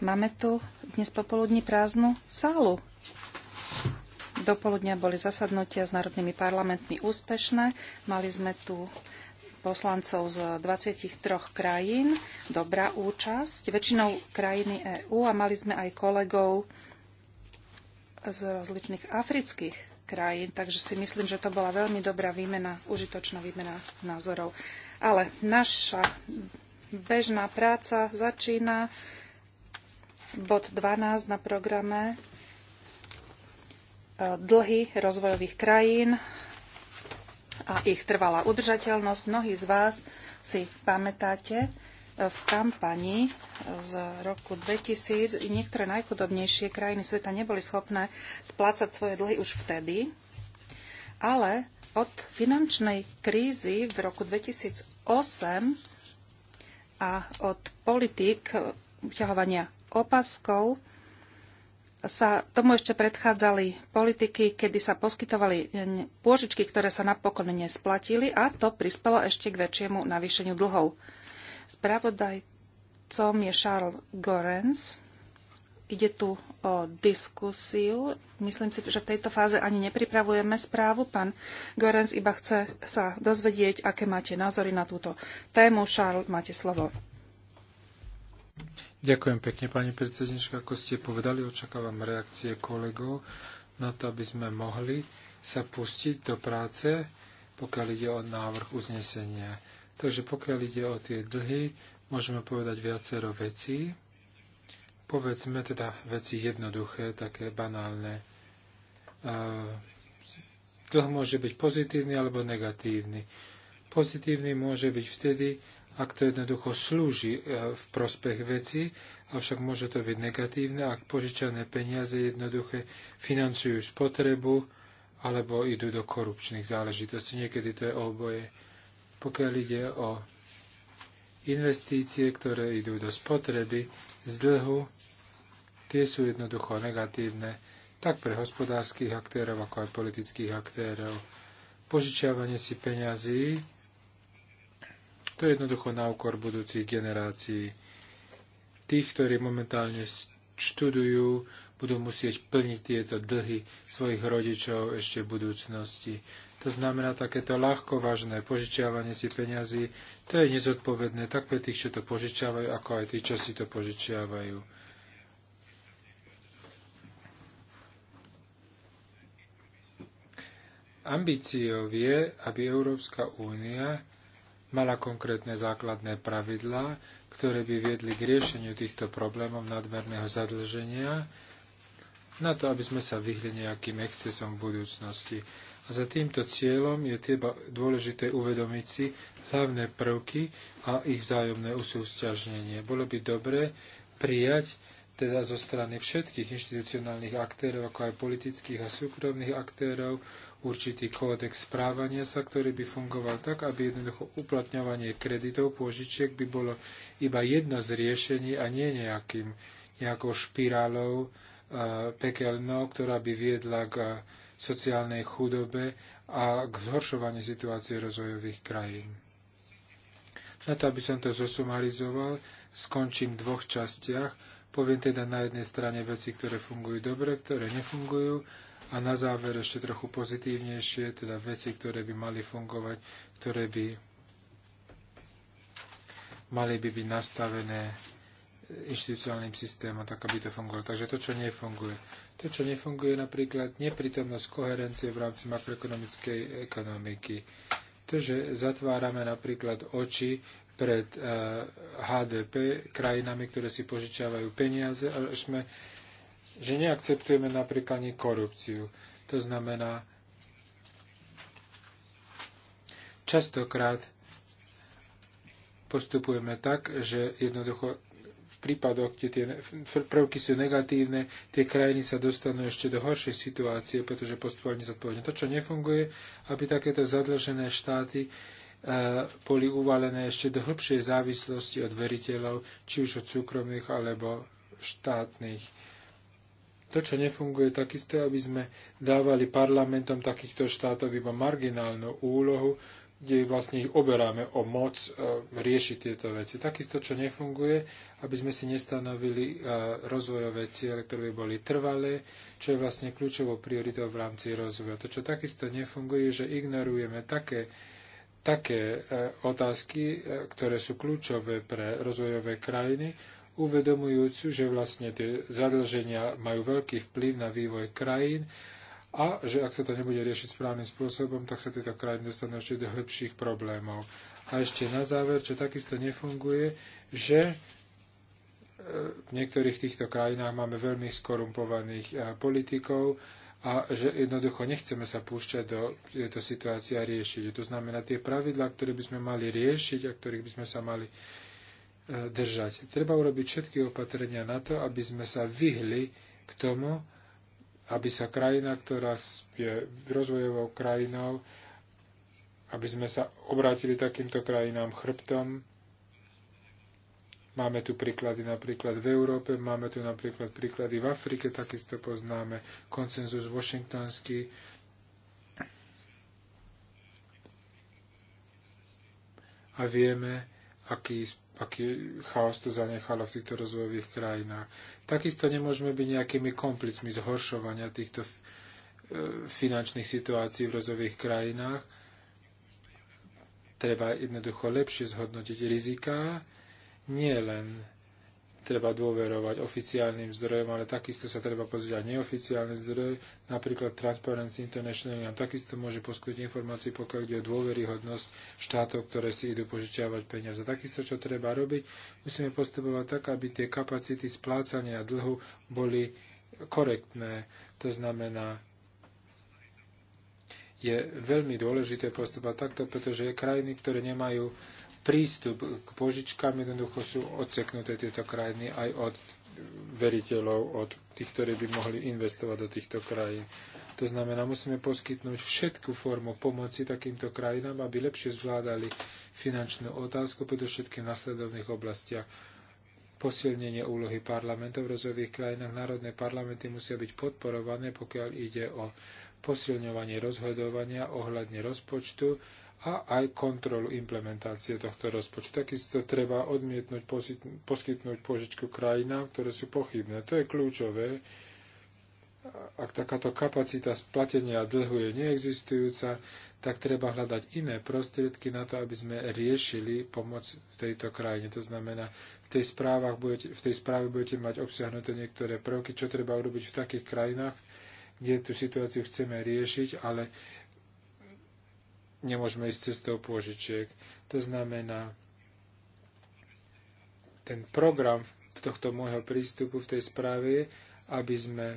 Máme tu dnes popoludní prázdnu sálu. Dopoludnia boli zasadnutia s národnými parlamentmi úspešné. Mali sme tu poslancov z 23 krajín. Dobrá účasť, väčšinou krajiny EÚ a mali sme aj kolegov z rozličných afrických krajín, takže si myslím, že to bola veľmi dobrá výmena, užitočná výmena názorov. Ale naša bežná práca začína bod 12 na programe e, dlhy rozvojových krajín a ich trvalá udržateľnosť. Mnohí z vás si pamätáte, v kampani z roku 2000 niektoré najchudobnejšie krajiny sveta neboli schopné splácať svoje dlhy už vtedy, ale od finančnej krízy v roku 2008 a od politik uťahovania opaskov sa tomu ešte predchádzali politiky, kedy sa poskytovali pôžičky, ktoré sa napokon nesplatili a to prispelo ešte k väčšiemu navýšeniu dlhov. Spravodajcom je Charles Gorens. Ide tu o diskusiu. Myslím si, že v tejto fáze ani nepripravujeme správu. Pán Gorens iba chce sa dozvedieť, aké máte názory na túto tému. Charles, máte slovo. Ďakujem pekne, pani predsednička. Ako ste povedali, očakávam reakcie kolegov na to, aby sme mohli sa pustiť do práce, pokiaľ ide o návrh uznesenia. Takže pokiaľ ide o tie dlhy, môžeme povedať viacero vecí. Povedzme teda veci jednoduché, také banálne. Dlh môže byť pozitívny alebo negatívny. Pozitívny môže byť vtedy, ak to jednoducho slúži e, v prospech veci, avšak môže to byť negatívne, ak požičané peniaze jednoduché financujú spotrebu alebo idú do korupčných záležitostí. Niekedy to je oboje. Pokiaľ ide o investície, ktoré idú do spotreby, z dlhu, tie sú jednoducho negatívne, tak pre hospodárskych aktérov, ako aj politických aktérov. Požičiavanie si peňazí, to je jednoducho na úkor budúcich generácií. Tých, ktorí momentálne študujú, budú musieť plniť tieto dlhy svojich rodičov ešte v budúcnosti. To znamená, takéto ľahko vážne požičiavanie si peňazí, to je nezodpovedné tak pre tých, čo to požičiavajú, ako aj tí, čo si to požičiavajú. Ambíciou je, aby Európska únia mala konkrétne základné pravidlá, ktoré by viedli k riešeniu týchto problémov nadmerného zadlženia, na to, aby sme sa vyhli nejakým excesom v budúcnosti. A za týmto cieľom je treba dôležité uvedomiť si hlavné prvky a ich vzájomné usústiažnenie. Bolo by dobré prijať teda zo strany všetkých inštitucionálnych aktérov, ako aj politických a súkromných aktérov, určitý kódex správania sa, ktorý by fungoval tak, aby jednoducho uplatňovanie kreditov, pôžičiek by bolo iba jedno z riešení a nie nejakým, nejakou špirálou e, pekelnou, ktorá by viedla k e, sociálnej chudobe a k zhoršovaniu situácie rozvojových krajín. Na to, aby som to zosumarizoval, skončím v dvoch častiach. Poviem teda na jednej strane veci, ktoré fungujú dobre, ktoré nefungujú a na záver ešte trochu pozitívnejšie, teda veci, ktoré by mali fungovať, ktoré by mali by byť nastavené inštitucionálnym systémom, tak aby to fungovalo. Takže to, čo nefunguje. To, čo nefunguje, napríklad neprítomnosť koherencie v rámci makroekonomickej ekonomiky. To, že zatvárame napríklad oči pred HDP eh, krajinami, ktoré si požičiavajú peniaze, ale sme, že neakceptujeme napríklad ani korupciu. To znamená, častokrát postupujeme tak, že jednoducho prípadoch, kde tie prvky sú negatívne, tie krajiny sa dostanú ešte do horšej situácie, pretože postupovali nezodpovedne. To, čo nefunguje, aby takéto zadlžené štáty e, boli uvalené ešte do hĺbšej závislosti od veriteľov, či už od súkromných alebo štátnych. To, čo nefunguje, takisto, aby sme dávali parlamentom takýchto štátov iba marginálnu úlohu, kde vlastne ich oberáme o moc e, riešiť tieto veci. Takisto, čo nefunguje, aby sme si nestanovili e, rozvojové ciele, ktoré by boli trvalé, čo je vlastne kľúčovou prioritou v rámci rozvoja. To, čo takisto nefunguje, že ignorujeme také, také e, otázky, ktoré sú kľúčové pre rozvojové krajiny, uvedomujúcu, že vlastne tie zadlženia majú veľký vplyv na vývoj krajín a že ak sa to nebude riešiť správnym spôsobom, tak sa tieto krajiny dostanú ešte do hĺbších problémov. A ešte na záver, čo takisto nefunguje, že e, v niektorých týchto krajinách máme veľmi skorumpovaných e, politikov a že jednoducho nechceme sa púšťať do tejto situácie a riešiť. To znamená, tie pravidlá, ktoré by sme mali riešiť a ktorých by sme sa mali e, držať. Treba urobiť všetky opatrenia na to, aby sme sa vyhli k tomu, aby sa krajina, ktorá je rozvojovou krajinou, aby sme sa obrátili takýmto krajinám chrbtom. Máme tu príklady napríklad v Európe, máme tu napríklad príklady v Afrike, takisto poznáme konsenzus washingtonský. A vieme, aký aký chaos to zanechalo v týchto rozvojových krajinách. Takisto nemôžeme byť nejakými komplicmi zhoršovania týchto e, finančných situácií v rozvojových krajinách. Treba jednoducho lepšie zhodnotiť rizika, nie len treba dôverovať oficiálnym zdrojom, ale takisto sa treba pozrieť aj neoficiálne zdroje. Napríklad Transparency International nám takisto môže poskytnúť informácie, pokiaľ ide o dôveryhodnosť štátov, ktoré si idú požičiavať peniaze. Takisto, čo treba robiť, musíme postupovať tak, aby tie kapacity splácania dlhu boli korektné. To znamená, je veľmi dôležité postupovať takto, pretože krajiny, ktoré nemajú prístup k požičkám. Jednoducho sú odseknuté tieto krajiny aj od veriteľov, od tých, ktorí by mohli investovať do týchto krajín. To znamená, musíme poskytnúť všetku formu pomoci takýmto krajinám, aby lepšie zvládali finančnú otázku, predovšetkým v nasledovných oblastiach. Posilnenie úlohy parlamentov v rozvojových krajinách. Národné parlamenty musia byť podporované, pokiaľ ide o posilňovanie rozhodovania ohľadne rozpočtu a aj kontrolu implementácie tohto rozpočtu. Takisto treba odmietnúť poskytnúť požičku krajinám, ktoré sú pochybné. To je kľúčové. Ak takáto kapacita splatenia dlhu je neexistujúca, tak treba hľadať iné prostriedky na to, aby sme riešili pomoc v tejto krajine. To znamená, v tej, správach budete, v tej správe budete mať obsiahnuté niektoré prvky, čo treba urobiť v takých krajinách, kde tú situáciu chceme riešiť, ale nemôžeme ísť cestou pôžičiek. To znamená, ten program tohto môjho prístupu v tej správe je, aby sme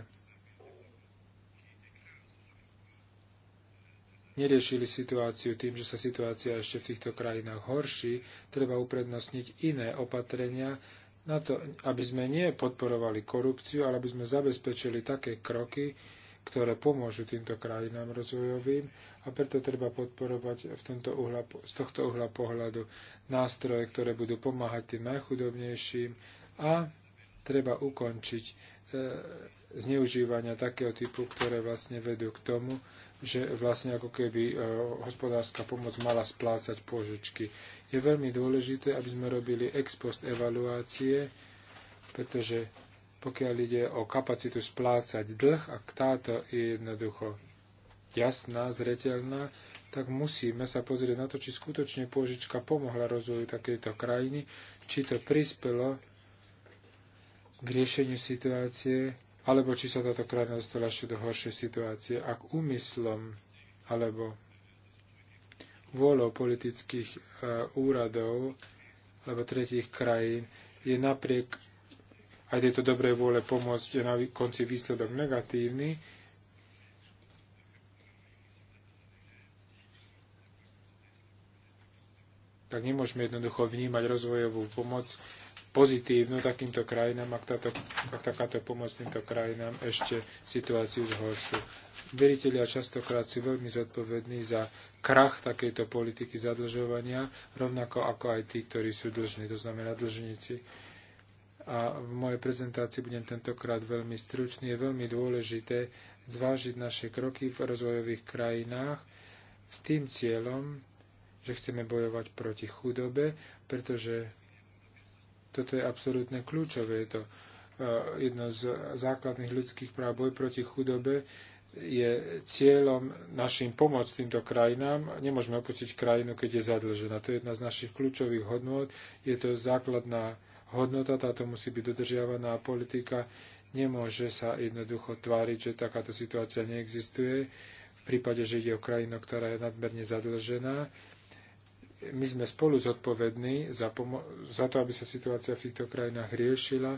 neriešili situáciu tým, že sa situácia ešte v týchto krajinách horší, treba uprednostniť iné opatrenia, na to, aby sme nie podporovali korupciu, ale aby sme zabezpečili také kroky, ktoré pomôžu týmto krajinám rozvojovým a preto treba podporovať v tomto uhla, z tohto uhla pohľadu nástroje, ktoré budú pomáhať tým najchudobnejším a treba ukončiť e, zneužívania takého typu, ktoré vlastne vedú k tomu, že vlastne ako keby e, hospodárska pomoc mala splácať požičky. Je veľmi dôležité, aby sme robili ex post evaluácie, pretože pokiaľ ide o kapacitu splácať dlh, ak táto je jednoducho jasná, zreteľná, tak musíme sa pozrieť na to, či skutočne pôžička pomohla rozvoju takejto krajiny, či to prispelo k riešeniu situácie, alebo či sa táto krajina dostala ešte do horšej situácie. Ak úmyslom alebo vôľou politických e, úradov alebo tretich krajín je napriek aj tejto dobrej vôle pomôcť je na konci výsledok negatívny, tak nemôžeme jednoducho vnímať rozvojovú pomoc pozitívnu takýmto krajinám, ak, táto, ak takáto pomoc týmto krajinám ešte situáciu zhoršiu. Veriteľia častokrát sú veľmi zodpovední za krach takejto politiky zadlžovania, rovnako ako aj tí, ktorí sú dlžní, to znamená dlžníci. A v mojej prezentácii budem tentokrát veľmi stručný. Je veľmi dôležité zvážiť naše kroky v rozvojových krajinách s tým cieľom, že chceme bojovať proti chudobe, pretože toto je absolútne kľúčové. Je to eh, jedno z základných ľudských práv. Boj proti chudobe je cieľom našim pomôcť týmto krajinám. Nemôžeme opustiť krajinu, keď je zadlžená. To je jedna z našich kľúčových hodnot. Je to základná hodnota, táto musí byť dodržiavaná a politika nemôže sa jednoducho tváriť, že takáto situácia neexistuje. V prípade, že ide o krajinu, ktorá je nadmerne zadlžená, my sme spolu zodpovední za, za to, aby sa situácia v týchto krajinách riešila,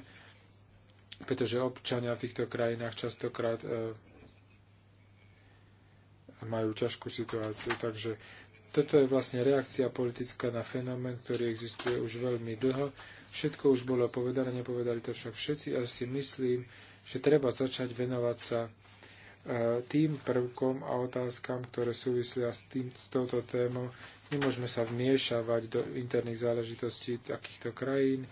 pretože občania v týchto krajinách častokrát e, majú ťažkú situáciu. Takže toto je vlastne reakcia politická na fenomén, ktorý existuje už veľmi dlho. Všetko už bolo povedané, nepovedali to však všetci, ale si myslím, že treba začať venovať sa e, tým prvkom a otázkam, ktoré súvisia s, tým, s touto témou, Nemôžeme sa vmiešavať do interných záležitostí takýchto krajín.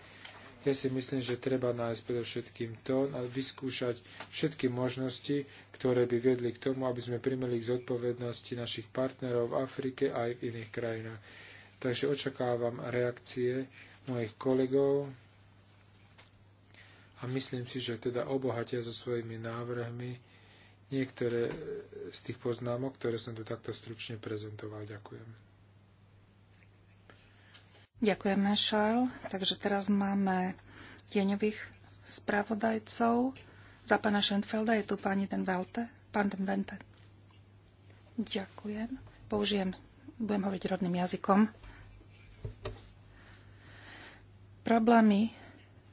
Ja si myslím, že treba nájsť predovšetkým to a vyskúšať všetky možnosti, ktoré by viedli k tomu, aby sme primeli k zodpovednosti našich partnerov v Afrike a aj v iných krajinách. Takže očakávam reakcie mojich kolegov a myslím si, že teda obohatia so svojimi návrhmi niektoré z tých poznámok, ktoré som tu takto stručne prezentoval. Ďakujem. Ďakujeme, Charles. Takže teraz máme tieňových spravodajcov. Za pána Schenfelda je tu pani Den Velte. Pán Den Vente. Ďakujem. Použijem, budem hovoriť rodným jazykom. Problémy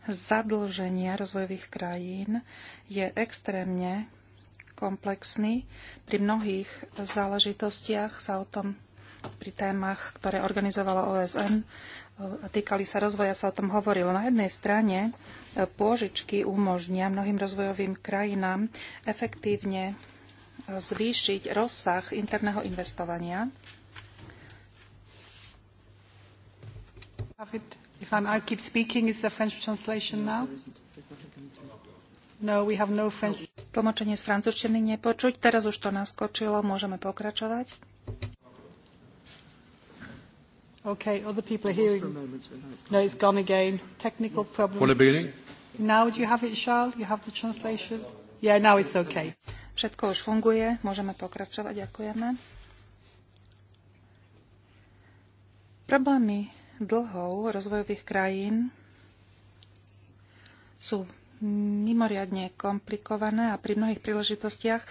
zadlženia rozvojových krajín je extrémne komplexný. Pri mnohých záležitostiach sa o tom pri témach, ktoré organizovala OSN e, a týkali sa rozvoja, sa o tom hovorilo. Na jednej strane e, pôžičky umožnia mnohým rozvojovým krajinám efektívne e, zvýšiť rozsah interného investovania. If I'm, I keep speaking, is the French translation now? No, we have no French. Tlmočenie z francúzštiny nepočuť. Teraz už to naskočilo. Môžeme pokračovať. Okay, other people are hearing. No, it's gone again. Technical problem. From the beginning? Now do you have it, Charles? You have the translation? Yeah, now it's okay. Všetko už funguje, môžeme pokračovať, ďakujeme. Problémy dlhov rozvojových krajín sú mimoriadne komplikované a pri mnohých príležitostiach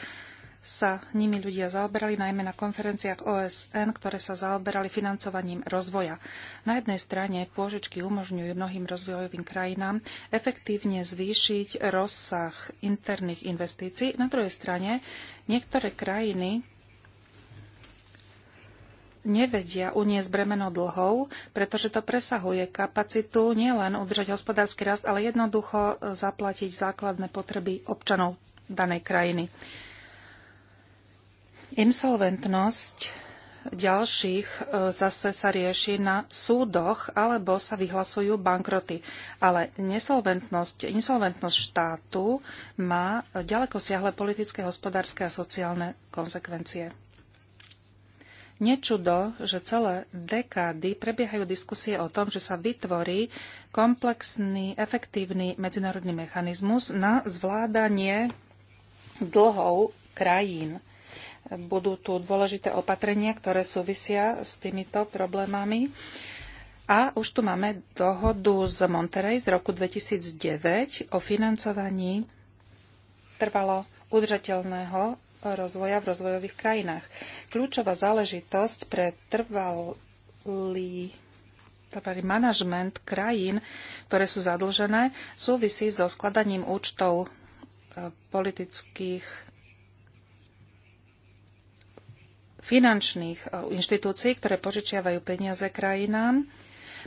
sa nimi ľudia zaoberali, najmä na konferenciách OSN, ktoré sa zaoberali financovaním rozvoja. Na jednej strane pôžičky umožňujú mnohým rozvojovým krajinám efektívne zvýšiť rozsah interných investícií. Na druhej strane niektoré krajiny nevedia uniesť bremeno dlhov, pretože to presahuje kapacitu nielen udržať hospodársky rast, ale jednoducho zaplatiť základné potreby občanov danej krajiny. Insolventnosť ďalších e, zase sa rieši na súdoch alebo sa vyhlasujú bankroty. Ale nesolventnosť, insolventnosť štátu má ďaleko siahle politické, hospodárske a sociálne konsekvencie. Nečudo, že celé dekády prebiehajú diskusie o tom, že sa vytvorí komplexný, efektívny medzinárodný mechanizmus na zvládanie dlhov krajín budú tu dôležité opatrenia, ktoré súvisia s týmito problémami. A už tu máme dohodu z Monterey z roku 2009 o financovaní trvalo udržateľného rozvoja v rozvojových krajinách. Kľúčová záležitosť pre trvalý trvalý manažment krajín, ktoré sú zadlžené, súvisí so skladaním účtov eh, politických finančných e, inštitúcií, ktoré požičiavajú peniaze krajinám,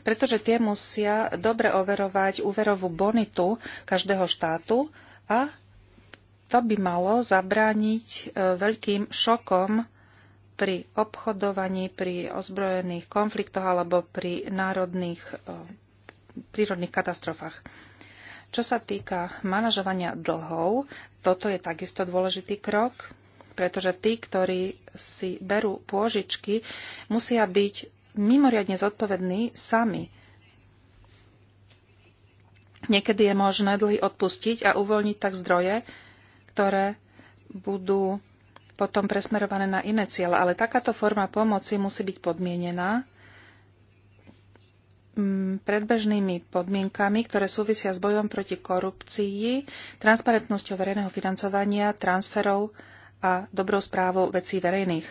pretože tie musia dobre overovať úverovú bonitu každého štátu a to by malo zabrániť e, veľkým šokom pri obchodovaní, pri ozbrojených konfliktoch alebo pri národných e, prírodných katastrofách. Čo sa týka manažovania dlhov, toto je takisto dôležitý krok pretože tí, ktorí si berú pôžičky, musia byť mimoriadne zodpovední sami. Niekedy je možné dlhy odpustiť a uvoľniť tak zdroje, ktoré budú potom presmerované na iné ciele. Ale takáto forma pomoci musí byť podmienená mm, predbežnými podmienkami, ktoré súvisia s bojom proti korupcii, transparentnosťou verejného financovania, transferov a dobrou správou vecí verejných.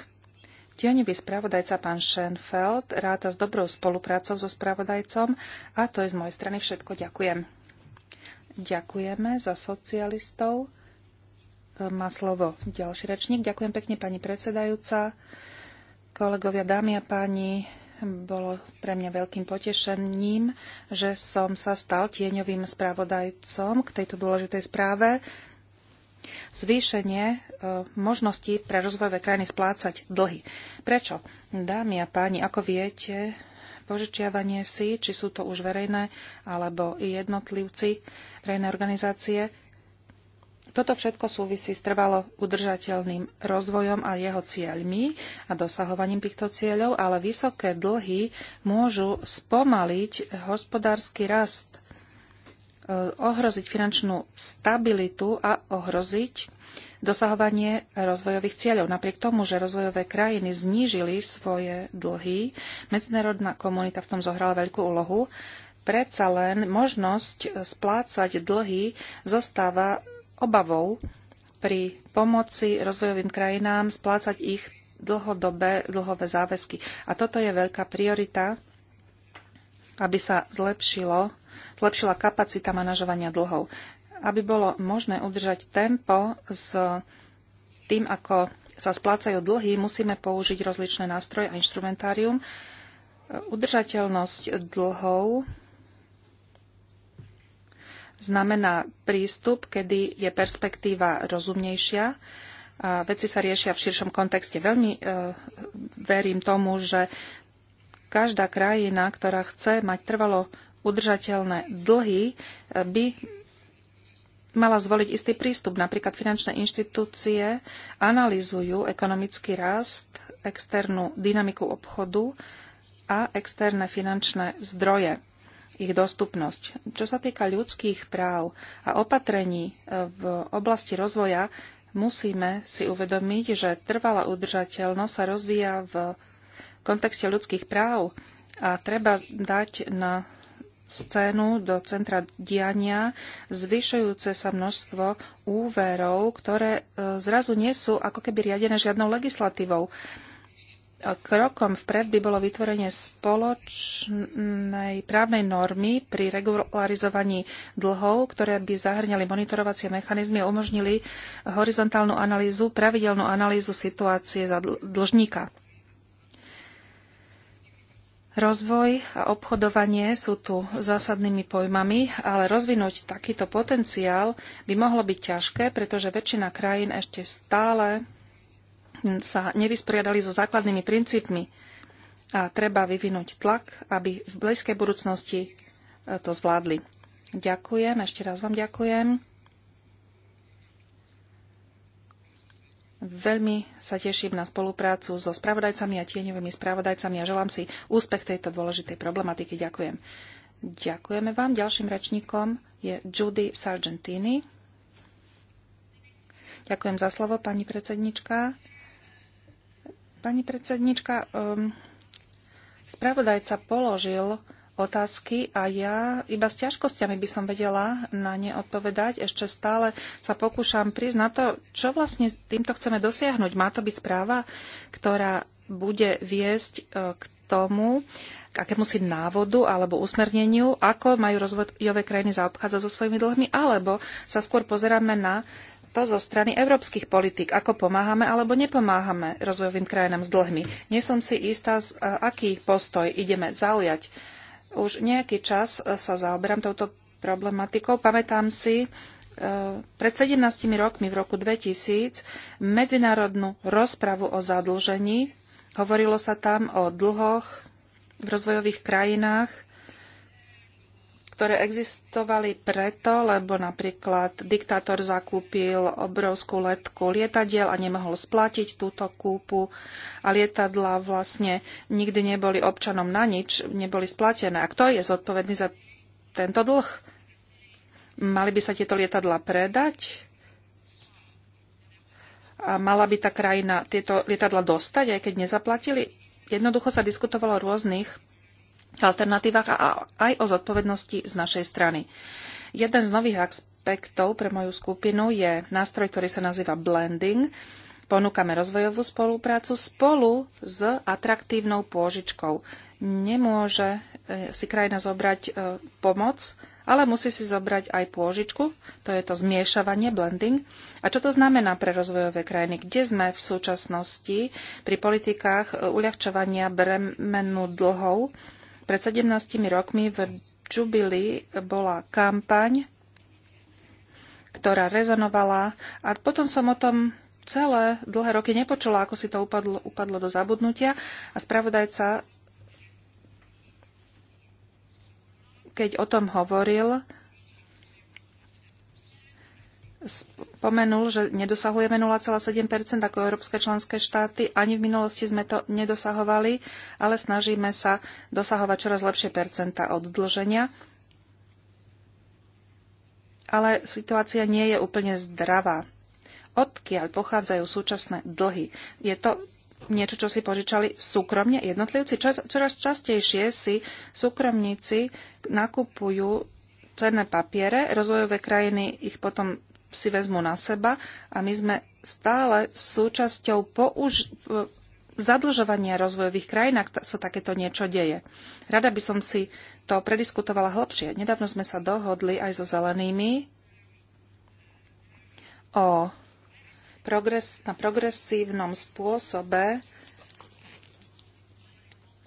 Tienivý spravodajca pán Schenfeld ráta s dobrou spoluprácou so spravodajcom a to je z mojej strany všetko. Ďakujem. Ďakujeme za socialistov. Má slovo ďalší rečník. Ďakujem pekne pani predsedajúca. Kolegovia, dámy a páni, bolo pre mňa veľkým potešením, že som sa stal tieňovým spravodajcom k tejto dôležitej správe zvýšenie e, možností pre rozvojové krajiny splácať dlhy. Prečo? Dámy a páni, ako viete, požičiavanie si, či sú to už verejné alebo jednotlivci, verejné organizácie, toto všetko súvisí s trvalo udržateľným rozvojom a jeho cieľmi a dosahovaním týchto cieľov, ale vysoké dlhy môžu spomaliť hospodársky rast Eh, ohroziť finančnú stabilitu a ohroziť dosahovanie rozvojových cieľov. Napriek tomu, že rozvojové krajiny znížili svoje dlhy, medzinárodná komunita v tom zohrala veľkú úlohu, predsa len možnosť splácať dlhy zostáva obavou pri pomoci rozvojovým krajinám splácať ich dlhodobé, dlhové záväzky. A toto je veľká priorita, aby sa zlepšilo zlepšila kapacita manažovania dlhov. Aby bolo možné udržať tempo s tým, ako sa splácajú dlhy, musíme použiť rozličné nástroje a inštrumentárium. Udržateľnosť dlhov znamená prístup, kedy je perspektíva rozumnejšia, a veci sa riešia v širšom kontexte. Veľmi e, verím tomu, že každá krajina, ktorá chce mať trvalo udržateľné dlhy, e, by mala zvoliť istý prístup. Napríklad finančné inštitúcie analýzujú ekonomický rast, externú dynamiku obchodu a externé finančné zdroje, ich dostupnosť. Čo sa týka ľudských práv a opatrení e, v oblasti rozvoja, musíme si uvedomiť, že trvalá udržateľnosť sa rozvíja v kontexte ľudských práv a treba dať na scénu, do centra diania, zvyšujúce sa množstvo úverov, ktoré e, zrazu nie sú ako keby riadené žiadnou legislatívou. Krokom vpred by bolo vytvorenie spoločnej právnej normy pri regularizovaní dlhov, ktoré by zahrňali monitorovacie mechanizmy a umožnili horizontálnu analýzu, pravidelnú analýzu situácie za dlžníka. Rozvoj a obchodovanie sú tu zásadnými pojmami, ale rozvinúť takýto potenciál by mohlo byť ťažké, pretože väčšina krajín ešte stále sa nevysporiadali so základnými princípmi a treba vyvinúť tlak, aby v blízkej budúcnosti e, to zvládli. Ďakujem, ešte raz vám ďakujem. Veľmi sa teším na spoluprácu so spravodajcami a tieňovými spravodajcami a želám si úspech tejto dôležitej problematiky. Ďakujem. Ďakujeme vám. Ďalším rečníkom je Judy Sargentini. Ďakujem za slovo, pani predsednička. Pani predsednička, um, spravodajca položil otázky a ja iba s ťažkosťami by som vedela na ne odpovedať. Ešte stále sa pokúšam prísť na to, čo vlastne týmto chceme dosiahnuť. Má to byť správa, ktorá bude viesť e, k tomu, k akémusi návodu alebo usmerneniu, ako majú rozvojové krajiny zaobchádzať so svojimi dlhmi, alebo sa skôr pozeráme na to zo strany európskych politík, ako pomáhame alebo nepomáhame rozvojovým krajinám s dlhmi. Nie som si istá, z, aký postoj ideme zaujať už nejaký čas e, sa zaoberám touto problematikou. Pamätám si, e, pred 17 rokmi, v roku 2000, medzinárodnú rozpravu o zadlžení. Hovorilo sa tam o dlhoch v rozvojových krajinách ktoré existovali preto, lebo napríklad diktátor zakúpil obrovskú letku lietadiel a nemohol splatiť túto kúpu a lietadla vlastne nikdy neboli občanom na nič, neboli splatené. A kto je zodpovedný za tento dlh? Mali by sa tieto lietadla predať? A mala by tá krajina tieto lietadla dostať, aj keď nezaplatili? Jednoducho sa diskutovalo o rôznych alternatívach a aj o zodpovednosti z našej strany. Jeden z nových aspektov pre moju skupinu je nástroj, ktorý sa nazýva blending. Ponúkame rozvojovú spoluprácu spolu s atraktívnou pôžičkou. Nemôže e, si krajina zobrať e, pomoc, ale musí si zobrať aj pôžičku, to je to zmiešavanie, blending. A čo to znamená pre rozvojové krajiny? Kde sme v súčasnosti pri politikách e, uľahčovania bremenu dlhov pred 17 rokmi v Jubilee bola kampaň, ktorá rezonovala a potom som o tom celé dlhé roky nepočula, ako si to upadlo, upadlo do zabudnutia a spravodajca, keď o tom hovoril, spomenul, že nedosahujeme 0,7 ako európske členské štáty. Ani v minulosti sme to nedosahovali, ale snažíme sa dosahovať čoraz lepšie percenta oddlženia. Ale situácia nie je úplne zdravá. Odkiaľ pochádzajú súčasné dlhy? Je to niečo, čo si požičali súkromne jednotlivci. Čoraz častejšie si súkromníci nakupujú cenné papiere, rozvojové krajiny ich potom si vezmu na seba a my sme stále súčasťou použ- zadlžovania rozvojových krajín, ak sa takéto niečo deje. Rada by som si to prediskutovala hlbšie. Nedávno sme sa dohodli aj so zelenými o progres- na progresívnom spôsobe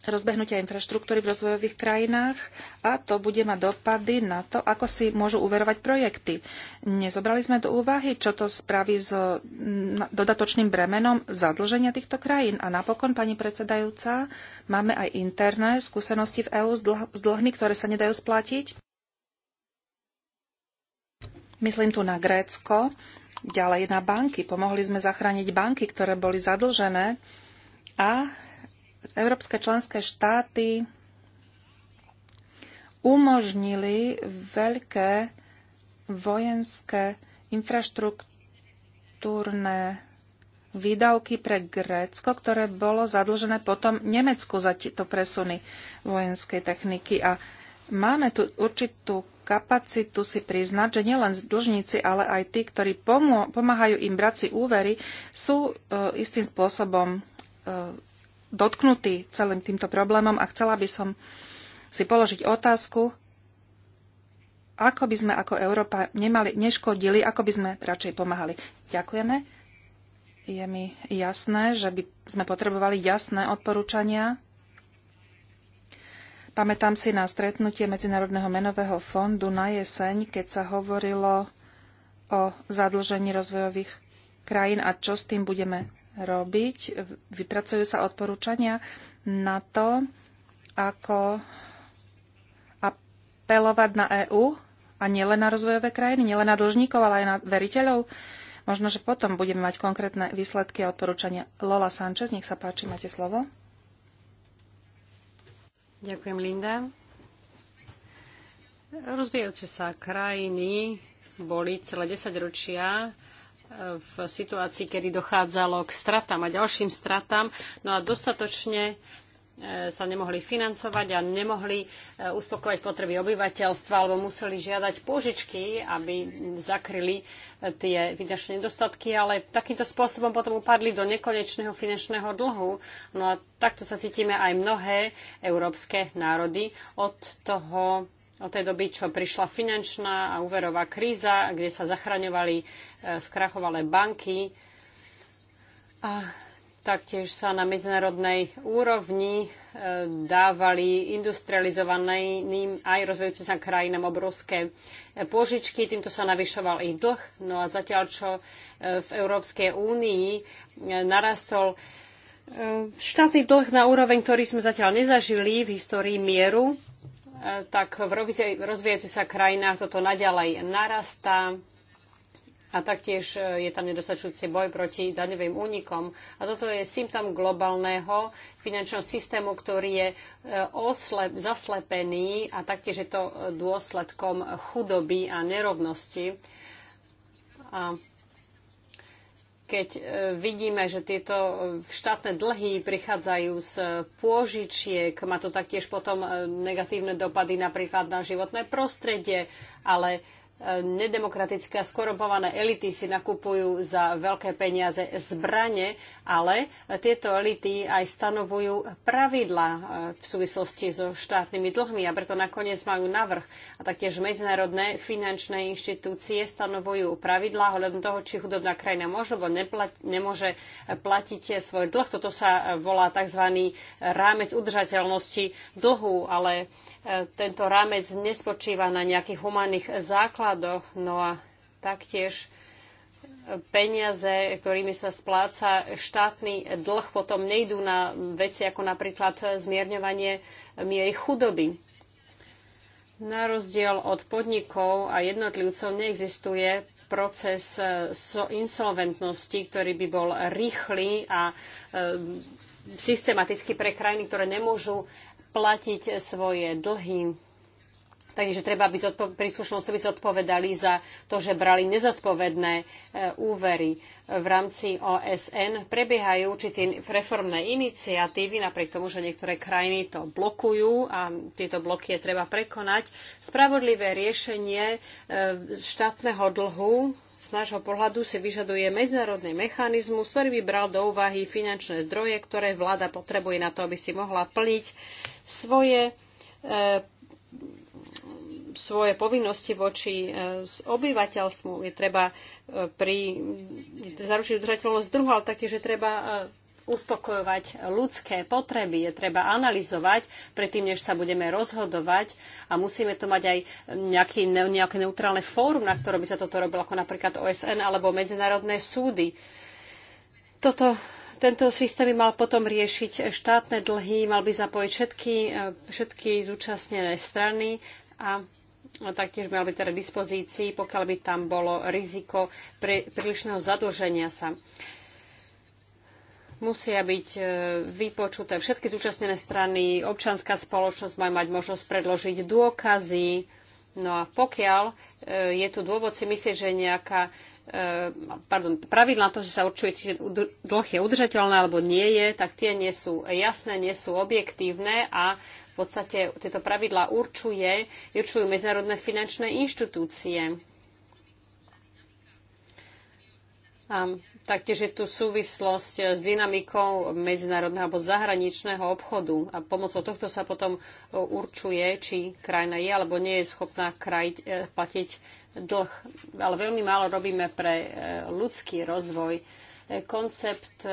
rozbehnutia infraštruktúry v rozvojových krajinách a to bude mať dopady na to, ako si môžu uverovať projekty. Nezobrali sme do úvahy, čo to spraví s dodatočným bremenom zadlženia týchto krajín. A napokon, pani predsedajúca, máme aj interné skúsenosti v EÚ s, dl- s dlhmi, ktoré sa nedajú splatiť. Myslím tu na Grécko, ďalej na banky. Pomohli sme zachrániť banky, ktoré boli zadlžené a európske členské štáty umožnili veľké vojenské infraštruktúrne výdavky pre Grécko, ktoré bolo zadlžené potom Nemecku za tieto presuny vojenskej techniky. A máme tu určitú kapacitu si priznať, že nielen dlžníci, ale aj tí, ktorí pomáhajú im brať si úvery, sú e, istým spôsobom e, dotknutí celým týmto problémom a chcela by som si položiť otázku, ako by sme ako Európa nemali, neškodili, ako by sme radšej pomáhali. Ďakujeme. Je mi jasné, že by sme potrebovali jasné odporúčania. Pamätám si na stretnutie Medzinárodného menového fondu na jeseň, keď sa hovorilo o zadlžení rozvojových krajín a čo s tým budeme robiť. Vypracujú sa odporúčania na to, ako apelovať na EÚ a nielen na rozvojové krajiny, nielen na dlžníkov, ale aj na veriteľov. Možno, že potom budeme mať konkrétne výsledky a odporúčania. Lola Sanchez, nech sa páči, máte slovo. Ďakujem, Linda. Rozvíjajúce sa krajiny boli celé 10 ročia v situácii, kedy dochádzalo k stratám a ďalším stratám, no a dostatočne e, sa nemohli financovať a nemohli e, uspokovať potreby obyvateľstva alebo museli žiadať požičky, aby zakryli e, tie finančné nedostatky, ale takýmto spôsobom potom upadli do nekonečného finančného dlhu. No a takto sa cítime aj mnohé európske národy od toho od tej doby, čo prišla finančná a úverová kríza, kde sa zachraňovali e, skrachovalé banky. A taktiež sa na medzinárodnej úrovni e, dávali industrializovaným aj rozvojúcim sa krajinám obrovské e, pôžičky, týmto sa navyšoval ich dlh. No a zatiaľ, čo v Európskej únii narastol štátny dlh na úroveň, ktorý sme zatiaľ nezažili v histórii mieru, tak v rozvíjajúcich sa krajinách toto naďalej narastá a taktiež e, je tam nedostačujúci boj proti daňovým únikom. A toto je symptom globálneho finančného systému, ktorý je e, oslep, zaslepený a taktiež je to e, dôsledkom chudoby a nerovnosti. A keď e, vidíme, že tieto e, štátne dlhy prichádzajú z e, pôžičiek, má to taktiež potom negatívne dopady napríklad na životné prostredie, ale nedemokratické a skorumpované elity si nakupujú za veľké peniaze zbrane, ale tieto elity aj stanovujú pravidla e, v súvislosti so štátnymi dlhmi a preto nakoniec majú navrh. A taktiež medzinárodné finančné inštitúcie stanovujú pravidlá ohľadom toho, či chudobná krajina môže alebo nemôže platiť svoj dlh. Toto sa volá tzv. rámec udržateľnosti dlhu, ale e, tento rámec nespočíva na nejakých humánnych základoch vkladoch. No a taktiež peniaze, ktorými sa spláca štátny dlh, potom nejdú na veci ako napríklad zmierňovanie miery chudoby. Na rozdiel od podnikov a jednotlivcov neexistuje proces insolventnosti, ktorý by bol rýchly a e, systematicky pre krajiny, ktoré nemôžu platiť svoje dlhy Takže treba, aby zodpo- príslušné osoby zodpovedali za to, že brali nezodpovedné e, úvery. V rámci OSN prebiehajú určité reformné iniciatívy, napriek tomu, že niektoré krajiny to blokujú a tieto bloky je treba prekonať. Spravodlivé riešenie e, štátneho dlhu z nášho pohľadu si vyžaduje medzinárodný mechanizmus, ktorý by bral do úvahy finančné zdroje, ktoré vláda potrebuje na to, aby si mohla plniť svoje e, svoje povinnosti voči e, s obyvateľstvu. Je treba e, pri zaručiť udržateľnosť druhu, ale taktiež je treba e, uspokojovať ľudské potreby, je treba analyzovať predtým, než sa budeme rozhodovať a musíme to mať aj nejaký, nejaké neutrálne fórum, na ktorom by sa toto robilo, ako napríklad OSN alebo medzinárodné súdy. Toto tento systém by mal potom riešiť štátne dlhy, mal by zapojiť všetky, všetky zúčastnené strany a taktiež mal byť teda dispozícii, pokiaľ by tam bolo riziko prílišného zadlženia sa. Musia byť e, vypočuté všetky zúčastnené strany, občanská spoločnosť má mať možnosť predložiť dôkazy. No a pokiaľ e, je tu dôvod si myslieť, že nejaká e, pardon, pravidlá to, že sa určuje, či dlh je udržateľné alebo nie je, tak tie nie sú jasné, nie sú objektívne a v podstate tieto pravidlá určuje, určujú medzinárodné finančné inštitúcie. A taktiež je tu súvislosť s dynamikou medzinárodného alebo zahraničného obchodu a pomocou tohto sa potom určuje, či krajina je alebo nie je schopná kraj, eh, platiť dlh. Ale veľmi málo robíme pre eh, ľudský rozvoj. Eh, koncept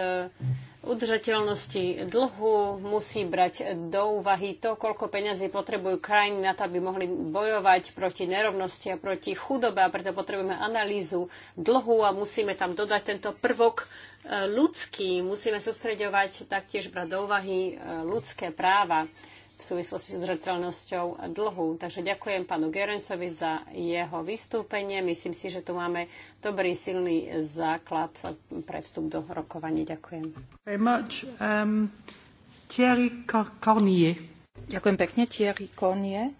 udržateľnosti dlhu musí brať do úvahy to, koľko peňazí potrebujú krajiny na to, aby mohli bojovať proti nerovnosti a proti chudobe a preto potrebujeme analýzu dlhu a musíme tam dodať tento prvok eh, ľudský. Musíme sústreďovať taktiež brať do úvahy eh, ľudské práva v súvislosti s udržateľnosťou dlhu. Takže ďakujem pánu Gerencovi za jeho vystúpenie. Myslím si, že tu máme dobrý, silný základ pre vstup do rokovania. Ďakujem. Um, ďakujem pekne, Thierry Cornier.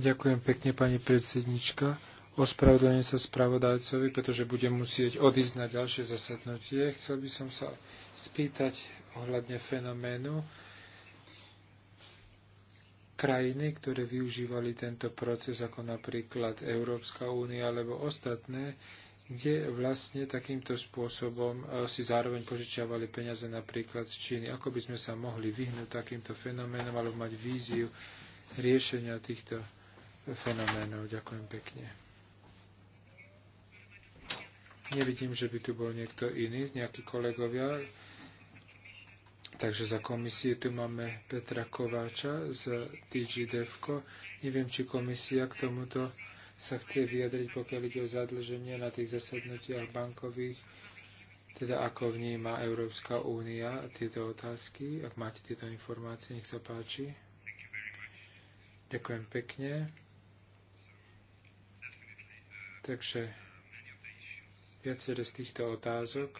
Ďakujem pekne, pani predsednička. Ospravedlňujem sa spravodajcovi, pretože budem musieť odísť na ďalšie zasadnutie. Chcel by som sa spýtať ohľadne fenoménu, krajiny, ktoré využívali tento proces, ako napríklad Európska únia alebo ostatné, kde vlastne takýmto spôsobom e, si zároveň požičiavali peniaze napríklad z Číny. Ako by sme sa mohli vyhnúť takýmto fenoménom alebo mať víziu riešenia týchto fenoménov. Ďakujem pekne. Nevidím, že by tu bol niekto iný, nejakí kolegovia Takže za komisiu tu máme Petra Kováča z TG DEVCO. Neviem, či komisia k tomuto sa chce vyjadriť, pokiaľ ide o zadlženie na tých zasadnutiach bankových, teda ako vníma Európska únia tieto otázky. Ak máte tieto informácie, nech sa páči. Ďakujem pekne. Takže viacere z týchto otázok,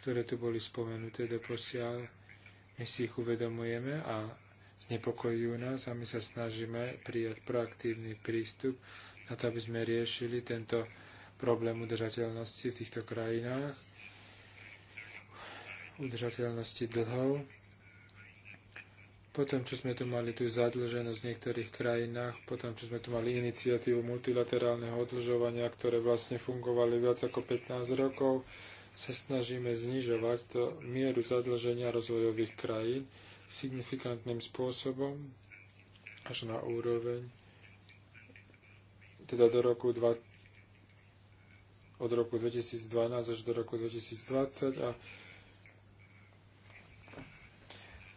ktoré tu boli spomenuté do posiaľ, my si ich uvedomujeme a znepokojujú nás a my sa snažíme prijať proaktívny prístup na to, aby sme riešili tento problém udržateľnosti v týchto krajinách, udržateľnosti dlhov. Potom, čo sme tu mali tú zadlženosť v niektorých krajinách, potom, čo sme tu mali iniciatívu multilaterálneho odlžovania, ktoré vlastne fungovali viac ako 15 rokov, sa snažíme znižovať to mieru zadlženia rozvojových krajín signifikantným spôsobom až na úroveň teda do roku dva, od roku 2012 až do roku 2020 a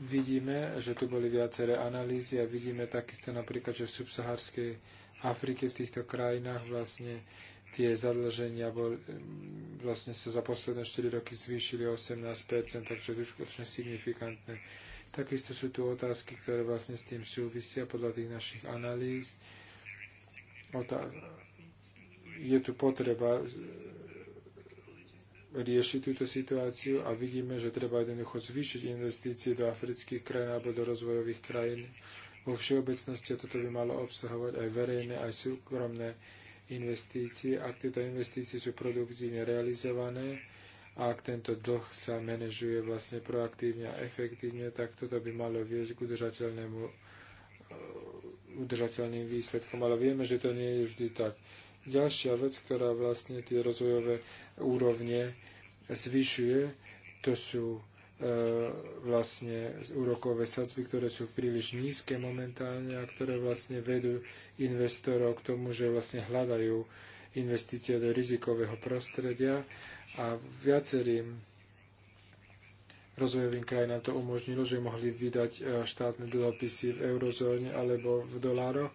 vidíme, že tu boli viaceré analýzy a vidíme takisto napríklad, že v subsaharskej Afrike v týchto krajinách vlastne tie zadlženia bol, vlastne sa za posledné 4 roky zvýšili 18%, takže to je skutočne signifikantné. Takisto sú tu otázky, ktoré vlastne s tým súvisia podľa tých našich analýz. Otá- je tu potreba e, riešiť túto situáciu a vidíme, že treba jednoducho zvýšiť investície do afrických krajín alebo do rozvojových krajín. Vo všeobecnosti toto by malo obsahovať aj verejné, aj súkromné investícií, ak tieto investície sú produktívne realizované a ak tento dlh sa manažuje vlastne proaktívne a efektívne, tak toto by malo viesť k udržateľnému e, udržateľným výsledkom, ale vieme, že to nie je vždy tak. Ďalšia vec, ktorá vlastne tie rozvojové úrovne zvyšuje, to sú E, vlastne z úrokové sadzby, ktoré sú príliš nízke momentálne a ktoré vlastne vedú investorov k tomu, že vlastne hľadajú investície do rizikového prostredia a viacerým rozvojovým krajinám to umožnilo, že mohli vydať e, štátne dlhopisy v eurozóne alebo v dolároch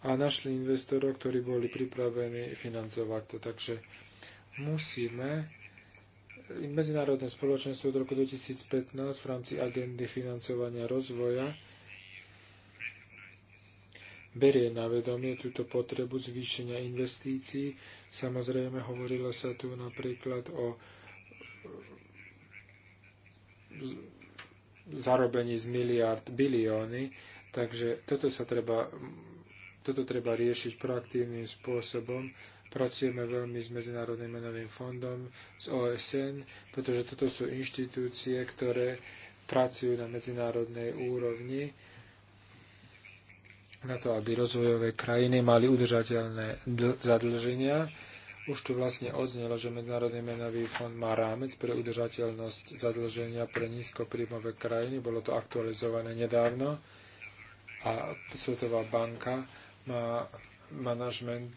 a našli investorov, ktorí boli pripravení financovať to. Takže musíme medzinárodné spoločenstvo od roku 2015 v rámci agendy financovania rozvoja berie na vedomie túto potrebu zvýšenia investícií. Samozrejme, hovorilo sa tu napríklad o e, zarobení z miliard bilióny, takže toto sa treba, toto treba riešiť proaktívnym spôsobom Pracujeme veľmi s Medzinárodným menovým fondom, s OSN, pretože toto sú inštitúcie, ktoré pracujú na medzinárodnej úrovni na to, aby rozvojové krajiny mali udržateľné zadlženia. Už tu vlastne odznelo, že Medzinárodný menový fond má rámec pre udržateľnosť zadlženia pre nízkopríjmové krajiny. Bolo to aktualizované nedávno a Svetová banka má manažment,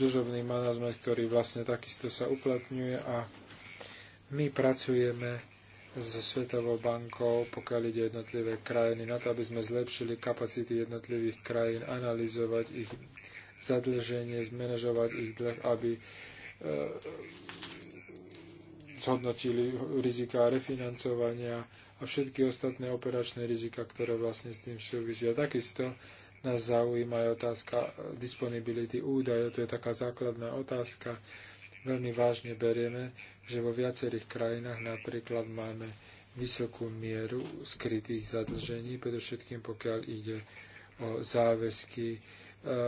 dlžobný manažment, ktorý vlastne takisto sa uplatňuje a my pracujeme so Svetovou bankou, pokiaľ ide jednotlivé krajiny, na to, aby sme zlepšili kapacity jednotlivých krajín, analyzovať ich zadlženie, zmanéžovať ich dlh, aby e, zhodnotili rizika refinancovania a všetky ostatné operačné rizika, ktoré vlastne s tým súvisia. Takisto nás zaujíma aj otázka disponibility údajov. To je taká základná otázka. Veľmi vážne berieme, že vo viacerých krajinách napríklad máme vysokú mieru skrytých zadlžení, predovšetkým pokiaľ ide o záväzky e,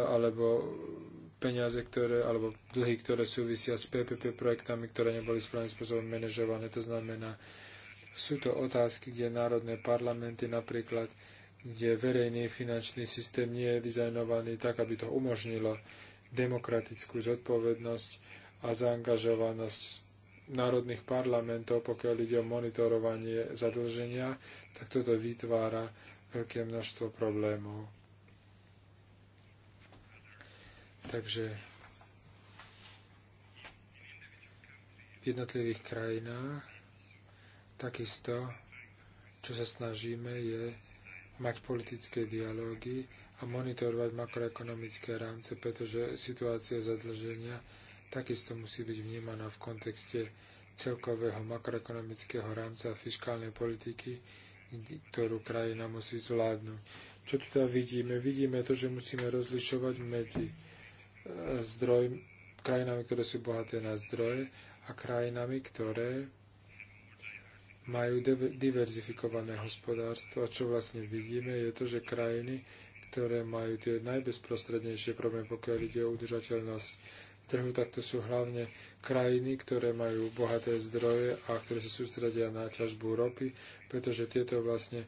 alebo peniaze, ktoré, alebo dlhy, ktoré súvisia s PPP projektami, ktoré neboli správnym spôsobom manažované. To znamená, sú to otázky, kde národné parlamenty napríklad kde verejný finančný systém nie je dizajnovaný tak, aby to umožnilo demokratickú zodpovednosť a zaangažovanosť národných parlamentov, pokiaľ ide o monitorovanie zadlženia, tak toto vytvára veľké množstvo problémov. Takže v jednotlivých krajinách takisto, čo sa snažíme, je mať politické dialógy a monitorovať makroekonomické rámce, pretože situácia zadlženia takisto musí byť vnímaná v kontexte celkového makroekonomického rámca a fiskálnej politiky, ktorú krajina musí zvládnuť. Čo tu teda vidíme? Vidíme to, že musíme rozlišovať medzi e, zdroj, krajinami, ktoré sú bohaté na zdroje a krajinami, ktoré majú diverzifikované hospodárstvo a čo vlastne vidíme je to, že krajiny, ktoré majú tie najbezprostrednejšie problémy, pokiaľ ide o udržateľnosť trhu, tak to sú hlavne krajiny, ktoré majú bohaté zdroje a ktoré sa sústredia na ťažbu ropy, pretože tieto vlastne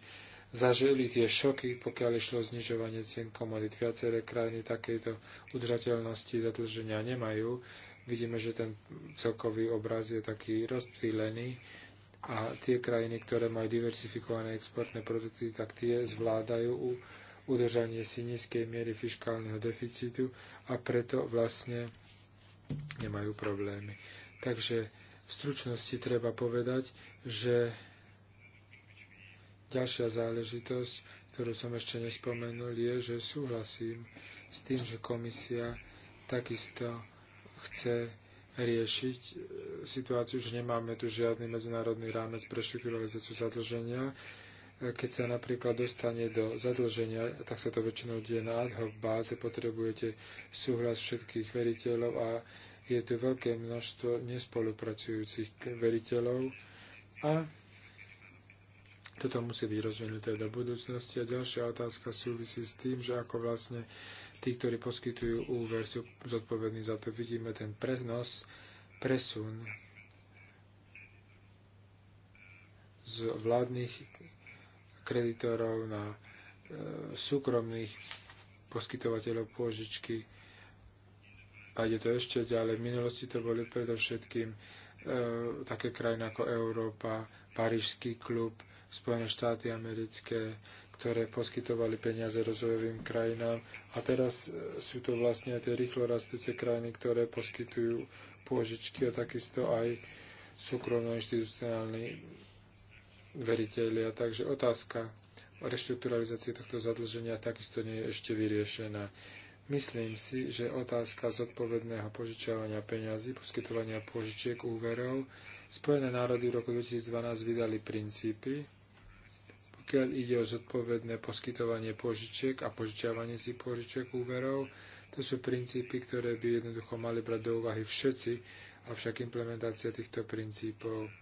zažili tie šoky, pokiaľ išlo znižovanie cien komodit. Viaceré krajiny takejto udržateľnosti zadlženia nemajú. Vidíme, že ten celkový obraz je taký rozptýlený a tie krajiny, ktoré majú diversifikované exportné produkty, tak tie zvládajú u udržanie si nízkej miery fiskálneho deficitu a preto vlastne nemajú problémy. Takže v stručnosti treba povedať, že ďalšia záležitosť, ktorú som ešte nespomenul, je, že súhlasím s tým, že komisia takisto chce riešiť e, situáciu, že nemáme tu žiadny medzinárodný rámec pre štrukturalizáciu zadlženia. E, keď sa napríklad dostane do zadlženia, tak sa to väčšinou deje na ad hoc báze, potrebujete súhlas všetkých veriteľov a je tu veľké množstvo nespolupracujúcich veriteľov a toto musí byť rozvinuté do budúcnosti. A ďalšia otázka súvisí s tým, že ako vlastne tí, ktorí poskytujú úver, sú zodpovední za to. Vidíme ten prenos, presun z vládnych kreditorov na e, súkromných poskytovateľov pôžičky. A je to ešte ďalej. V minulosti to boli predovšetkým e, také krajiny ako Európa, Parížský klub, Spojené štáty americké, ktoré poskytovali peniaze rozvojovým krajinám. A teraz e, sú to vlastne aj tie rýchlo rastúce krajiny, ktoré poskytujú pôžičky a takisto aj súkromno-inštitucionálni veriteľia. Takže otázka reštrukturalizácie tohto zadlženia takisto nie je ešte vyriešená. Myslím si, že otázka zodpovedného požičiavania peňazí, poskytovania požičiek, úverov, Spojené národy v roku 2012 vydali princípy, pokiaľ ide o zodpovedné poskytovanie požičiek a požičiavanie si požičiek úverov, to sú princípy, ktoré by jednoducho mali brať do úvahy všetci, avšak implementácia týchto princípov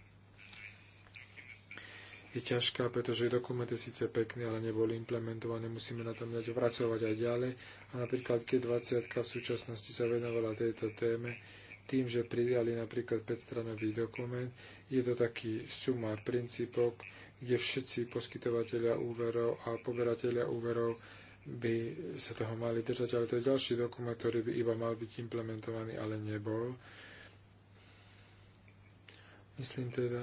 je ťažká, pretože dokument je síce pekný, ale neboli implementovaný, musíme na tom dať pracovať aj ďalej. A napríklad keď 20 v súčasnosti sa venovala tejto téme tým, že pridali napríklad 5-stranový dokument. Je to taký sumár princípov, kde všetci poskytovateľia úverov a poberateľia úverov by sa toho mali držať, ale to je ďalší dokument, ktorý by iba mal byť implementovaný, ale nebol. Myslím teda,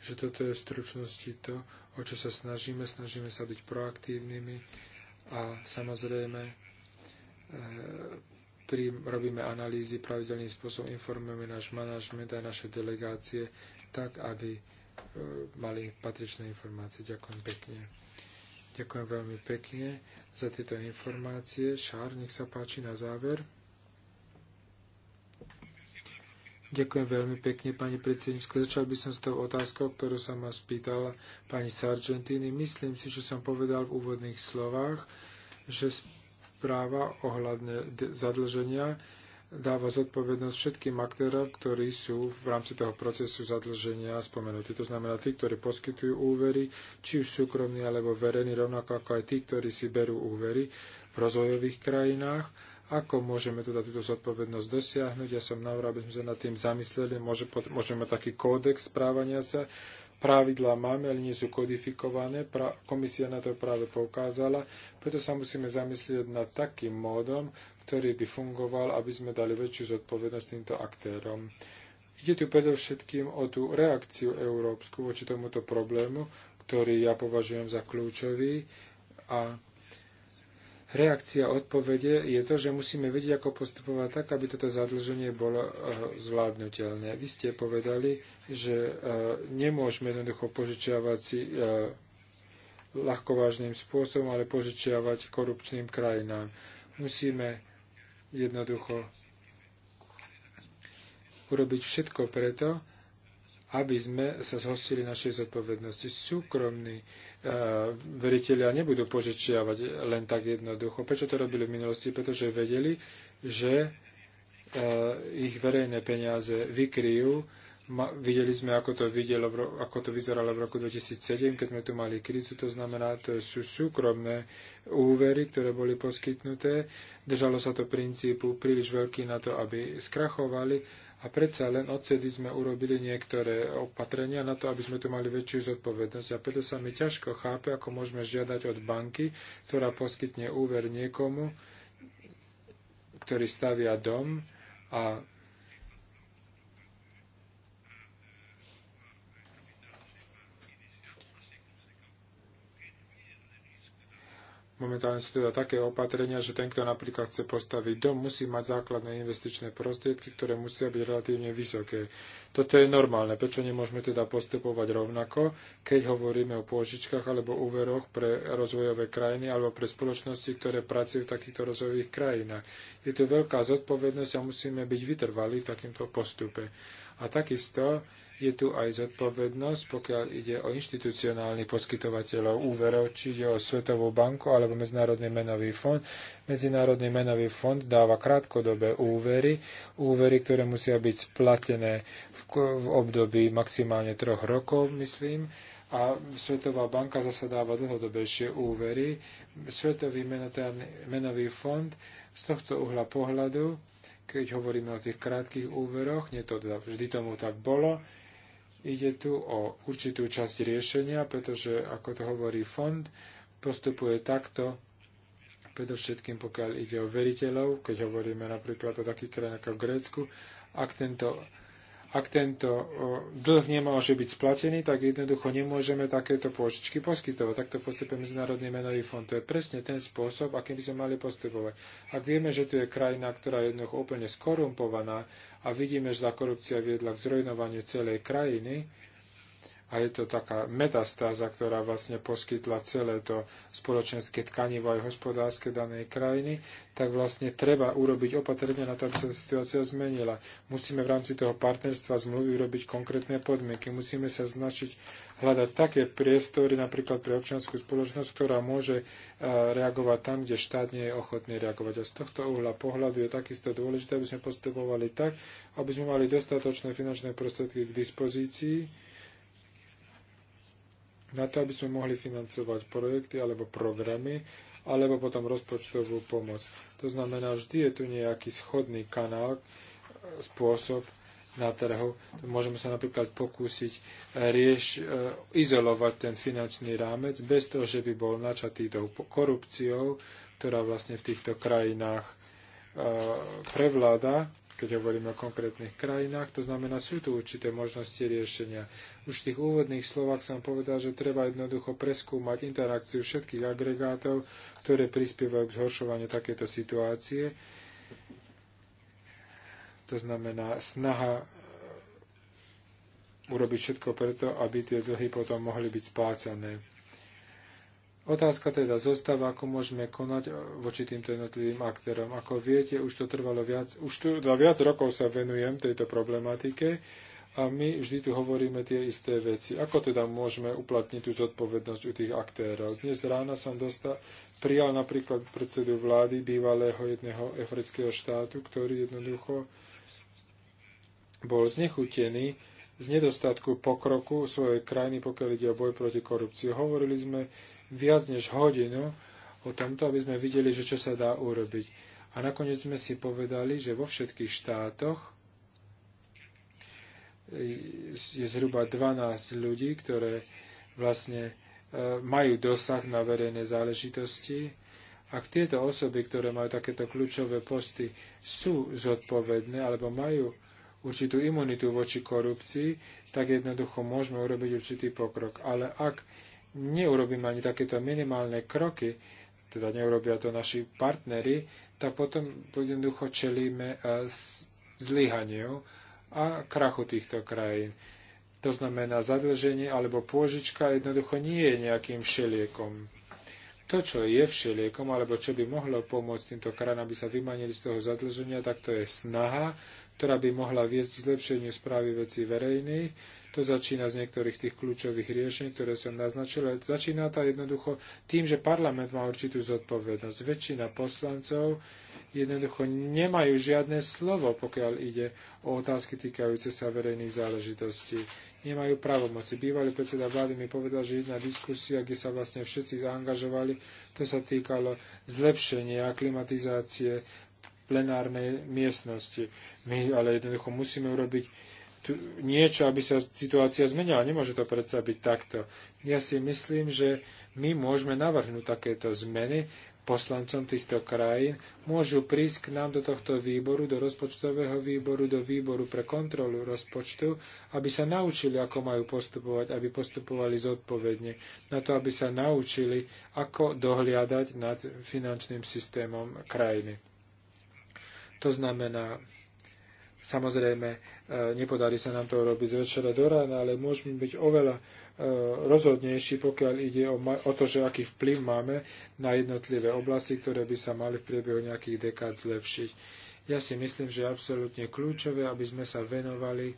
že toto je v stručnosti to, o čo sa snažíme. Snažíme sa byť proaktívnymi a samozrejme e, pri, robíme analýzy pravidelným spôsobom, informujeme náš manažment a naše delegácie tak, aby E, mali patričné informácie. Ďakujem pekne. Ďakujem veľmi pekne za tieto informácie. Šár, nech sa páči na záver. Ďakujem veľmi pekne, pani predsednička. Začal by som s tou otázkou, ktorú sa ma spýtala pani Sargentini. Myslím si, že som povedal v úvodných slovách, že správa ohľadne zadlženia dáva zodpovednosť všetkým aktérom, ktorí sú v rámci toho procesu zadlženia spomenutí. To znamená tí, ktorí poskytujú úvery, či už súkromní alebo verejní, rovnako ako aj tí, ktorí si berú úvery v rozvojových krajinách. Ako môžeme teda túto zodpovednosť dosiahnuť? Ja som navrhol, aby sme sa nad tým zamysleli. Môže, môžeme taký kódex správania sa Pravidlá máme, ale nie sú kodifikované. Pra- komisia na to práve poukázala. Preto sa musíme zamyslieť nad takým módom, ktorý by fungoval, aby sme dali väčšiu zodpovednosť týmto aktérom. Ide tu predovšetkým o tú reakciu európsku voči tomuto problému, ktorý ja považujem za kľúčový a reakcia odpovede je to, že musíme vedieť, ako postupovať tak, aby toto zadlženie bolo eh, zvládnutelné. Vy ste povedali, že eh, nemôžeme jednoducho požičiavať si eh, ľahkovážnym spôsobom, ale požičiavať korupčným krajinám. Musíme jednoducho urobiť všetko preto, aby sme sa zhostili našej zodpovednosti. Súkromní e, veriteľia nebudú požičiavať len tak jednoducho. Prečo to robili v minulosti? Pretože vedeli, že e, ich verejné peniaze vykryjú. Ma, videli sme, ako to, videlo, ako to vyzeralo v roku 2007, keď sme tu mali krízu. To znamená, to sú súkromné úvery, ktoré boli poskytnuté. Držalo sa to princípu príliš veľký na to, aby skrachovali a predsa len odtedy sme urobili niektoré opatrenia na to, aby sme tu mali väčšiu zodpovednosť. A preto sa mi ťažko chápe, ako môžeme žiadať od banky, ktorá poskytne úver niekomu, ktorý stavia dom a Momentálne sú teda také opatrenia, že ten, kto napríklad chce postaviť dom, musí mať základné investičné prostriedky, ktoré musia byť relatívne vysoké. Toto je normálne. Prečo nemôžeme teda postupovať rovnako, keď hovoríme o pôžičkách alebo úveroch pre rozvojové krajiny alebo pre spoločnosti, ktoré pracujú v takýchto rozvojových krajinách? Je to veľká zodpovednosť a musíme byť vytrvali v takýmto postupe. A takisto je tu aj zodpovednosť, pokiaľ ide o inštitucionálnych poskytovateľov úverov, či ide o Svetovú banku alebo Medzinárodný menový fond. Medzinárodný menový fond dáva krátkodobé úvery, úvery, ktoré musia byť splatené v, v období maximálne troch rokov, myslím. A Svetová banka zase dáva dlhodobejšie úvery. Svetový menový fond z tohto uhla pohľadu, keď hovoríme o tých krátkých úveroch, nie to teda, vždy tomu tak bolo, Ide tu o určitú časť riešenia, pretože, ako to hovorí fond, postupuje takto, predovšetkým pokiaľ ide o veriteľov, keď hovoríme napríklad o takých krajinách ako v Grécku, ak tento ak tento dlh nemôže byť splatený, tak jednoducho nemôžeme takéto pôžičky poskytovať. Takto postupuje Medzinárodný menový fond. To je presne ten spôsob, akým by sme mali postupovať. Ak vieme, že tu je krajina, ktorá je jednoducho úplne skorumpovaná a vidíme, že tá korupcia viedla k zrujnovaniu celej krajiny, a je to taká metastáza, ktorá vlastne poskytla celé to spoločenské tkanivo aj hospodárske danej krajiny, tak vlastne treba urobiť opatrenia na to, aby sa situácia zmenila. Musíme v rámci toho partnerstva zmluvy urobiť konkrétne podmienky. Musíme sa značiť, hľadať také priestory, napríklad pre občianskú spoločnosť, ktorá môže e, reagovať tam, kde štát nie je ochotný reagovať. A z tohto uhla pohľadu je takisto dôležité, aby sme postupovali tak, aby sme mali dostatočné finančné prostriedky k dispozícii, na to, aby sme mohli financovať projekty alebo programy, alebo potom rozpočtovú pomoc. To znamená, vždy je tu nejaký schodný kanál, spôsob na trhu. Môžeme sa napríklad pokúsiť eh, rieš, eh, izolovať ten finančný rámec bez toho, že by bol načatý tou korupciou, ktorá vlastne v týchto krajinách eh, prevláda keď hovoríme o konkrétnych krajinách. To znamená, sú tu určité možnosti riešenia. Už v tých úvodných slovách som povedal, že treba jednoducho preskúmať interakciu všetkých agregátov, ktoré prispievajú k zhoršovaniu takéto situácie. To znamená snaha e, urobiť všetko preto, aby tie dlhy potom mohli byť splácané. Otázka teda zostáva, ako môžeme konať e, voči týmto jednotlivým aktérom. Ako viete, už to trvalo viac, už tu, dva viac rokov sa venujem tejto problematike a my vždy tu hovoríme tie isté veci. Ako teda môžeme uplatniť tú zodpovednosť u tých aktérov? Dnes rána som dostal, prijal napríklad predsedu vlády bývalého jedného efrického štátu, ktorý jednoducho bol znechutený z nedostatku pokroku svojej krajiny, pokiaľ ide o boj proti korupcii. Hovorili sme, viac než hodinu o tomto, aby sme videli, že čo sa dá urobiť. A nakoniec sme si povedali, že vo všetkých štátoch je zhruba 12 ľudí, ktoré vlastne e, majú dosah na verejné záležitosti. Ak tieto osoby, ktoré majú takéto kľúčové posty, sú zodpovedné alebo majú určitú imunitu voči korupcii, tak jednoducho môžeme urobiť určitý pokrok. Ale ak neurobíme ani takéto minimálne kroky, teda neurobia to naši partnery, tak potom jednoducho čelíme e, zlyhaniu a krachu týchto krajín. To znamená, zadlženie alebo pôžička jednoducho nie je nejakým šeliekom to, čo je všeliekom, alebo čo by mohlo pomôcť týmto krajinám, aby sa vymanili z toho zadlženia, tak to je snaha, ktorá by mohla viesť k zlepšeniu správy vecí verejných. To začína z niektorých tých kľúčových riešení, ktoré som naznačil. Začína to jednoducho tým, že parlament má určitú zodpovednosť. Väčšina poslancov jednoducho nemajú žiadne slovo, pokiaľ ide o otázky týkajúce sa verejných záležitostí. Nemajú právomoci. Bývalý predseda vlády mi povedal, že jedna diskusia, kde sa vlastne všetci zaangažovali, to sa týkalo zlepšenia klimatizácie plenárnej miestnosti. My ale jednoducho musíme urobiť tu niečo, aby sa situácia zmenila. Nemôže to predsa byť takto. Ja si myslím, že my môžeme navrhnúť takéto zmeny, poslancom týchto krajín, môžu prísť k nám do tohto výboru, do rozpočtového výboru, do výboru pre kontrolu rozpočtu, aby sa naučili, ako majú postupovať, aby postupovali zodpovedne, na to, aby sa naučili, ako dohliadať nad finančným systémom krajiny. To znamená, samozrejme, e, nepodarí sa nám to robiť z večera do rána, ale môžeme byť oveľa E, rozhodnejší, pokiaľ ide o, o to, že aký vplyv máme na jednotlivé oblasti, ktoré by sa mali v priebehu nejakých dekád zlepšiť. Ja si myslím, že je absolútne kľúčové, aby sme sa venovali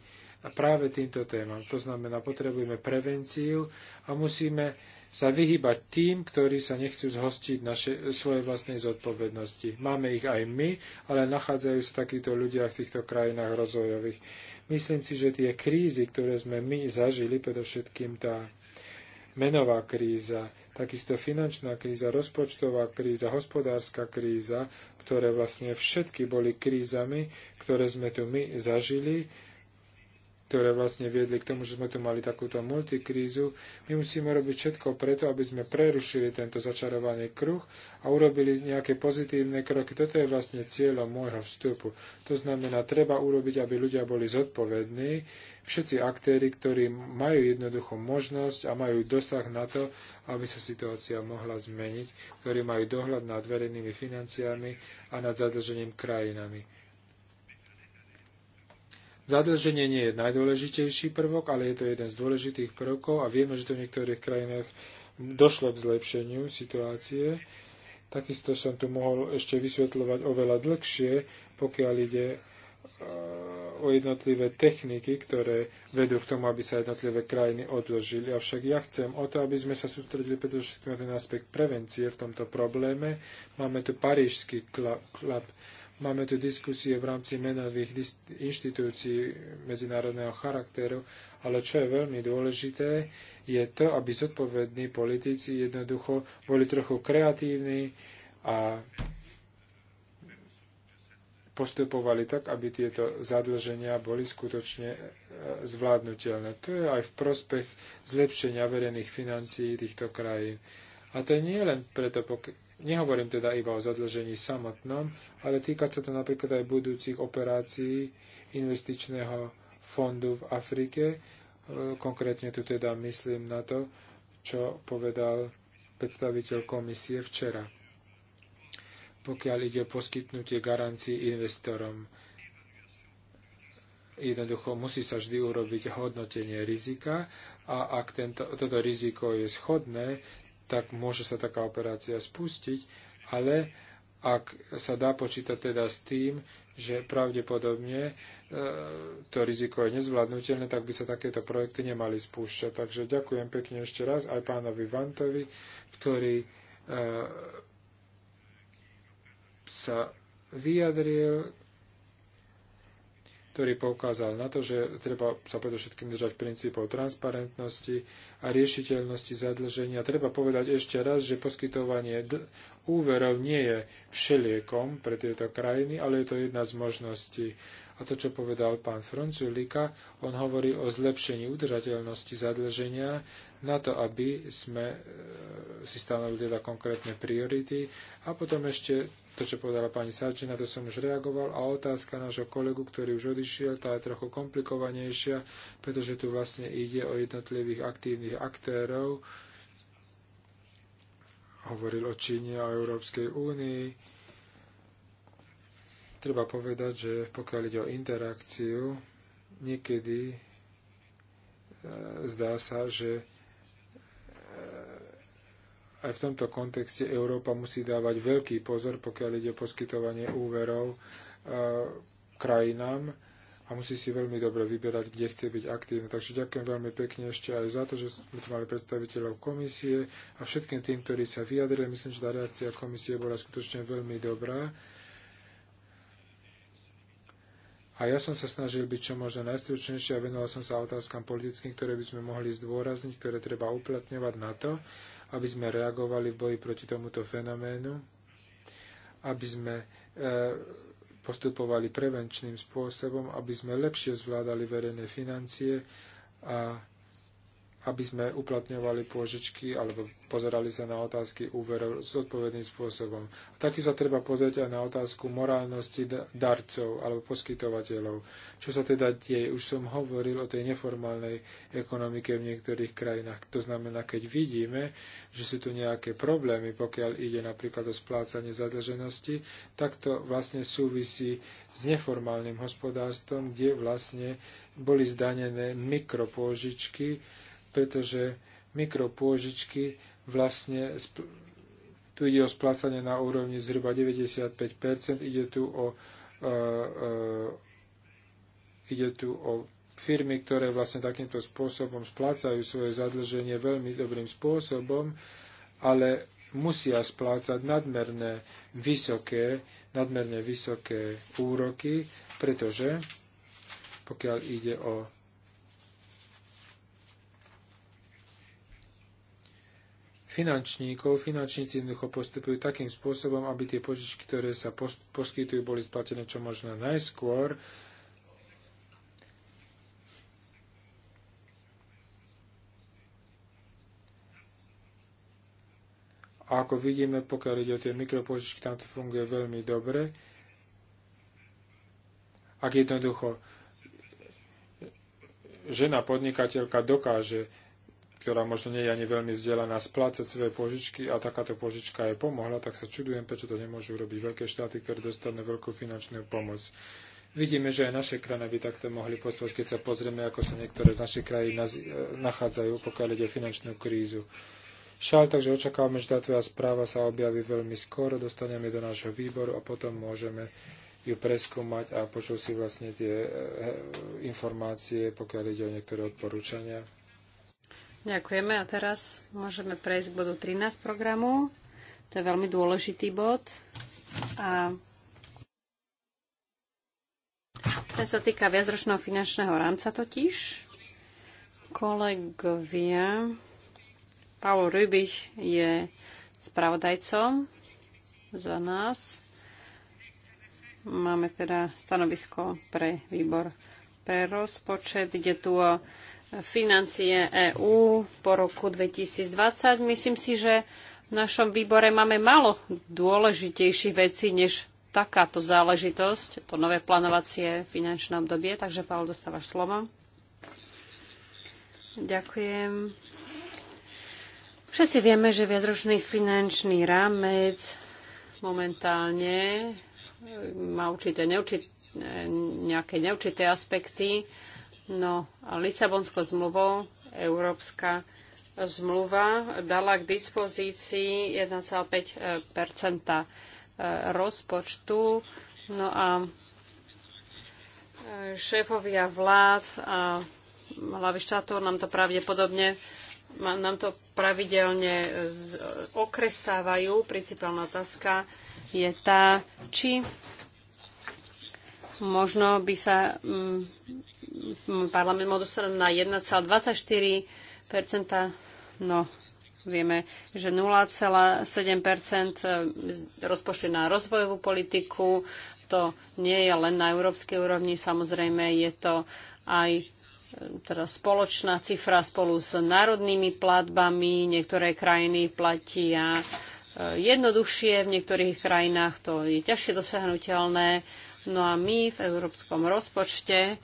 práve týmto témam. To znamená, potrebujeme prevenciu a musíme sa vyhybať tým, ktorí sa nechcú zhostiť naše, svojej vlastnej zodpovednosti. Máme ich aj my, ale nachádzajú sa takíto ľudia v týchto krajinách rozvojových. Myslím si, že tie krízy, ktoré sme my zažili, predovšetkým tá menová kríza, takisto finančná kríza, rozpočtová kríza, hospodárska kríza, ktoré vlastne všetky boli krízami, ktoré sme tu my zažili, ktoré vlastne viedli k tomu, že sme tu mali takúto multikrízu. My musíme robiť všetko preto, aby sme prerušili tento začarovaný kruh a urobili nejaké pozitívne kroky. Toto je vlastne cieľom môjho vstupu. To znamená, treba urobiť, aby ľudia boli zodpovední, všetci aktéry, ktorí majú jednoducho možnosť a majú dosah na to, aby sa situácia mohla zmeniť, ktorí majú dohľad nad verejnými financiami a nad zadlžením krajinami Zadlženie nie je najdôležitejší prvok, ale je to jeden z dôležitých prvkov a vieme, že to v niektorých krajinách došlo k zlepšeniu situácie. Takisto som tu mohol ešte vysvetľovať oveľa dlhšie, pokiaľ ide e, o jednotlivé techniky, ktoré vedú k tomu, aby sa jednotlivé krajiny odložili. Avšak ja chcem o to, aby sme sa sústredili predovšetkým na ten aspekt prevencie v tomto probléme. Máme tu parížský klub, Máme tu diskusie v rámci menových inštitúcií medzinárodného charakteru, ale čo je veľmi dôležité, je to, aby zodpovední politici jednoducho boli trochu kreatívni a postupovali tak, aby tieto zadlženia boli skutočne e, zvládnutelné. To je aj v prospech zlepšenia verejných financií týchto krajín. A to nie len preto, Nehovorím teda iba o zadlžení samotnom, ale týka sa to napríklad aj budúcich operácií investičného fondu v Afrike. E, konkrétne tu teda myslím na to, čo povedal predstaviteľ komisie včera pokiaľ ide o poskytnutie garancií investorom. Jednoducho musí sa vždy urobiť hodnotenie rizika a ak tento, toto riziko je schodné, tak môže sa taká operácia spustiť, ale ak sa dá počítať teda s tým, že pravdepodobne e, to riziko je nezvládnutelné, tak by sa takéto projekty nemali spúšťať. Takže ďakujem pekne ešte raz aj pánovi Vantovi, ktorý e, sa vyjadril ktorý poukázal na to, že treba sa predovšetkým držať princípov transparentnosti a riešiteľnosti zadlženia. Treba povedať ešte raz, že poskytovanie úverov nie je všeliekom pre tieto krajiny, ale je to jedna z možností. A to, čo povedal pán Frunculika, on hovorí o zlepšení udržateľnosti zadlženia na to, aby sme e, si stanovili teda konkrétne priority. A potom ešte to, čo povedala pani Sarčina, to som už reagoval. A otázka nášho kolegu, ktorý už odišiel, tá je trochu komplikovanejšia, pretože tu vlastne ide o jednotlivých aktívnych aktérov. Hovoril o Číne a o Európskej únii treba povedať, že pokiaľ ide o interakciu, niekedy e, zdá sa, že aj v tomto kontexte Európa musí dávať veľký pozor, pokiaľ ide o poskytovanie úverov e, krajinám a musí si veľmi dobre vyberať, kde chce byť aktívny. Takže ďakujem veľmi pekne ešte aj za to, že sme tu mali predstaviteľov komisie a všetkým tým, ktorí sa vyjadrili. Myslím, že tá reakcia komisie bola skutočne veľmi dobrá. A ja som sa snažil byť čo možno najstručnejšie a venoval som sa otázkam politickým, ktoré by sme mohli zdôrazniť, ktoré treba uplatňovať na to, aby sme reagovali v boji proti tomuto fenoménu, aby sme e, postupovali prevenčným spôsobom, aby sme lepšie zvládali verejné financie a aby sme uplatňovali pôžičky alebo pozerali sa na otázky úverov zodpovedným spôsobom. Taký sa treba pozrieť aj na otázku morálnosti darcov alebo poskytovateľov. Čo sa teda deje? Už som hovoril o tej neformálnej ekonomike v niektorých krajinách. To znamená, keď vidíme, že sú tu nejaké problémy, pokiaľ ide napríklad o splácanie zadlženosti, tak to vlastne súvisí s neformálnym hospodárstvom, kde vlastne boli zdanené mikropôžičky, pretože mikropôžičky vlastne tu ide o splácanie na úrovni zhruba 95%, ide tu o, e, e, ide tu o firmy, ktoré vlastne takýmto spôsobom splácajú svoje zadlženie veľmi dobrým spôsobom, ale musia splácať nadmerné vysoké, nadmerne vysoké úroky, pretože pokiaľ ide o finančníkov. Finančníci jednoducho postupujú takým spôsobom, aby tie požičky, ktoré sa poskytujú, boli splatené čo možno najskôr. A ako vidíme, pokiaľ ide o tie mikropožičky, tam to funguje veľmi dobre. Ak jednoducho žena podnikateľka dokáže ktorá možno nie je ani veľmi vzdelaná, splácať svoje požičky a takáto požička je pomohla, tak sa čudujem, prečo to nemôžu robiť veľké štáty, ktoré dostanú veľkú finančnú pomoc. Vidíme, že aj naše krajiny by takto mohli postupovať, keď sa pozrieme, ako sa niektoré z našich krajín e, nachádzajú, pokiaľ ide o finančnú krízu. Šal, takže očakávame, že tá tvoja správa sa objaví veľmi skoro, dostaneme do nášho výboru a potom môžeme ju preskúmať a počul si vlastne tie e, e, informácie, pokiaľ ide o niektoré odporúčania. Ďakujeme a teraz môžeme prejsť k bodu 13 programu. To je veľmi dôležitý bod. A ten sa týka viacročného finančného rámca totiž. Kolegovia, Paolo Rybich je spravodajcom za nás. Máme teda stanovisko pre výbor pre rozpočet. Ide tu o financie EÚ po roku 2020. Myslím si, že v našom výbore máme málo dôležitejších vecí, než takáto záležitosť, to nové plánovacie finančné obdobie. Takže, Paolo, dostávaš slovo. Ďakujem. Všetci vieme, že viacročný finančný rámec momentálne má určité neurčité, nejaké neurčité aspekty No a Lisabonskou zmluvou Európska zmluva dala k dispozícii 1,5 eh, rozpočtu. No a eh, šéfovia vlád a hlavy štátov nám to pravdepodobne nám to pravidelne okresávajú. Principálna otázka je tá, či možno by sa mm, parlament mal na 1,24 No, vieme, že 0,7 e, rozpočtu na rozvojovú politiku. To nie je len na európskej úrovni, samozrejme je to aj e, teda spoločná cifra spolu s národnými platbami. Niektoré krajiny platia e, jednoduchšie, v niektorých krajinách to je ťažšie dosiahnutelné. No a my v európskom rozpočte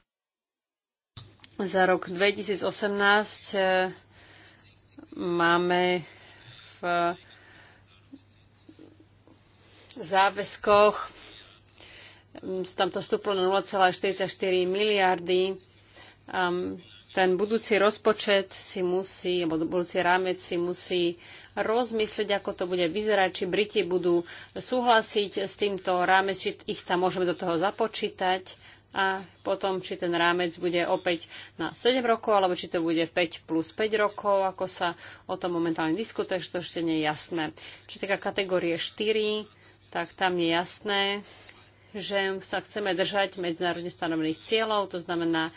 za rok 2018 e, máme v záväzkoch tam to vstúplo na 0,44 miliardy. ten budúci rozpočet si musí, alebo budúci rámec si musí rozmyslieť, ako to bude vyzerať, či Briti budú súhlasiť s týmto rámec, či ich tam môžeme do toho započítať a potom, či ten rámec bude opäť na 7 rokov, alebo či to bude 5 plus 5 rokov, ako sa o tom momentálne diskutuje, takže to ešte nie je jasné. Čo týka kategórie 4, tak tam je jasné, že sa chceme držať medzinárodne stanovených cieľov, to znamená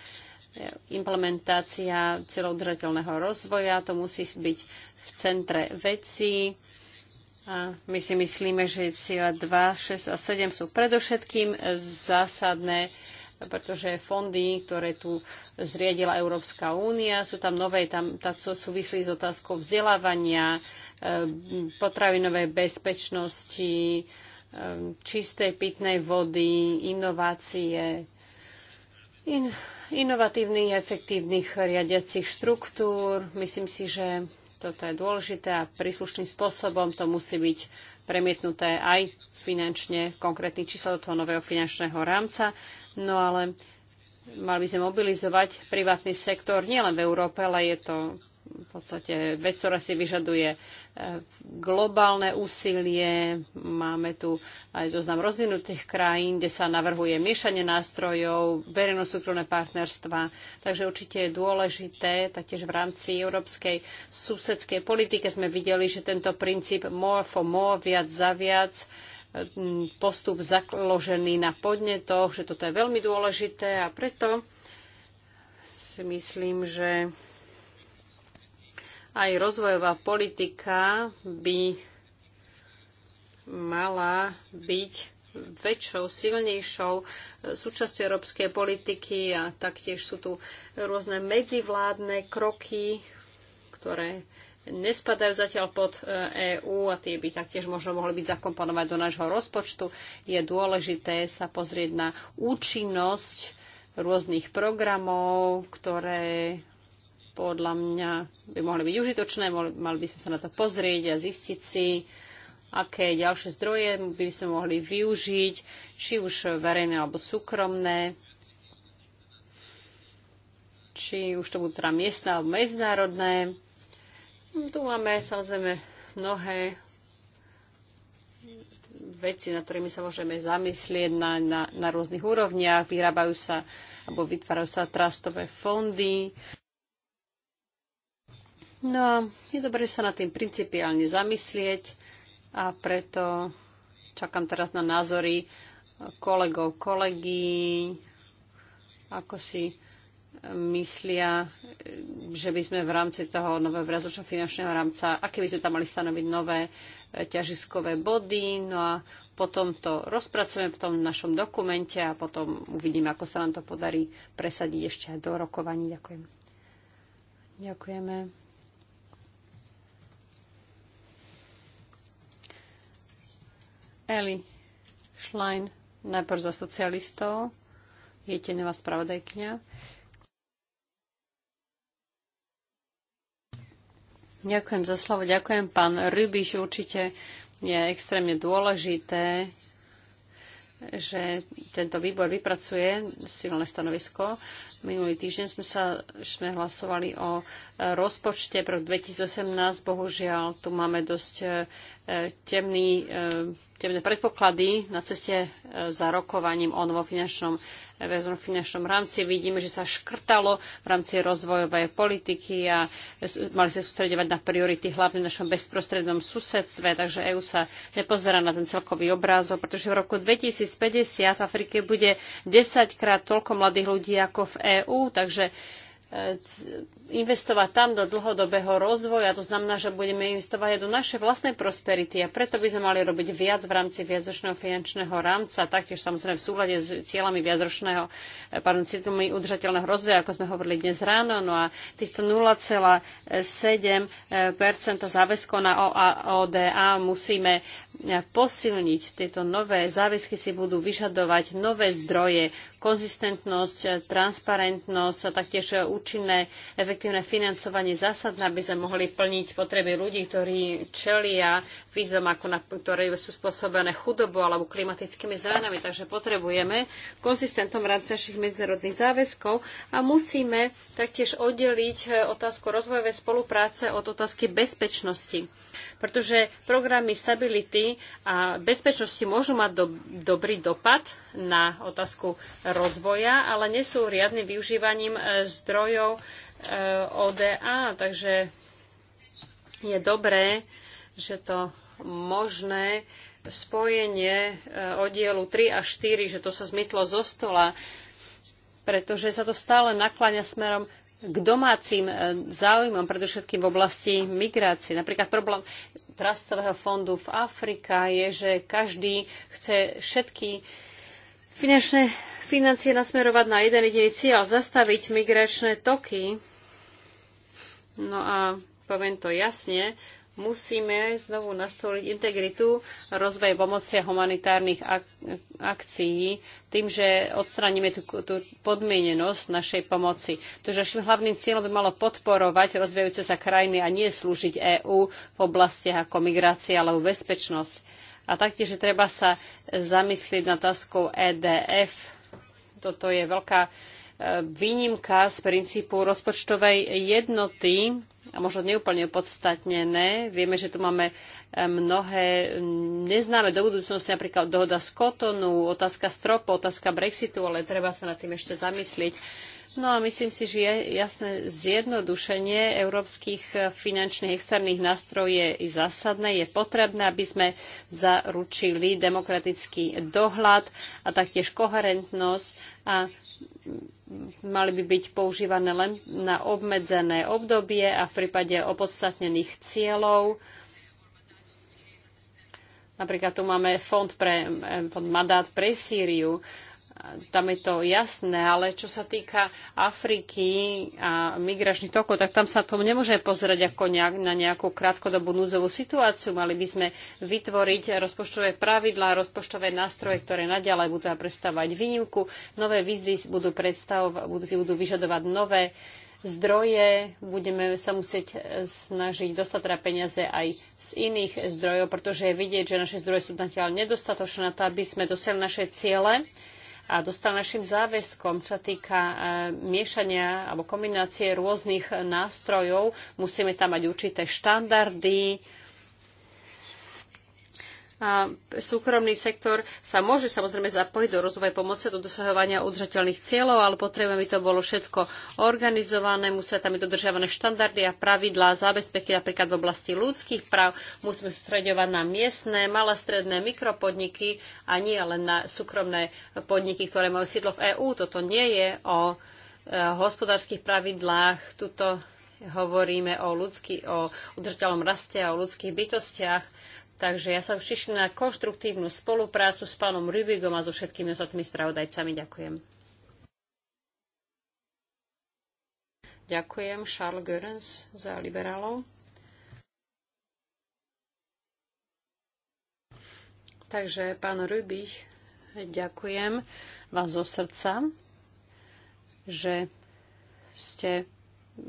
e, implementácia cieľov držateľného rozvoja, to musí byť v centre veci, a my si myslíme, že cieľa 2, 6 a 7 sú predovšetkým zásadné pretože fondy, ktoré tu zriedila Európska únia, sú tam nové, tam, tam súvislí s otázkou vzdelávania, e, potravinovej bezpečnosti, e, čistej pitnej vody, inovácie, in, inovatívnych efektívnych riadiacich štruktúr. Myslím si, že toto je dôležité a príslušným spôsobom to musí byť premietnuté aj finančne, konkrétne číslo do toho nového finančného rámca. No ale mali by sme mobilizovať privátny sektor nielen v Európe, ale je to v podstate vec, ktorá si vyžaduje eh, globálne úsilie. Máme tu aj zoznam rozvinutých krajín, kde sa navrhuje miešanie nástrojov, verejno-súkromné partnerstva. Takže určite je dôležité, taktiež v rámci európskej susedskej politike sme videli, že tento princíp more for more, viac za viac, postup založený na podnetoch, že toto je veľmi dôležité a preto si myslím, že aj rozvojová politika by mala byť väčšou, silnejšou súčasťou európskej politiky a taktiež sú tu rôzne medzivládne kroky, ktoré nespadajú zatiaľ pod EÚ e a tie by taktiež možno mohli byť zakomponovať do nášho rozpočtu. Je dôležité sa pozrieť na účinnosť rôznych programov, ktoré podľa mňa by mohli byť užitočné, mali by sme sa na to pozrieť a zistiť si, aké ďalšie zdroje by sme mohli využiť, či už verejné alebo súkromné, či už to budú teda miestne alebo medzinárodné. Hm, tu máme samozrejme mnohé veci, na ktorými sa môžeme zamyslieť na, na, na rôznych úrovniach. Vyrábajú sa alebo vytvárajú sa trastové fondy. No a je dobré sa nad tým principiálne zamyslieť a preto čakám teraz na názory kolegov, kolegy, ako si myslia, že by sme v rámci toho nového vrazočného finančného rámca, aké by sme tam mali stanoviť nové e, ťažiskové body, no a potom to rozpracujeme v tom našom dokumente a potom uvidíme, ako sa nám to podarí presadiť ešte do rokovaní. Ďakujem. Ďakujeme. Eli Schlein, najprv za socialistov, je tenová spravodajkňa. Ďakujem za slovo. Ďakujem, pán Rybiš. Určite je extrémne dôležité, že tento výbor vypracuje silné stanovisko. Minulý týždeň sme, sa, sme hlasovali o rozpočte pro 2018. Bohužiaľ, tu máme dosť e, temný, e, temné predpoklady na ceste e, za rokovaním o novofinančnom v finančnom rámci. Vidíme, že sa škrtalo v rámci rozvojovej politiky a mali sa sústredovať na priority hlavne v našom bezprostrednom susedstve, takže EÚ sa nepozerá na ten celkový obrázok, pretože v roku 2050 v Afrike bude 10 krát toľko mladých ľudí ako v EÚ, takže E, investovať tam do dlhodobého rozvoja. To znamená, že budeme investovať aj do našej vlastnej prosperity a preto by sme mali robiť viac v rámci viacročného finančného rámca, taktiež samozrejme v súlade s cieľami viacročného, e, pardon, cieľmi udržateľného rozvoja, ako sme hovorili dnes ráno. No a týchto 0,7 záväzkov na ODA musíme e, posilniť. Tieto nové záväzky si budú vyžadovať nové zdroje, konzistentnosť, transparentnosť a taktiež účinné, efektívne financovanie zásadné, aby sme mohli plniť potreby ľudí, ktorí čelia výzvam, ako na, ktoré sú spôsobené chudobou alebo klimatickými zmenami. Takže potrebujeme konzistentnom rámci našich medzinárodných záväzkov a musíme taktiež oddeliť eh, otázku rozvojovej spolupráce od otázky bezpečnosti. Pretože programy stability a bezpečnosti môžu mať do, dobrý dopad na otázku rozvoja, ale nie sú riadnym využívaním e, zdrojov e, ODA, takže je dobré, že to možné spojenie e, oddielu 3 a 4, že to sa zmytlo zo stola, pretože sa to stále nakláňa smerom k domácim záujmom, všetkým v oblasti migrácie. Napríklad problém trastového fondu v Afrika je, že každý chce všetky finančné financie nasmerovať na jeden jediný cieľ, zastaviť migračné toky. No a poviem to jasne, musíme znovu nastoliť integritu, rozvoj pomoci a humanitárnych ak- akcií tým, že odstraníme tú, tú podmienenosť našej pomoci. Takže našim hlavným cieľom by malo podporovať rozvíjajúce sa krajiny a nie slúžiť EÚ v oblastiach ako migrácia alebo bezpečnosť. A taktiež treba sa zamyslieť nad otázkou EDF, toto je veľká e, výnimka z princípu rozpočtovej jednoty a možno neúplne opodstatnené. Vieme, že tu máme e, mnohé neznáme do budúcnosti, napríklad dohoda z Kotonu, otázka stropu, otázka Brexitu, ale treba sa nad tým ešte zamyslieť. No a myslím si, že je jasné zjednodušenie európskych finančných externých nástrojov je i zásadné. Je potrebné, aby sme zaručili demokratický dohľad a taktiež koherentnosť a mali by byť používané len na obmedzené obdobie a v prípade opodstatnených cieľov. Napríklad tu máme fond, pre, fond Madát pre Sýriu tam je to jasné, ale čo sa týka Afriky a migračných tokov, tak tam sa to nemôže pozerať ako nejak, na nejakú krátkodobú núzovú situáciu. Mali by sme vytvoriť rozpočtové pravidlá, rozpočtové nástroje, ktoré naďalej budú predstavovať výnimku. Nové výzvy budú, budú, si budú vyžadovať nové zdroje, budeme sa musieť snažiť dostať teda peniaze aj z iných zdrojov, pretože je vidieť, že naše zdroje sú natiaľ nedostatočné na to, aby sme dosiahli naše ciele a dostal našim záväzkom, čo týka e, miešania alebo kombinácie rôznych nástrojov. Musíme tam mať určité štandardy, a súkromný sektor sa môže samozrejme zapojiť do rozvoja pomoci, do dosahovania udržateľných cieľov, ale potrebujeme, aby to bolo všetko organizované, musia tam byť dodržiavané štandardy a pravidlá zábezpeky napríklad v oblasti ľudských práv. Musíme sústredovať na miestne, malé, stredné mikropodniky a nie len na súkromné podniky, ktoré majú sídlo v EÚ. Toto nie je o e, hospodárskych pravidlách. Tuto hovoríme o, ľudský, o udržateľnom raste a o ľudských bytostiach Takže ja sa už teším na konštruktívnu spoluprácu s pánom Rybigom a so všetkými ostatnými spravodajcami. Ďakujem. Ďakujem Charles Görens za liberálov. Takže pán Rybich, ďakujem vám zo srdca, že ste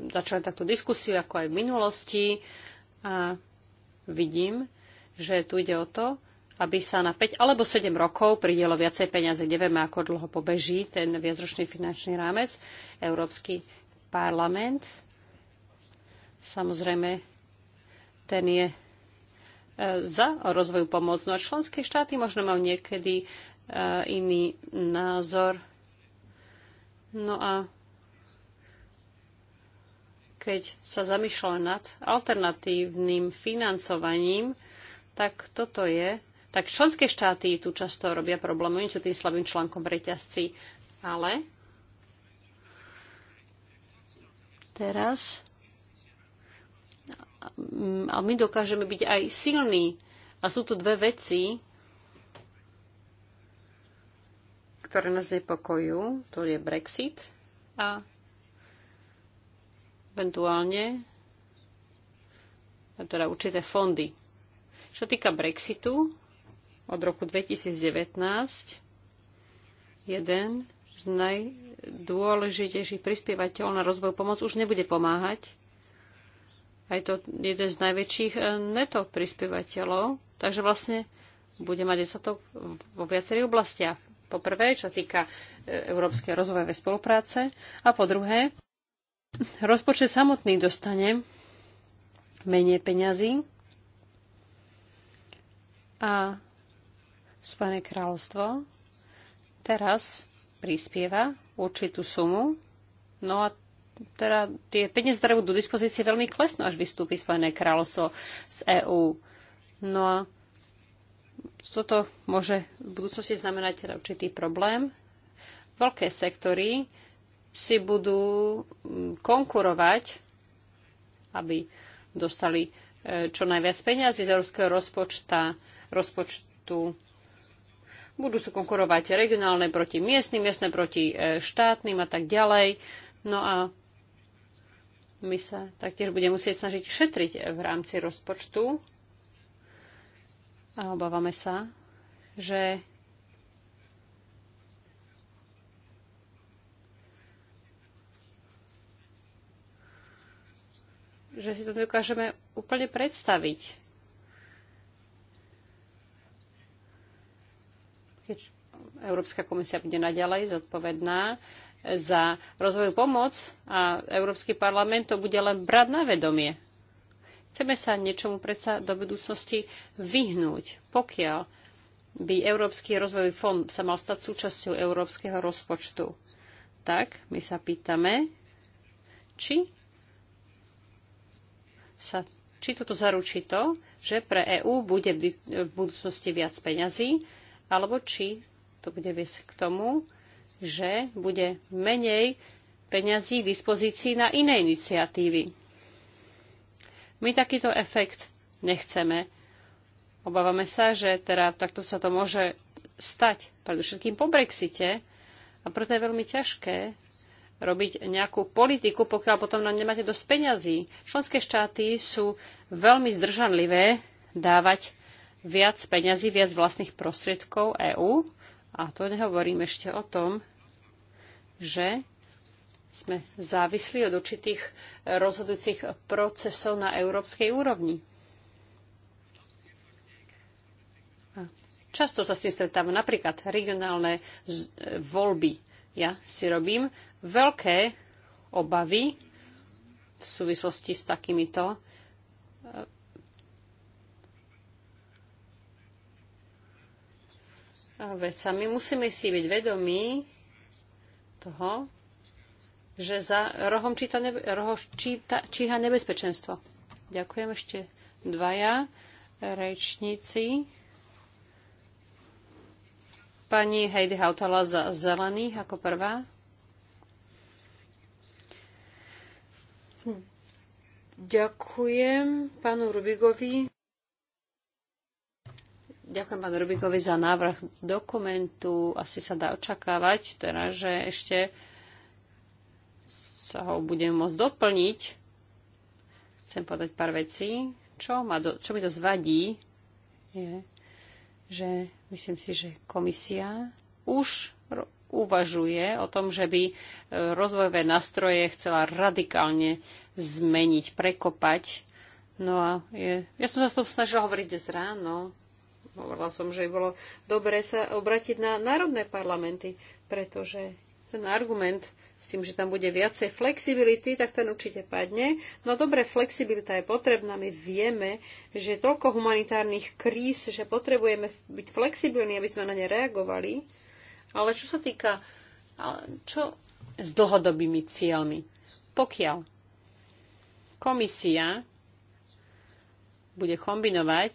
začali takto diskusiu, ako aj v minulosti. A vidím, že tu ide o to, aby sa na 5 alebo 7 rokov pridelo viacej peniaze. Nevieme, ako dlho pobeží ten viacročný finančný rámec. Európsky parlament, samozrejme, ten je e, za rozvoju pomoc. No a členské štáty možno majú niekedy e, iný názor. No a keď sa zamýšľa nad alternatívnym financovaním, tak toto je. Tak členské štáty tu často robia problém, oni sú tým slabým článkom v reťazci, ale teraz a my dokážeme byť aj silní. A sú tu dve veci, ktoré nás nepokojú. To je Brexit a eventuálne a teda určité fondy čo týka Brexitu, od roku 2019 jeden z najdôležitejších prispievateľov na rozvoj pomoc už nebude pomáhať. A je to jeden z najväčších eh, neto prispievateľov, takže vlastne bude mať dostatok vo viacerých oblastiach. Po prvé, čo týka eh, Európskej rozvojovej spolupráce a po druhé, rozpočet samotný dostane menej peňazí, a Spojené kráľovstvo teraz prispieva určitú sumu, no a teda tie peniaze, ktoré budú do dispozície, veľmi klesnú, až vystúpi Spojené kráľovstvo z EÚ. No a toto môže v budúcnosti znamenať teda určitý problém. Veľké sektory si budú mm, konkurovať, aby dostali čo najviac peniazy z európskeho rozpočta, rozpočtu. Budú sú konkurovať regionálne proti miestnym, miestne proti e, štátnym a tak ďalej. No a my sa taktiež budeme musieť snažiť šetriť v rámci rozpočtu. A obávame sa, že že si to dokážeme úplne predstaviť. Keď Európska komisia bude naďalej zodpovedná za rozvoj pomoc a Európsky parlament to bude len brať na vedomie. Chceme sa niečomu predsa do budúcnosti vyhnúť, pokiaľ by Európsky rozvojový fond sa mal stať súčasťou európskeho rozpočtu. Tak my sa pýtame, či sa, či toto zaručí to, že pre EÚ bude v budúcnosti viac peňazí, alebo či to bude viesť k tomu, že bude menej peňazí k dispozícii na iné iniciatívy. My takýto efekt nechceme. Obávame sa, že teda takto sa to môže stať, predovšetkým po Brexite, a preto je veľmi ťažké robiť nejakú politiku, pokiaľ potom na nemáte dosť peňazí. Členské štáty sú veľmi zdržanlivé dávať viac peňazí, viac vlastných prostriedkov EÚ. A to nehovorím ešte o tom, že sme závislí od určitých rozhodujúcich procesov na európskej úrovni. často sa s tým stretávam napríklad regionálne voľby. Ja si robím veľké obavy v súvislosti s takýmito eh, eh, vecami. Musíme si byť vedomí toho, že za rohom číta nebe, roho číta, číha nebezpečenstvo. Ďakujem ešte dvaja rečníci. Pani Heidi Hautala za zelených ako prvá. Ďakujem pánu Rubigovi. Ďakujem pánu Rubigovi za návrh dokumentu. Asi sa dá očakávať, teda, že ešte sa ho budem môcť doplniť. Chcem povedať pár vecí. Čo, ma do, čo mi dosť vadí, je, že myslím si, že komisia už uvažuje o tom, že by e, rozvojové nástroje chcela radikálne zmeniť, prekopať. No a je, ja som sa s tom snažila hovoriť dnes ráno. Hovorila som, že by bolo dobré sa obratiť na národné parlamenty, pretože ten argument s tým, že tam bude viacej flexibility, tak ten určite padne. No dobre, flexibilita je potrebná. My vieme, že je toľko humanitárnych kríz, že potrebujeme byť flexibilní, aby sme na ne reagovali. Ale čo sa týka, čo s dlhodobými cieľmi? Pokiaľ komisia bude kombinovať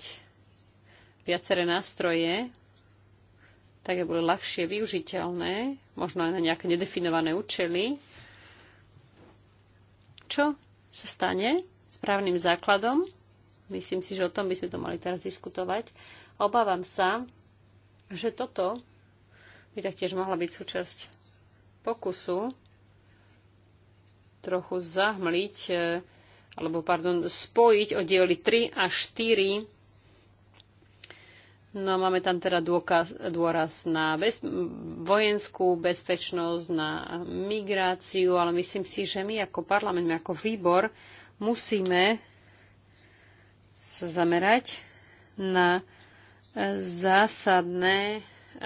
viaceré nástroje, tak je bude ľahšie využiteľné, možno aj na nejaké nedefinované účely. Čo sa stane správnym základom? Myslím si, že o tom by sme to mali teraz diskutovať. Obávam sa, že toto by taktiež mohla byť súčasť pokusu trochu zahmliť, e, alebo pardon, spojiť oddiely 3 a 4. No máme tam teda dôkaz, dôraz na bez, vojenskú bezpečnosť, na migráciu, ale myslím si, že my ako parlament, my ako výbor musíme sa zamerať na zásadné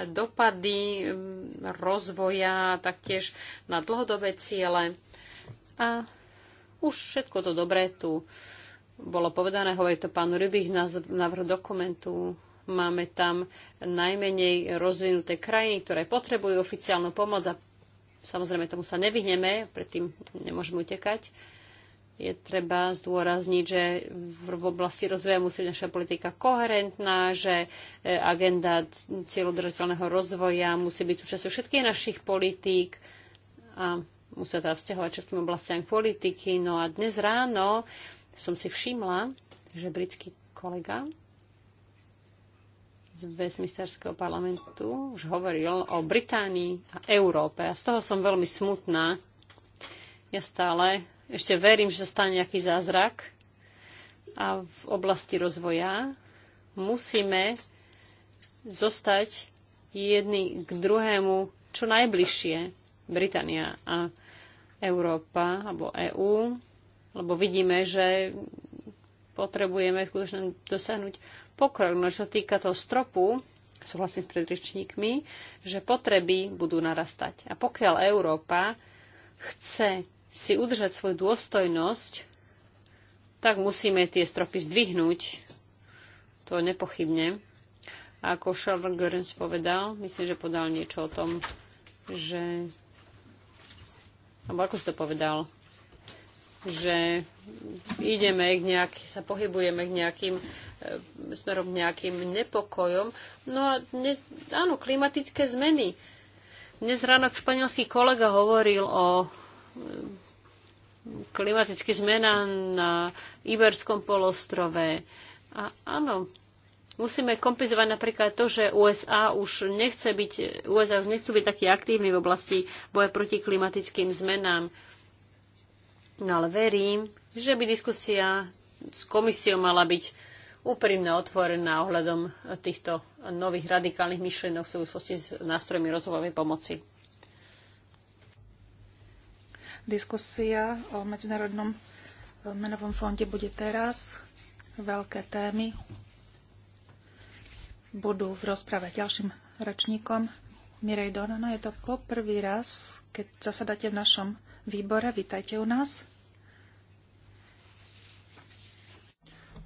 dopady mm, rozvoja, taktiež na dlhodobé ciele. A už všetko to dobré tu bolo povedané, hovorí to pán Rybich na návrh dokumentu. Máme tam najmenej rozvinuté krajiny, ktoré potrebujú oficiálnu pomoc a samozrejme tomu sa nevyhneme, predtým nemôžeme utekať je treba zdôrazniť, že v oblasti rozvoja musí byť naša politika koherentná, že e, agenda cieľodržateľného rozvoja musí byť súčasťou všetkých našich politík a musia teda vzťahovať všetkým oblastiam politiky. No a dnes ráno som si všimla, že britský kolega z Westminsterského parlamentu už hovoril o Británii a Európe. A z toho som veľmi smutná. Ja stále ešte verím, že sa stane nejaký zázrak a v oblasti rozvoja musíme zostať jedni k druhému čo najbližšie Británia a Európa alebo EÚ, lebo vidíme, že potrebujeme skutočne dosiahnuť pokrok. No čo týka toho stropu, súhlasím s predričníkmi, že potreby budú narastať. A pokiaľ Európa chce si udržať svoju dôstojnosť, tak musíme tie stropy zdvihnúť. To nepochybne. A ako Charles Görens povedal, myslím, že podal niečo o tom, že... Alebo ako si to povedal? že ideme k nejak, sa pohybujeme k nejakým e, smerom nejakým nepokojom. No a ne, áno, klimatické zmeny. Dnes ráno španielský kolega hovoril o klimatických zmenám na Iberskom polostrove. A áno, musíme kompenzovať napríklad to, že USA už, nechce byť, USA už nechcú byť takí aktívni v oblasti boja proti klimatickým zmenám. No ale verím, že by diskusia s komisiou mala byť úprimne otvorená ohľadom týchto nových radikálnych myšlienok v súvislosti s nástrojmi rozvojovej pomoci. Diskusia o Medzinárodnom eh, menovom fonde bude teraz. Veľké témy budú v rozprave ďalším rečníkom. Mirej Donano, je to poprvý raz, keď zasadáte v našom výbore. Vítajte u nás.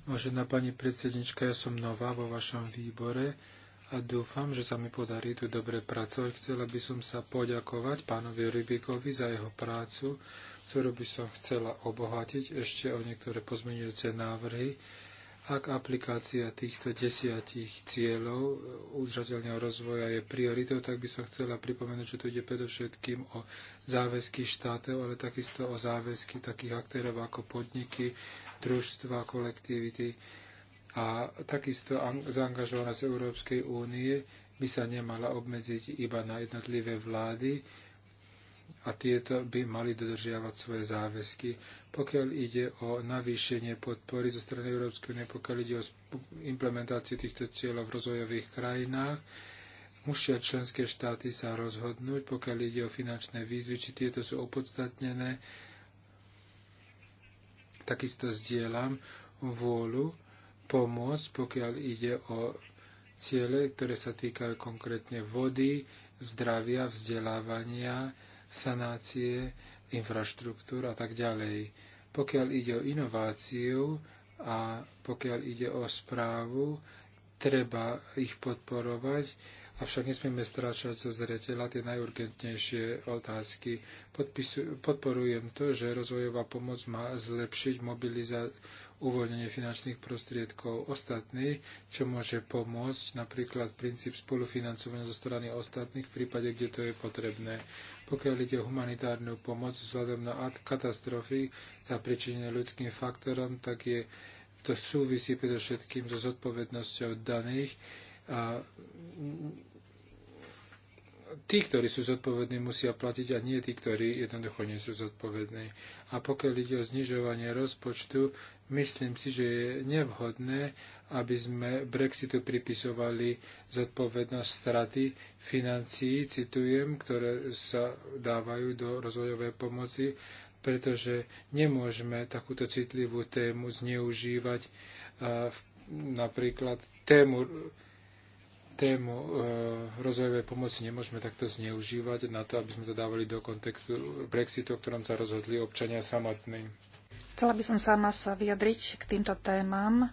Vážená pani predsednička, ja som nová vo vašom výbore a dúfam, že sa mi podarí tu dobre pracovať. Chcela by som sa poďakovať pánovi Rybíkovi za jeho prácu, ktorú by som chcela obohatiť ešte o niektoré pozmenujúce návrhy. Ak aplikácia týchto desiatich cieľov udržateľného rozvoja je prioritou, tak by som chcela pripomenúť, že tu ide predovšetkým o záväzky štátov, ale takisto o záväzky takých aktérov ako podniky, družstva, kolektivity, a takisto zaangažovanosť Európskej únie by sa nemala obmedziť iba na jednotlivé vlády a tieto by mali dodržiavať svoje záväzky. Pokiaľ ide o navýšenie podpory zo strany Európskej únie, pokiaľ ide o implementáciu týchto cieľov v rozvojových krajinách, musia členské štáty sa rozhodnúť, pokiaľ ide o finančné výzvy, či tieto sú opodstatnené. Takisto zdieľam vôľu pomôcť, pokiaľ ide o ciele, ktoré sa týkajú konkrétne vody, zdravia, vzdelávania, sanácie, infraštruktúr a tak ďalej. Pokiaľ ide o inováciu a pokiaľ ide o správu, treba ich podporovať, avšak nesmieme stráčať zo zreteľa tie najurgentnejšie otázky. Podpisu, podporujem to, že rozvojová pomoc má zlepšiť mobilizáciu uvoľnenie finančných prostriedkov ostatných, čo môže pomôcť napríklad princíp spolufinancovania zo strany ostatných v prípade, kde to je potrebné. Pokiaľ ide o humanitárnu pomoc vzhľadom na katastrofy za príčinenie ľudským faktorom, tak je to súvisí predovšetkým so zodpovednosťou daných a tí, ktorí sú zodpovední, musia platiť a nie tí, ktorí jednoducho nie sú zodpovední. A pokiaľ ide o znižovanie rozpočtu, myslím si, že je nevhodné, aby sme Brexitu pripisovali zodpovednosť straty financií, citujem, ktoré sa dávajú do rozvojovej pomoci, pretože nemôžeme takúto citlivú tému zneužívať napríklad tému tému e, rozvojovej pomoci nemôžeme takto zneužívať na to, aby sme to dávali do kontextu Brexitu, o ktorom sa rozhodli občania samotní. Chcela by som sama sa vyjadriť k týmto témam.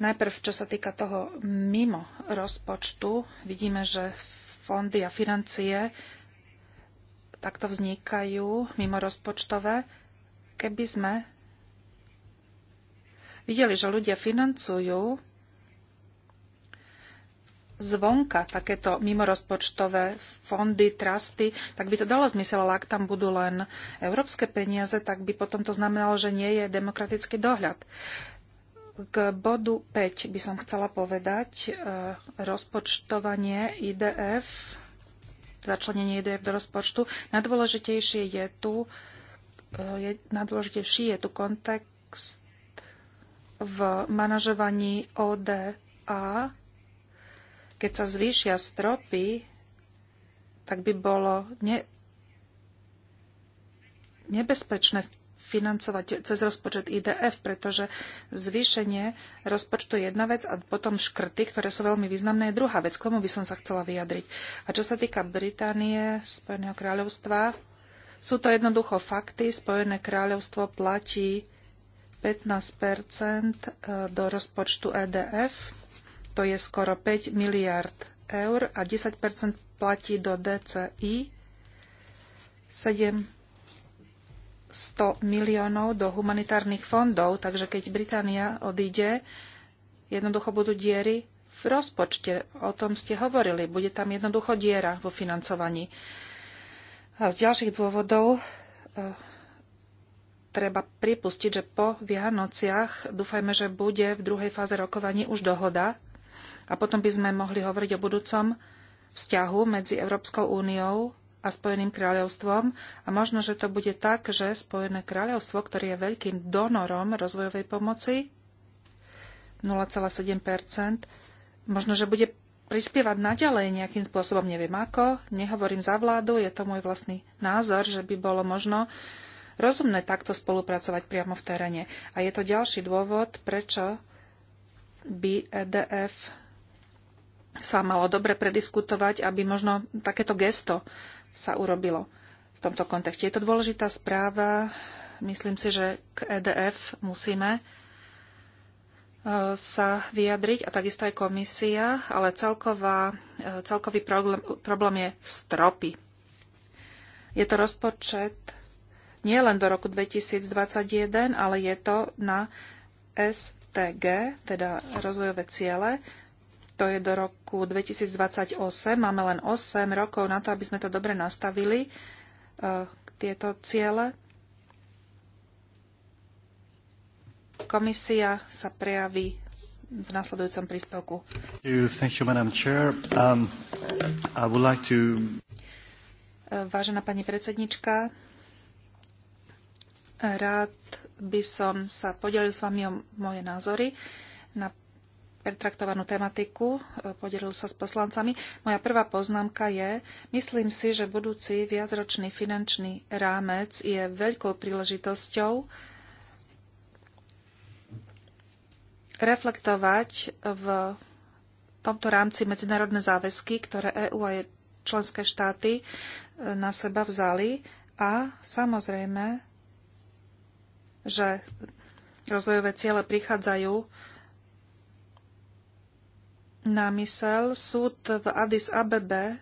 Najprv, čo sa týka toho mimo rozpočtu, vidíme, že fondy a financie takto vznikajú mimo rozpočtové. Keby sme videli, že ľudia financujú zvonka takéto mimorozpočtové fondy, trusty, tak by to dalo zmysel, ale ak tam budú len európske peniaze, tak by potom to znamenalo, že nie je demokratický dohľad. K bodu 5 by som chcela povedať e, rozpočtovanie IDF, začlenenie IDF do rozpočtu. Najdôležitejšie je tu, e, je, najdôležitejší je tu kontext v manažovaní ODA keď sa zvýšia stropy, tak by bolo ne, nebezpečné financovať cez rozpočet IDF, pretože zvýšenie rozpočtu je jedna vec a potom škrty, ktoré sú veľmi významné, je druhá vec. K tomu by som sa chcela vyjadriť. A čo sa týka Británie, Spojeného kráľovstva, sú to jednoducho fakty. Spojené kráľovstvo platí 15 e, do rozpočtu EDF to je skoro 5 miliard eur a 10 platí do DCI, 700 miliónov do humanitárnych fondov, takže keď Británia odíde, jednoducho budú diery v rozpočte. O tom ste hovorili. Bude tam jednoducho diera vo financovaní. A z ďalších dôvodov eh, treba pripustiť, že po Vianociach dúfajme, že bude v druhej fáze rokovaní už dohoda a potom by sme mohli hovoriť o budúcom vzťahu medzi Európskou úniou a Spojeným kráľovstvom a možno, že to bude tak, že Spojené kráľovstvo, ktoré je veľkým donorom rozvojovej pomoci, 0,7%, možno, že bude prispievať naďalej nejakým spôsobom, neviem ako, nehovorím za vládu, je to môj vlastný názor, že by bolo možno rozumné takto spolupracovať priamo v teréne. A je to ďalší dôvod, prečo by EDF sa malo dobre prediskutovať, aby možno takéto gesto sa urobilo v tomto kontexte. Je to dôležitá správa. Myslím si, že k EDF musíme e, sa vyjadriť a takisto aj komisia, ale celková, e, celkový problém, problém je stropy. Je to rozpočet nie len do roku 2021, ale je to na STG, teda rozvojové ciele, to je do roku 2028. Máme len 8 rokov na to, aby sme to dobre nastavili, e, tieto ciele. Komisia sa prejaví v nasledujúcom príspevku. Thank you, Madam Chair. Um, I would like to... Vážená pani predsednička, rád by som sa podelil s vami o moje názory na pretraktovanú tematiku, e, podelil sa s poslancami. Moja prvá poznámka je, myslím si, že budúci viacročný finančný rámec je veľkou príležitosťou reflektovať v tomto rámci medzinárodné záväzky, ktoré EÚ a jej členské štáty e, na seba vzali a samozrejme, že rozvojové ciele prichádzajú na mysel. Súd v Addis Abebe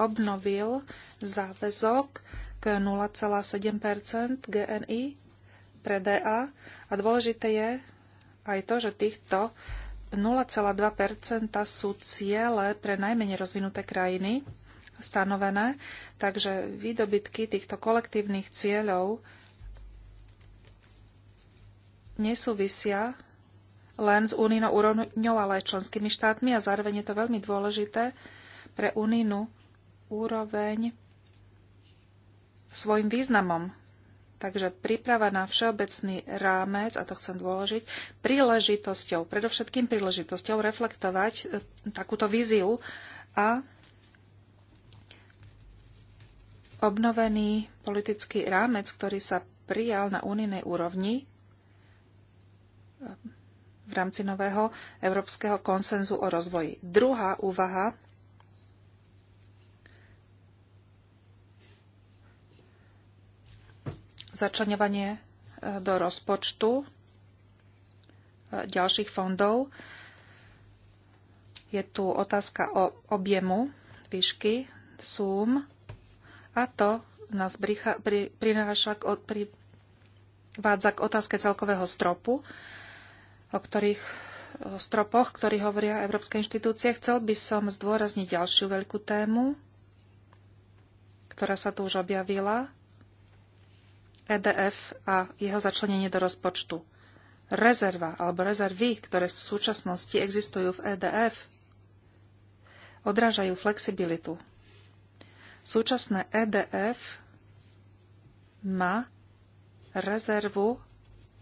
obnovil záväzok k 0,7 GNI pre DA a dôležité je aj to, že týchto 0,2 sú ciele pre najmenej rozvinuté krajiny stanovené, takže výdobytky týchto kolektívnych cieľov nesúvisia len s unijnou úrovňou, ale aj členskými štátmi a zároveň je to veľmi dôležité pre unijnú úroveň svojim významom. Takže príprava na všeobecný rámec, a to chcem dôležiť, príležitosťou, predovšetkým príležitosťou reflektovať e, takúto víziu a obnovený politický rámec, ktorý sa prijal na unijnej úrovni, v rámci nového európskeho konsenzu o rozvoji. Druhá úvaha začlenovanie e, do rozpočtu e, ďalších fondov. Je tu otázka o objemu výšky súm a to nás prináša k, privádza k otázke celkového stropu o ktorých o stropoch, ktorí hovoria európske inštitúcie. Chcel by som zdôrazniť ďalšiu veľkú tému, ktorá sa tu už objavila. EDF a jeho začlenenie do rozpočtu. Rezerva alebo rezervy, ktoré v súčasnosti existujú v EDF, odrážajú flexibilitu. Súčasné EDF má rezervu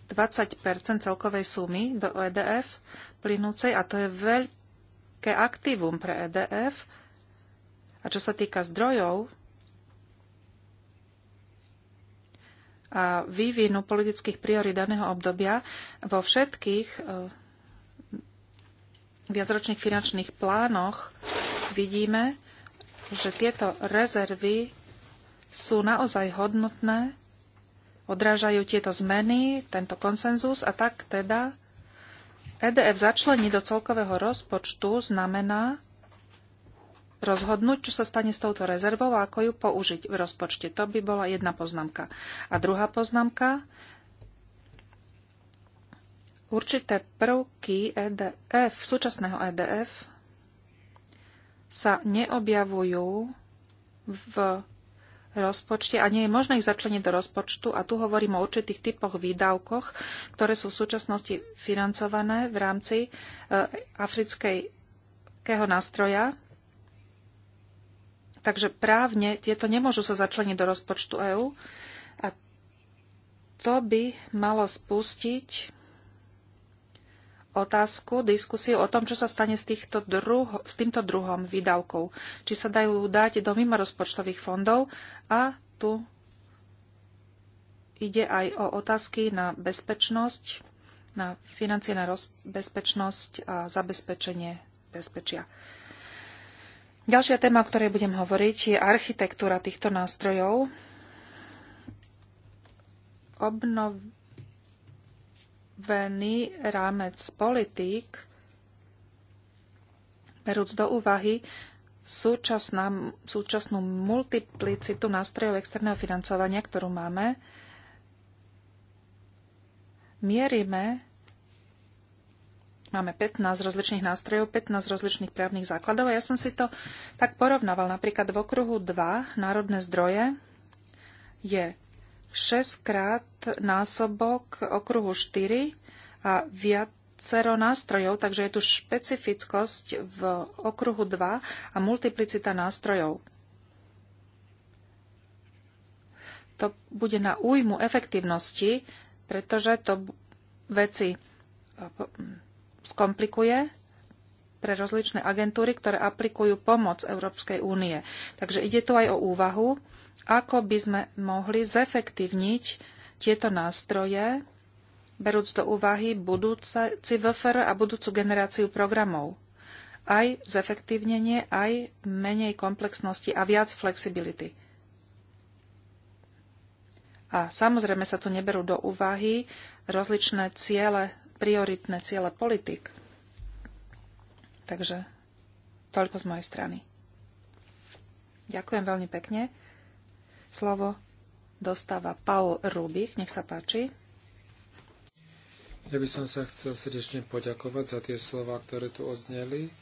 20 celkovej sumy do EDF plynúcej a to je veľké aktívum pre EDF. A čo sa týka zdrojov a vývinu politických priorit daného obdobia, vo všetkých e, viacročných finančných plánoch vidíme, že tieto rezervy sú naozaj hodnotné odrážajú tieto zmeny, tento konsenzus a tak teda EDF začlení do celkového rozpočtu znamená rozhodnúť, čo sa stane s touto rezervou a ako ju použiť v rozpočte. To by bola jedna poznámka. A druhá poznámka. Určité prvky EDF, súčasného EDF, sa neobjavujú v rozpočte a nie je možné ich začleniť do rozpočtu a tu hovorím o určitých typoch výdavkoch, ktoré sú v súčasnosti financované v rámci e, afrického nástroja. Takže právne tieto nemôžu sa začleniť do rozpočtu EÚ a to by malo spustiť otázku, diskusiu o tom, čo sa stane s, týchto druh- s týmto druhom výdavkov. Či sa dajú dať do mimorozpočtových fondov a tu ide aj o otázky na bezpečnosť, na financie na bezpečnosť a zabezpečenie bezpečia. Ďalšia téma, o ktorej budem hovoriť, je architektúra týchto nástrojov. Obnov Vený rámec politík, berúc do úvahy súčasná, súčasnú multiplicitu nástrojov externého financovania, ktorú máme, mierime Máme 15 rozličných nástrojov, 15 rozličných právnych základov a ja som si to tak porovnával. Napríklad v okruhu 2 národné zdroje je 6 krát násobok okruhu 4 a viacero nástrojov, takže je tu špecifickosť v okruhu 2 a multiplicita nástrojov. To bude na újmu efektívnosti, pretože to veci e, skomplikuje pre rozličné agentúry, ktoré aplikujú pomoc Európskej únie. Takže ide tu aj o úvahu, ako by sme mohli zefektívniť tieto nástroje, berúc do úvahy budúce CVFR er a budúcu generáciu programov. Aj zefektívnenie, aj menej komplexnosti a viac flexibility. A samozrejme sa tu neberú do úvahy rozličné ciele, prioritné ciele politik. Takže toľko z mojej strany. Ďakujem veľmi pekne. Slovo dostáva Paul Rubich. Nech sa páči. Ja by som sa chcel srdečne poďakovať za tie slova, ktoré tu odzneli.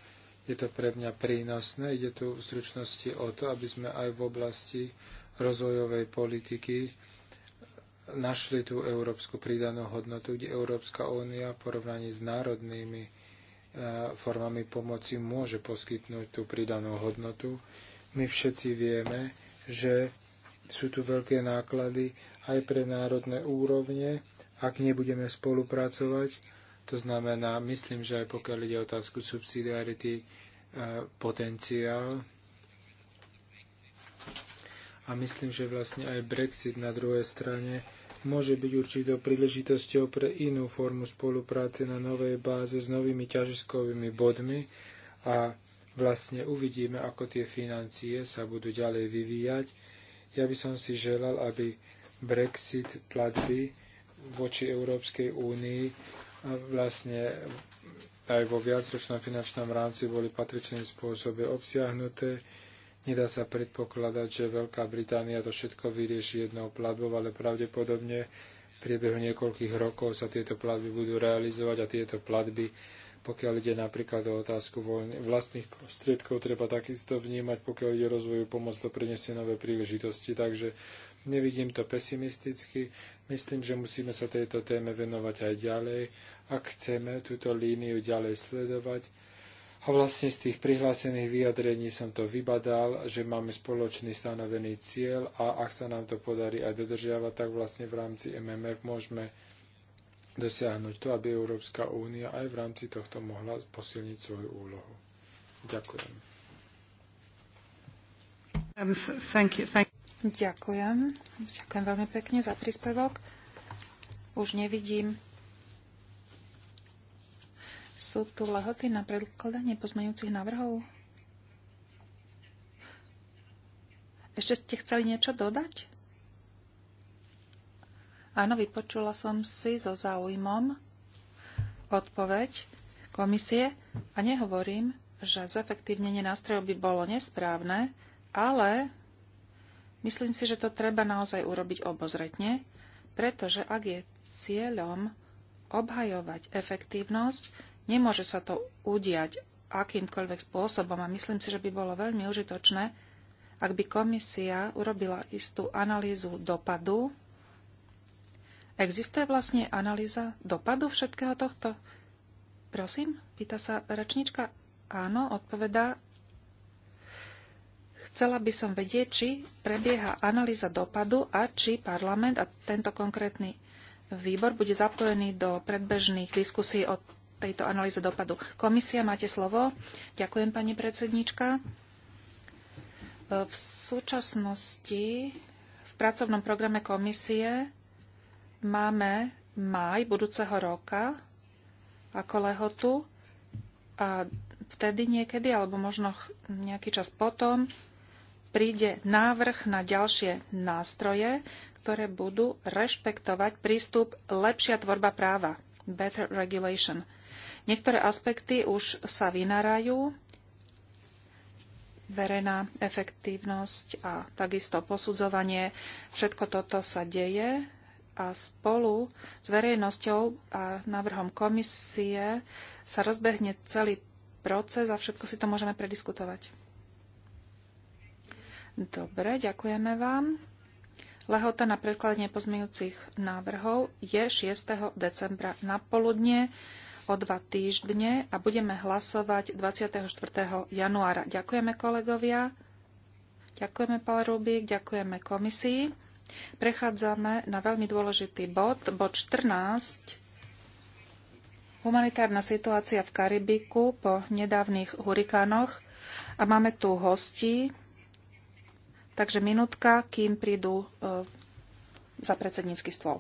Je to pre mňa prínosné. Ide tu v stručnosti o to, aby sme aj v oblasti rozvojovej politiky našli tú európsku pridanú hodnotu, kde Európska únia v porovnaní s národnými e, formami pomoci môže poskytnúť tú pridanú hodnotu. My všetci vieme, že sú tu veľké náklady aj pre národné úrovne, ak nebudeme spolupracovať. To znamená, myslím, že aj pokiaľ ide otázku subsidiarity, e, potenciál. A myslím, že vlastne aj Brexit na druhej strane môže byť určitou príležitosťou pre inú formu spolupráce na novej báze s novými ťažiskovými bodmi a vlastne uvidíme, ako tie financie sa budú ďalej vyvíjať ja by som si želal, aby Brexit platby voči Európskej únii vlastne aj vo viacročnom finančnom rámci boli patričným spôsobe obsiahnuté. Nedá sa predpokladať, že Veľká Británia to všetko vyrieši jednou platbou, ale pravdepodobne v priebehu niekoľkých rokov sa tieto platby budú realizovať a tieto platby pokiaľ ide napríklad o otázku vlastných prostriedkov, treba takisto vnímať, pokiaľ ide o rozvoju pomoc, to prinesie nové príležitosti. Takže nevidím to pesimisticky. Myslím, že musíme sa tejto téme venovať aj ďalej, ak chceme túto líniu ďalej sledovať. A vlastne z tých prihlásených vyjadrení som to vybadal, že máme spoločný stanovený cieľ a ak sa nám to podarí aj dodržiavať, tak vlastne v rámci MMF môžeme dosiahnuť to, aby Európska únia aj v rámci tohto mohla posilniť svoju úlohu. Ďakujem. Um, thank you, thank you. Ďakujem. Ďakujem veľmi pekne za príspevok. Už nevidím. Sú tu lehoty na predkladanie pozmeňujúcich návrhov? Ešte ste chceli niečo dodať? Áno, vypočula som si so záujmom odpoveď komisie a nehovorím, že zefektívnenie nástrojov by bolo nesprávne, ale myslím si, že to treba naozaj urobiť obozretne, pretože ak je cieľom obhajovať efektívnosť, nemôže sa to udiať akýmkoľvek spôsobom a myslím si, že by bolo veľmi užitočné, ak by komisia urobila istú analýzu dopadu Existuje vlastne analýza dopadu všetkého tohto? Prosím, pýta sa račnička. Áno, odpovedá. Chcela by som vedieť, či prebieha analýza dopadu a či parlament a tento konkrétny výbor bude zapojený do predbežných diskusí o tejto analýze dopadu. Komisia, máte slovo. Ďakujem, pani predsednička. V súčasnosti v pracovnom programe komisie máme maj budúceho roka ako lehotu a vtedy niekedy, alebo možno nejaký čas potom, príde návrh na ďalšie nástroje, ktoré budú rešpektovať prístup lepšia tvorba práva, better regulation. Niektoré aspekty už sa vynarajú, verejná efektívnosť a takisto posudzovanie. Všetko toto sa deje a spolu s verejnosťou a návrhom komisie sa rozbehne celý proces a všetko si to môžeme prediskutovať. Dobre, ďakujeme vám. Lehota na predkladanie pozmejúcich návrhov je 6. decembra na poludne o dva týždne a budeme hlasovať 24. januára. Ďakujeme kolegovia, ďakujeme pán Rubík, ďakujeme komisii. Prechádzame na veľmi dôležitý bod, bod 14. Humanitárna situácia v Karibiku po nedávnych hurikánoch. A máme tu hosti, takže minútka, kým prídu e, za predsednícky stôl.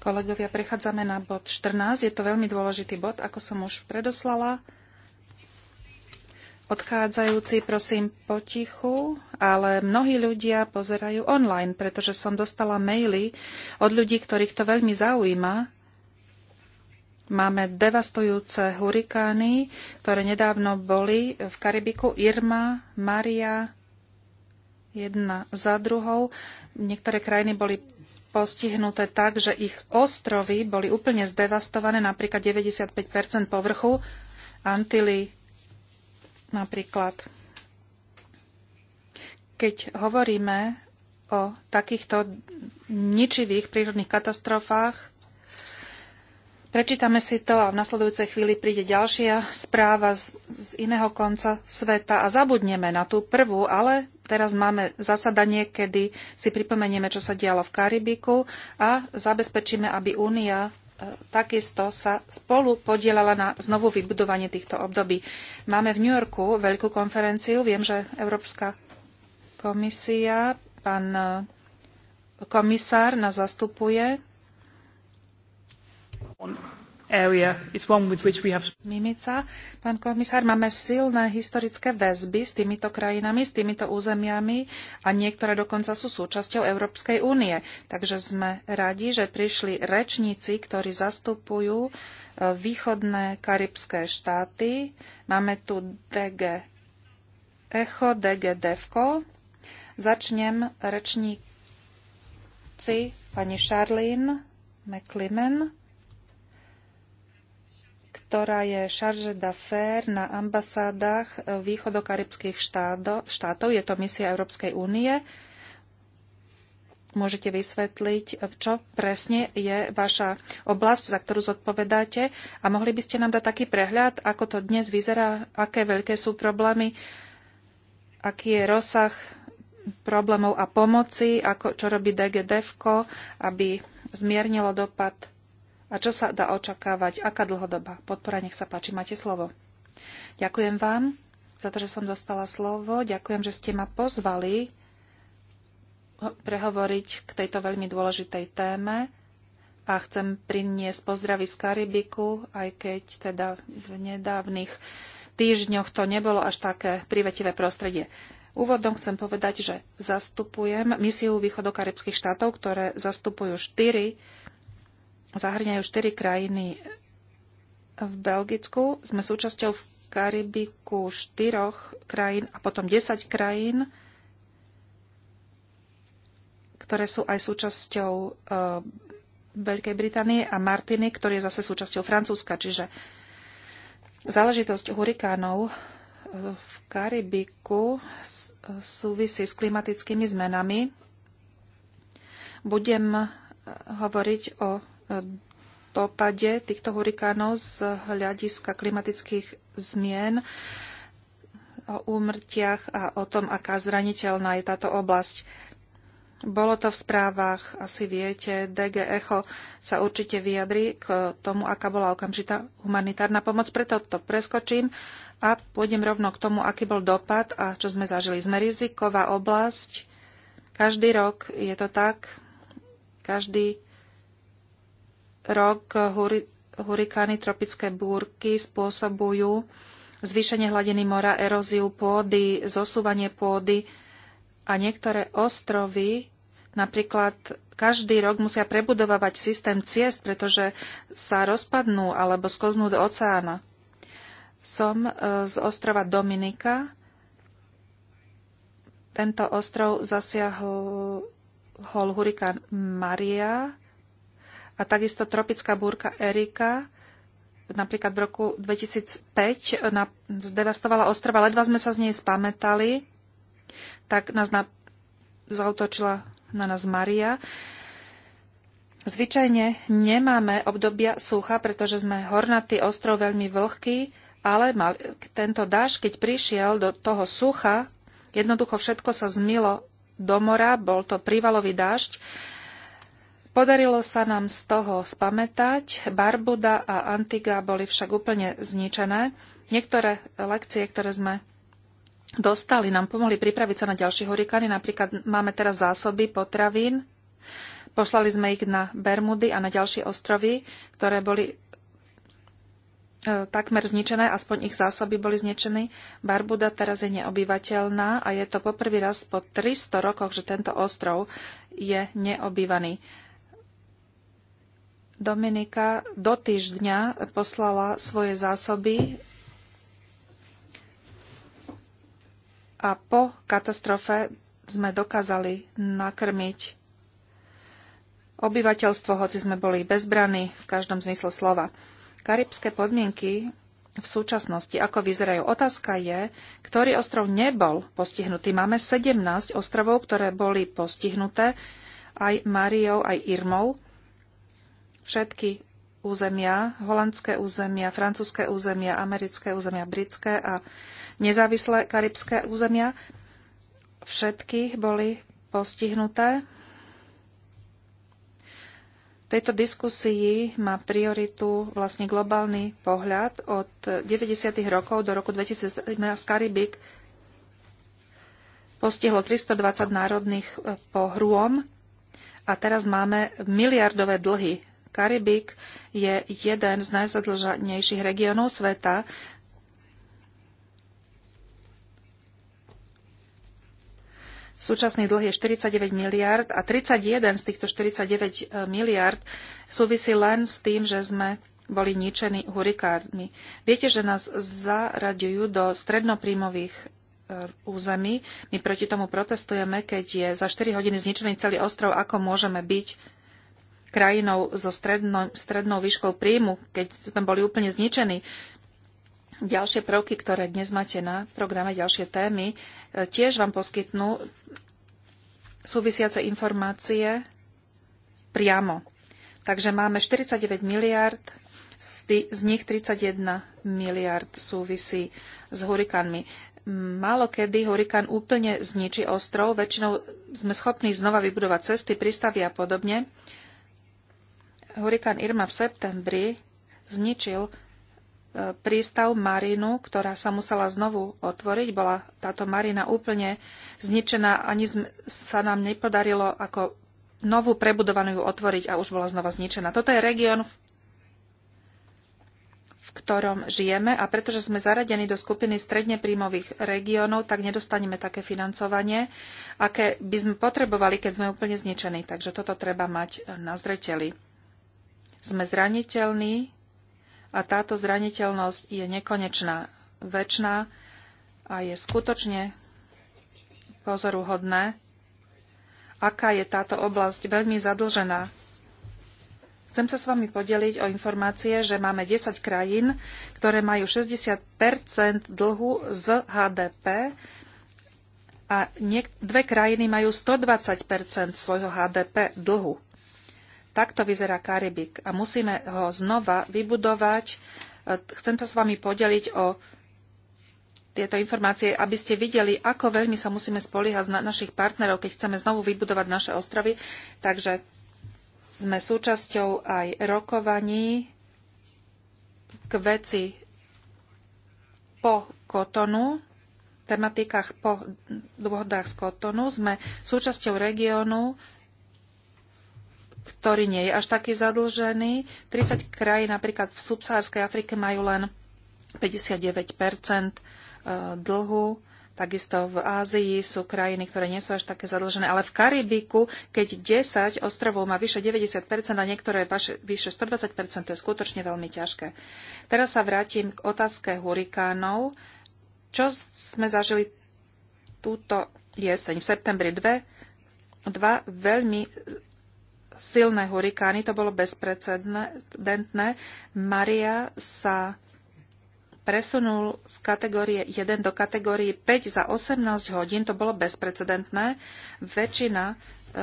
Kolegovia, prechádzame na bod 14. Je to veľmi dôležitý bod, ako som už predoslala. Odchádzajúci, prosím, potichu, ale mnohí ľudia pozerajú online, pretože som dostala maily od ľudí, ktorých to veľmi zaujíma. Máme devastujúce hurikány, ktoré nedávno boli v Karibiku. Irma, Maria, jedna za druhou. Niektoré krajiny boli postihnuté tak, že ich ostrovy boli úplne zdevastované, napríklad 95 povrchu, Antily napríklad. Keď hovoríme o takýchto ničivých prírodných katastrofách, Prečítame si to a v nasledujúcej chvíli príde ďalšia správa z, z iného konca sveta a zabudneme na tú prvú, ale teraz máme zasadanie, kedy si pripomenieme, čo sa dialo v Karibiku a zabezpečíme, aby Únia e, takisto sa spolu podielala na znovu vybudovanie týchto období. Máme v New Yorku veľkú konferenciu. Viem, že Európska komisia, pán e, komisár nás zastupuje area. It's one with which we have... Mimica, pán komisár, máme silné historické väzby s týmito krajinami, s týmito územiami a niektoré dokonca sú súčasťou Európskej únie. Takže sme radi, že prišli rečníci, ktorí zastupujú e, východné karibské štáty. Máme tu DG Echo, DG Devko. Začnem rečníci pani Charlene McLimen ktorá je charge d'affaires na ambasádach eh, východokaribských štátov. Je to misia Európskej únie. Môžete vysvetliť, eh, čo presne je vaša oblasť, za ktorú zodpovedáte. A mohli by ste nám dať taký prehľad, ako to dnes vyzerá, aké veľké sú problémy, aký je rozsah problémov a pomoci, ako, čo robí DGDFko, aby zmiernilo dopad a čo sa dá očakávať, aká dlhodobá podpora. Nech sa páči, máte slovo. Ďakujem vám za to, že som dostala slovo. Ďakujem, že ste ma pozvali prehovoriť k tejto veľmi dôležitej téme a chcem priniesť pozdravy z Karibiku, aj keď teda v nedávnych týždňoch to nebolo až také privetivé prostredie. Úvodom chcem povedať, že zastupujem misiu východokaribských štátov, ktoré zastupujú štyri zahrňajú štyri krajiny. V Belgicku sme súčasťou v Karibiku štyroch krajín a potom 10 krajín, ktoré sú aj súčasťou eh, Veľkej Británie a Martiny, ktorý je zase súčasťou Francúzska. Čiže záležitosť hurikánov eh, v Karibiku súvisí s klimatickými zmenami. Budem eh, hovoriť o dopade týchto hurikánov z hľadiska klimatických zmien, o úmrtiach a o tom, aká zraniteľná je táto oblasť. Bolo to v správach, asi viete, DG Echo sa určite vyjadri k tomu, aká bola okamžitá humanitárna pomoc, preto to preskočím a pôjdem rovno k tomu, aký bol dopad a čo sme zažili. Sme riziková oblasť, každý rok je to tak, každý rok hurikány, tropické búrky spôsobujú zvýšenie hladiny mora, eróziu pôdy, zosúvanie pôdy a niektoré ostrovy napríklad každý rok musia prebudovať systém ciest, pretože sa rozpadnú alebo sklznú do oceána. Som e, z ostrova Dominika. Tento ostrov zasiahol hurikán Maria a takisto tropická búrka Erika napríklad v roku 2005 na, zdevastovala ostrova, ledva sme sa z nej spamätali, tak nás na, zautočila na nás Maria. Zvyčajne nemáme obdobia sucha, pretože sme hornatý ostrov veľmi vlhký, ale mal, tento dáž, keď prišiel do toho sucha, jednoducho všetko sa zmilo do mora, bol to prívalový dážď Podarilo sa nám z toho spamätať. Barbuda a Antiga boli však úplne zničené. Niektoré lekcie, ktoré sme dostali, nám pomohli pripraviť sa na ďalšie hurikány. Napríklad máme teraz zásoby potravín. Poslali sme ich na Bermudy a na ďalšie ostrovy, ktoré boli e, takmer zničené, aspoň ich zásoby boli zničené. Barbuda teraz je neobyvateľná a je to poprvý raz po 300 rokoch, že tento ostrov je neobývaný. Dominika do týždňa poslala svoje zásoby a po katastrofe sme dokázali nakrmiť obyvateľstvo, hoci sme boli bezbraní v každom zmysle slova. Karibské podmienky v súčasnosti, ako vyzerajú? Otázka je, ktorý ostrov nebol postihnutý. Máme 17 ostrovov, ktoré boli postihnuté aj Mariou, aj Irmou všetky územia, holandské územia, francúzske územia, americké územia, britské a nezávislé karibské územia, všetky boli postihnuté. V tejto diskusii má prioritu vlastne globálny pohľad od 90. rokov do roku 2017 Karibik postihlo 320 národných pohrôm a teraz máme miliardové dlhy Karibik je jeden z najzadlženejších regiónov sveta. Súčasný dlh je 49 miliard a 31 z týchto 49 e, miliard súvisí len s tým, že sme boli ničení hurikármi. Viete, že nás zaraďujú do strednoprímových e, území. My proti tomu protestujeme, keď je za 4 hodiny zničený celý ostrov, ako môžeme byť krajinou so stredno, strednou výškou príjmu, keď sme boli úplne zničení. Ďalšie prvky, ktoré dnes máte na programe, ďalšie témy, e, tiež vám poskytnú súvisiace informácie priamo. Takže máme 49 miliard, z nich 31 miliard súvisí s hurikánmi. Málo kedy hurikán úplne zničí ostrov, väčšinou sme schopní znova vybudovať cesty, prístavy a podobne, hurikán Irma v septembri zničil e, prístav Marinu, ktorá sa musela znovu otvoriť. Bola táto Marina úplne zničená, ani sa nám nepodarilo ako novú prebudovanú ju otvoriť a už bola znova zničená. Toto je región, v ktorom žijeme a pretože sme zaradení do skupiny stredne príjmových regiónov, tak nedostaneme také financovanie, aké by sme potrebovali, keď sme úplne zničení. Takže toto treba mať na zreteli. Sme zraniteľní a táto zraniteľnosť je nekonečná, väčšná a je skutočne pozoruhodné, aká je táto oblasť veľmi zadlžená. Chcem sa s vami podeliť o informácie, že máme 10 krajín, ktoré majú 60 dlhu z HDP a dve krajiny majú 120 svojho HDP dlhu. Takto vyzerá Karibik a musíme ho znova vybudovať. E, chcem sa s vami podeliť o tieto informácie, aby ste videli, ako veľmi sa musíme spoliehať na našich partnerov, keď chceme znovu vybudovať naše ostrovy. Takže sme súčasťou aj rokovaní k veci po Kotonu, tematikách po dôhodách z Kotonu. Sme súčasťou regiónu, ktorý nie je až taký zadlžený. 30 krajín napríklad v subsahárskej Afrike majú len 59 e, dlhu. Takisto v Ázii sú krajiny, ktoré nie sú až také zadlžené, ale v Karibiku, keď 10 ostrovov má vyše 90 a niektoré vyše 120 to je skutočne veľmi ťažké. Teraz sa vrátim k otázke hurikánov. Čo sme zažili túto jeseň? V septembri dve, dva veľmi silné hurikány, to bolo bezprecedentné. Maria sa presunul z kategórie 1 do kategórie 5 za 18 hodín, to bolo bezprecedentné. Väčšina e,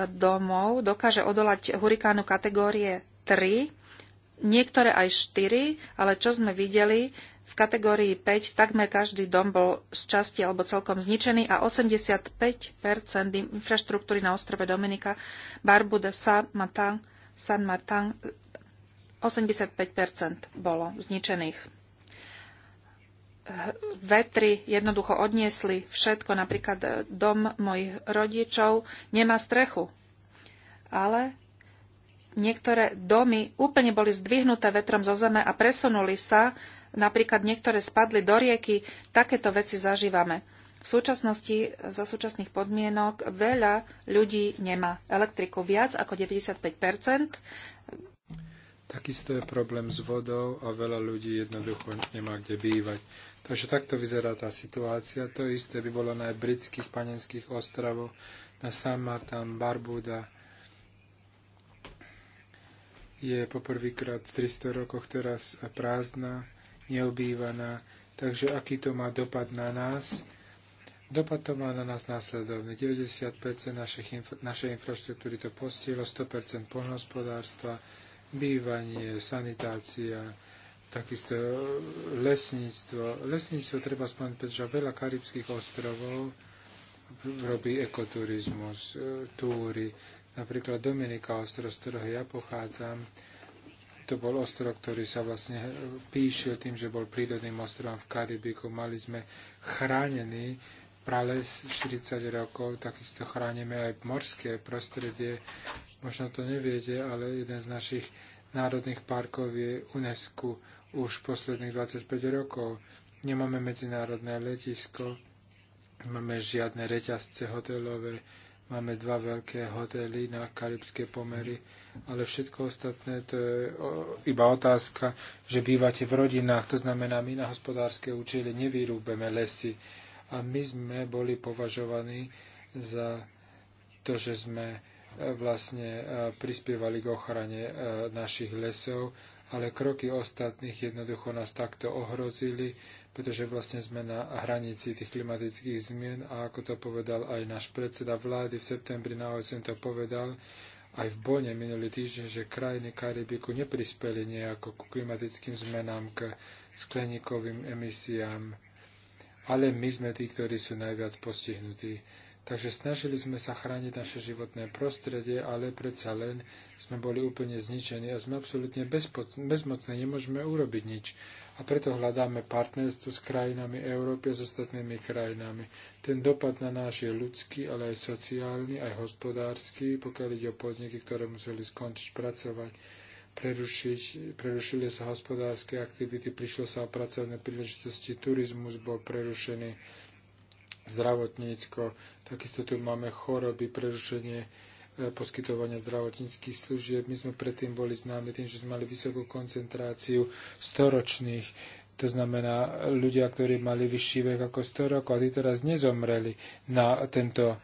domov dokáže odolať hurikánu kategórie 3, niektoré aj 4, ale čo sme videli, v kategórii 5 takmer každý dom bol z časti alebo celkom zničený a 85 infraštruktúry na ostrove Dominika, Barbuda, San Martin, San Martin 85 bolo zničených vetry jednoducho odniesli všetko. Napríklad e, dom mojich rodičov nemá strechu. Ale niektoré domy úplne boli zdvihnuté vetrom zo zeme a presunuli sa napríklad niektoré spadli do rieky, takéto veci zažívame. V súčasnosti, za súčasných podmienok, veľa ľudí nemá elektriku viac ako 95 Takisto je problém s vodou a veľa ľudí jednoducho nemá kde bývať. Takže takto vyzerá tá situácia. To isté by bolo na britských panenských ostrovoch, na San Martin, Barbuda. Je poprvýkrát v 300 rokoch teraz prázdna neobývaná. Takže aký to má dopad na nás? Dopad to má na nás následovne. 90% našich, našej infraštruktúry to postihlo, 100% poľnohospodárstva, bývanie, sanitácia, takisto lesníctvo. Lesníctvo treba spomenúť, pretože veľa karibských ostrovov robí ekoturizmus, e, túry. Napríklad Dominika ostrov, z ktorého ja pochádzam, to bol ostrov, ktorý sa vlastne píšil tým, že bol prírodným ostrovom v Karibiku. Mali sme chránený prales 40 rokov, takisto chránime aj morské prostredie. Možno to neviete, ale jeden z našich národných parkov je UNESCO už posledných 25 rokov. Nemáme medzinárodné letisko, nemáme žiadne reťazce hotelové, máme dva veľké hotely na karibské pomery. Mm ale všetko ostatné to je iba otázka, že bývate v rodinách, to znamená, my na hospodárske účely nevyrúbeme lesy. A my sme boli považovaní za to, že sme e, vlastne e, prispievali k ochrane e, našich lesov, ale kroky ostatných jednoducho nás takto ohrozili, pretože vlastne sme na hranici tých klimatických zmien a ako to povedal aj náš predseda vlády v septembri na to povedal, aj v Bone minulý týždeň, že krajiny Karibiku neprispeli nejako k klimatickým zmenám, k skleníkovým emisiám, ale my sme tí, ktorí sú najviac postihnutí. Takže snažili sme sa chrániť naše životné prostredie, ale predsa len sme boli úplne zničení a sme absolútne bezmocné, nemôžeme urobiť nič a preto hľadáme partnerstvo s krajinami Európy a s ostatnými krajinami. Ten dopad na náš je ľudský, ale aj sociálny, aj hospodársky, pokiaľ ide o podniky, ktoré museli skončiť pracovať, prerušiť, prerušili sa hospodárske aktivity, prišlo sa o pracovné príležitosti, turizmus bol prerušený, zdravotnícko, takisto tu máme choroby, prerušenie E, poskytovania zdravotníckých služieb. My sme predtým boli známi tým, že sme mali vysokú koncentráciu storočných, to znamená ľudia, ktorí mali vyšší vek ako 100 rokov a tí teraz nezomreli na tento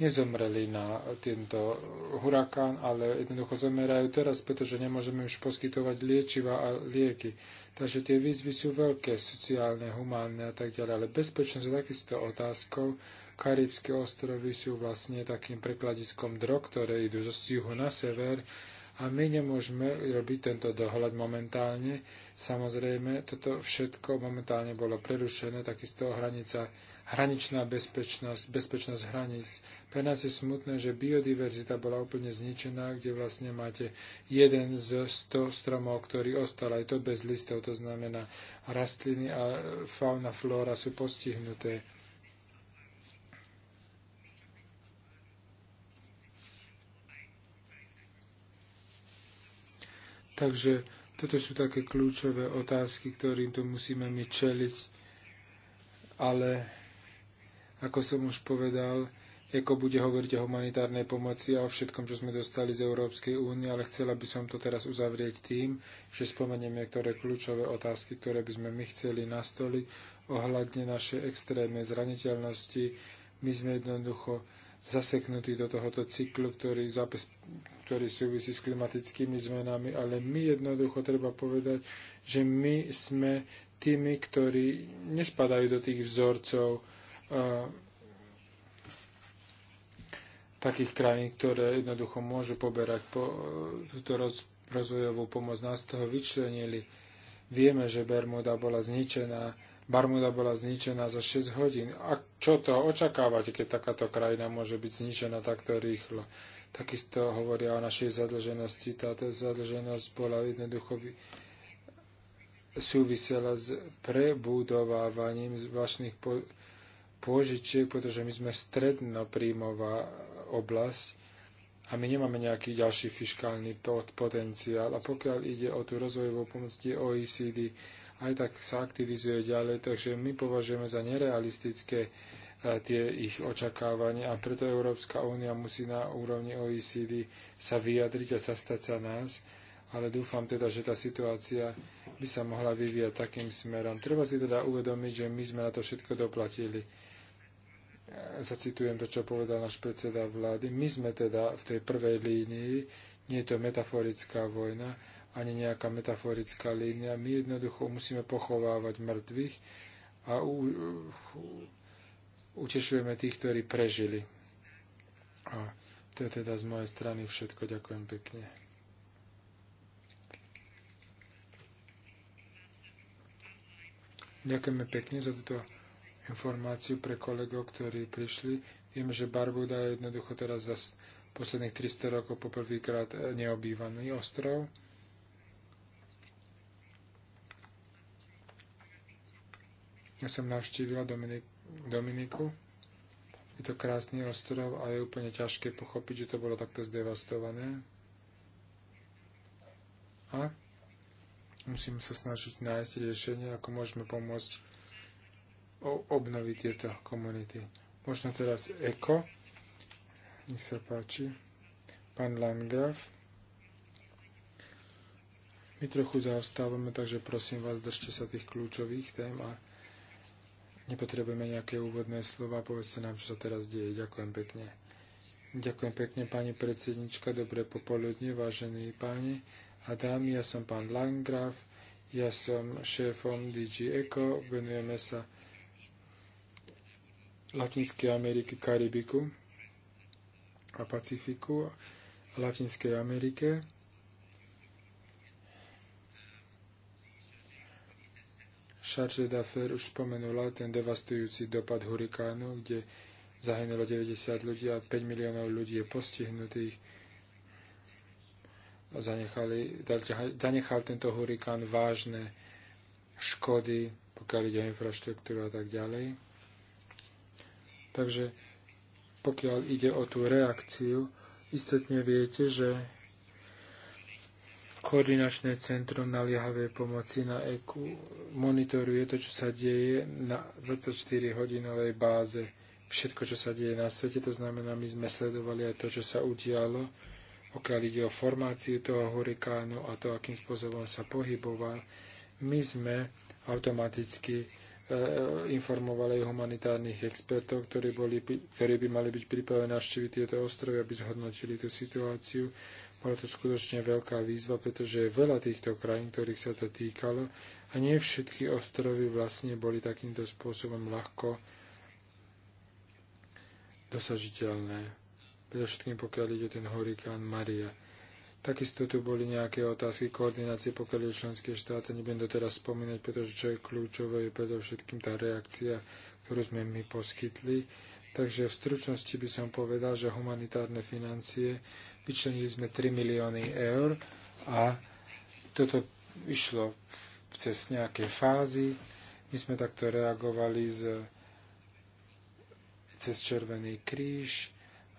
nezomreli na tento hurakán, ale jednoducho zomerajú teraz, pretože nemôžeme už poskytovať liečiva a lieky. Takže tie výzvy sú veľké, sociálne, humánne a tak ďalej, ale bezpečnosť je takisto otázkou, Karibské ostrovy sú vlastne takým prekladiskom drog, ktoré idú zo juhu na sever a my nemôžeme robiť tento dohľad momentálne. Samozrejme, toto všetko momentálne bolo prerušené, takisto hranica, hraničná bezpečnosť, bezpečnosť hraníc. Pre nás je smutné, že biodiverzita bola úplne zničená, kde vlastne máte jeden z 100 stromov, ktorý ostal aj to bez listov, to znamená rastliny a fauna, flóra sú postihnuté Takže toto sú také kľúčové otázky, ktorým tu musíme my čeliť. Ale, ako som už povedal, ako bude hovoriť o humanitárnej pomoci a o všetkom, čo sme dostali z Európskej únie, ale chcela by som to teraz uzavrieť tým, že spomeniem niektoré kľúčové otázky, ktoré by sme my chceli nastoliť ohľadne našej extrémnej zraniteľnosti. My sme jednoducho zaseknutí do tohoto cyklu, ktorý, ktorý súvisí s klimatickými zmenami, ale my jednoducho treba povedať, že my sme tými, ktorí nespadajú do tých vzorcov takých krajín, ktoré jednoducho môžu poberať po, túto roz, rozvojovú pomoc. Nás toho vyčlenili. Vieme, že Bermuda bola zničená Barmuda bola zničená za 6 hodín. A čo to očakávate, keď takáto krajina môže byť zničená takto rýchlo? Takisto hovoria o našej zadlženosti. Táto zadlženosť bola jednoducho súvisela s prebudovávaním z po- pôžičiek, pretože my sme strednopríjmová oblasť a my nemáme nejaký ďalší fiskálny potenciál. A pokiaľ ide o tú rozvojovú pomoc OECD, aj tak sa aktivizuje ďalej, takže my považujeme za nerealistické tie ich očakávania. A preto Európska únia musí na úrovni OECD sa vyjadriť a zastať sa nás. Ale dúfam teda, že tá situácia by sa mohla vyvíjať takým smerom. Treba si teda uvedomiť, že my sme na to všetko doplatili. E, zacitujem to, čo povedal náš predseda vlády. My sme teda v tej prvej línii. Nie je to metaforická vojna, ani nejaká metaforická línia. My jednoducho musíme pochovávať mŕtvych a utešujeme tých, ktorí prežili. A to je teda z mojej strany všetko. Ďakujem pekne. Ďakujeme pekne za túto informáciu pre kolegov, ktorí prišli. Viem, že Barbuda je jednoducho teraz za posledných 300 rokov poprvýkrát eh, neobývaný ostrov. Ja som navštívila Dominik Dominiku. Je to krásny ostrov a je úplne ťažké pochopiť, že to bolo takto zdevastované. A musím sa snažiť nájsť riešenie, ako môžeme pomôcť obnoviť tieto komunity. Možno teraz Eko. Nech sa páči. Pán Landgraf. My trochu zaostávame, takže prosím vás, držte sa tých kľúčových tém a Nepotrebujeme nejaké úvodné slova, povedzte nám, čo sa teraz deje. Ďakujem pekne. Ďakujem pekne, pani predsednička, dobré popoludne, vážení páni a dámy, ja som pán Langraf, ja som šéfom DG Eco, venujeme sa Latinskej Ameriky, Karibiku a Pacifiku a Latinskej Amerike. Charles Dafer už spomenula ten devastujúci dopad hurikánu, kde zahynulo 90 ľudí a 5 miliónov ľudí je postihnutých. Zanechali, zanechal tento hurikán vážne škody, pokiaľ ide o infraštruktúru a tak ďalej. Takže pokiaľ ide o tú reakciu, istotne viete, že koordinačné centrum naliehavej pomoci na EQ monitoruje to, čo sa deje na 24-hodinovej báze. Všetko, čo sa deje na svete, to znamená, my sme sledovali aj to, čo sa udialo, pokiaľ ide o formáciu toho hurikánu a to, akým spôsobom sa pohyboval. My sme automaticky e, informovali aj humanitárnych expertov, ktorí, boli, ktorí by mali byť pripravení navštíviť tieto ostrovy, aby zhodnotili tú situáciu. Bola to skutočne veľká výzva, pretože je veľa týchto krajín, ktorých sa to týkalo a nie všetky ostrovy vlastne boli takýmto spôsobom ľahko dosažiteľné. Predovšetkým pokiaľ ide ten hurikán Maria. Takisto tu boli nejaké otázky koordinácie, pokiaľ je členské štáty, nebudem to teraz spomínať, pretože čo je kľúčové, je predovšetkým tá reakcia, ktorú sme my poskytli. Takže v stručnosti by som povedal, že humanitárne financie vyčlenili sme 3 milióny eur a toto išlo cez nejaké fázy. My sme takto reagovali z, cez Červený kríž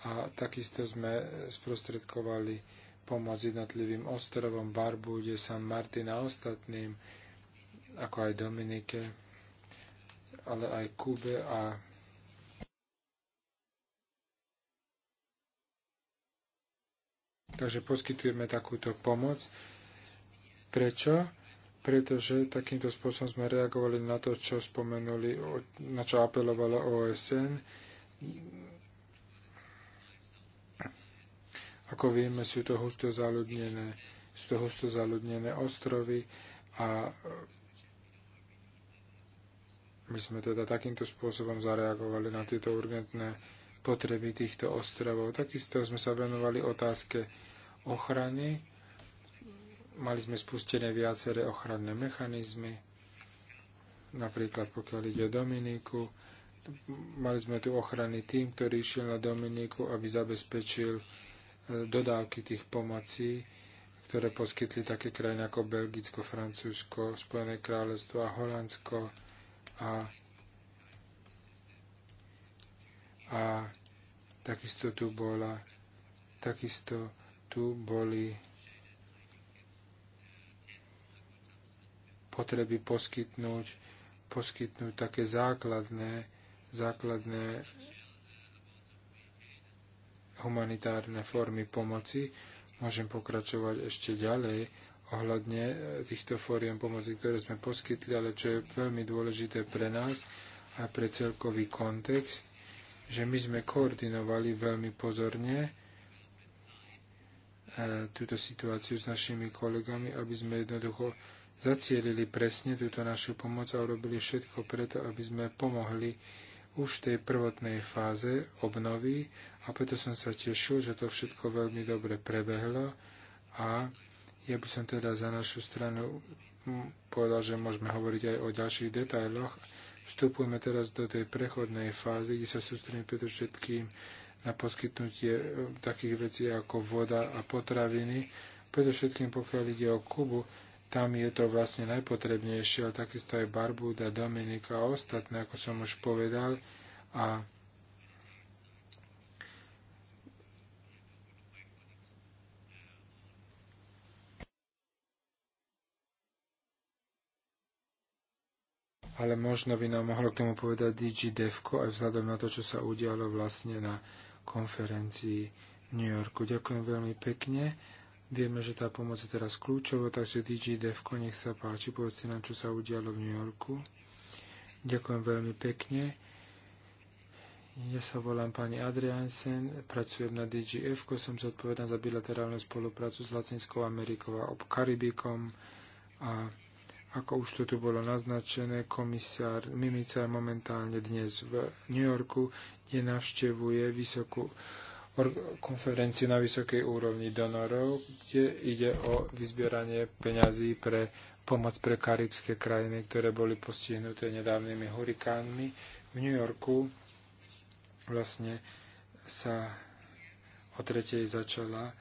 a takisto sme sprostredkovali pomoc jednotlivým ostrovom Barbude, San Martin a ostatným, ako aj Dominike, ale aj Kube a Takže poskytujeme takúto pomoc. Prečo? Pretože takýmto spôsobom sme reagovali na to, čo spomenuli, na čo apelovala OSN. Ako vieme, sú to husto zaludnené, sú to husto zaludnené ostrovy a my sme teda takýmto spôsobom zareagovali na tieto urgentné potreby týchto ostrovov. Takisto sme sa venovali otázke ochrany. Mali sme spustené viaceré ochranné mechanizmy, napríklad pokiaľ ide o Dominiku. Mali sme tu ochranný tým, ktorý išiel na Dominiku, aby zabezpečil e, dodávky tých pomocí, ktoré poskytli také krajiny ako Belgicko, Francúzsko, Spojené kráľovstvo a Holandsko a a takisto tu bola, takisto tu boli potreby poskytnúť, poskytnúť také základné, základné humanitárne formy pomoci. Môžem pokračovať ešte ďalej ohľadne e, týchto fóriem pomoci, ktoré sme poskytli, ale čo je veľmi dôležité pre nás a pre celkový kontext, že my sme koordinovali veľmi pozorne e, túto situáciu s našimi kolegami, aby sme jednoducho zacielili presne túto našu pomoc a urobili všetko preto, aby sme pomohli už v tej prvotnej fáze obnovy a preto som sa tešil, že to všetko veľmi dobre prebehlo a ja by som teda za našu stranu povedal, že môžeme hovoriť aj o ďalších detailoch, Vstupujeme teraz do tej prechodnej fázy, kde sa sústredíme predovšetkým na poskytnutie e, takých vecí ako voda a potraviny. Predovšetkým pokiaľ ide o Kubu, tam je to vlastne najpotrebnejšie, ale takisto aj Barbuda, Dominika a ostatné, ako som už povedal. A ale možno by nám mohlo k tomu povedať DG Devko aj vzhľadom na to, čo sa udialo vlastne na konferencii v New Yorku. Ďakujem veľmi pekne. Vieme, že tá pomoc je teraz kľúčová, takže DG Devko, nech sa páči, povedzte nám, čo sa udialo v New Yorku. Ďakujem veľmi pekne. Ja sa volám pani Adriansen, pracujem na DGF, som zodpovedná za bilaterálnu spoluprácu s Latinskou Amerikou a Karibikom a ako už to tu bolo naznačené, komisár Mimica je momentálne dnes v New Yorku, kde navštevuje vysokú konferenciu na vysokej úrovni donorov, kde ide o vyzbieranie peňazí pre pomoc pre karibské krajiny, ktoré boli postihnuté nedávnymi hurikánmi. V New Yorku vlastne sa o tretej začala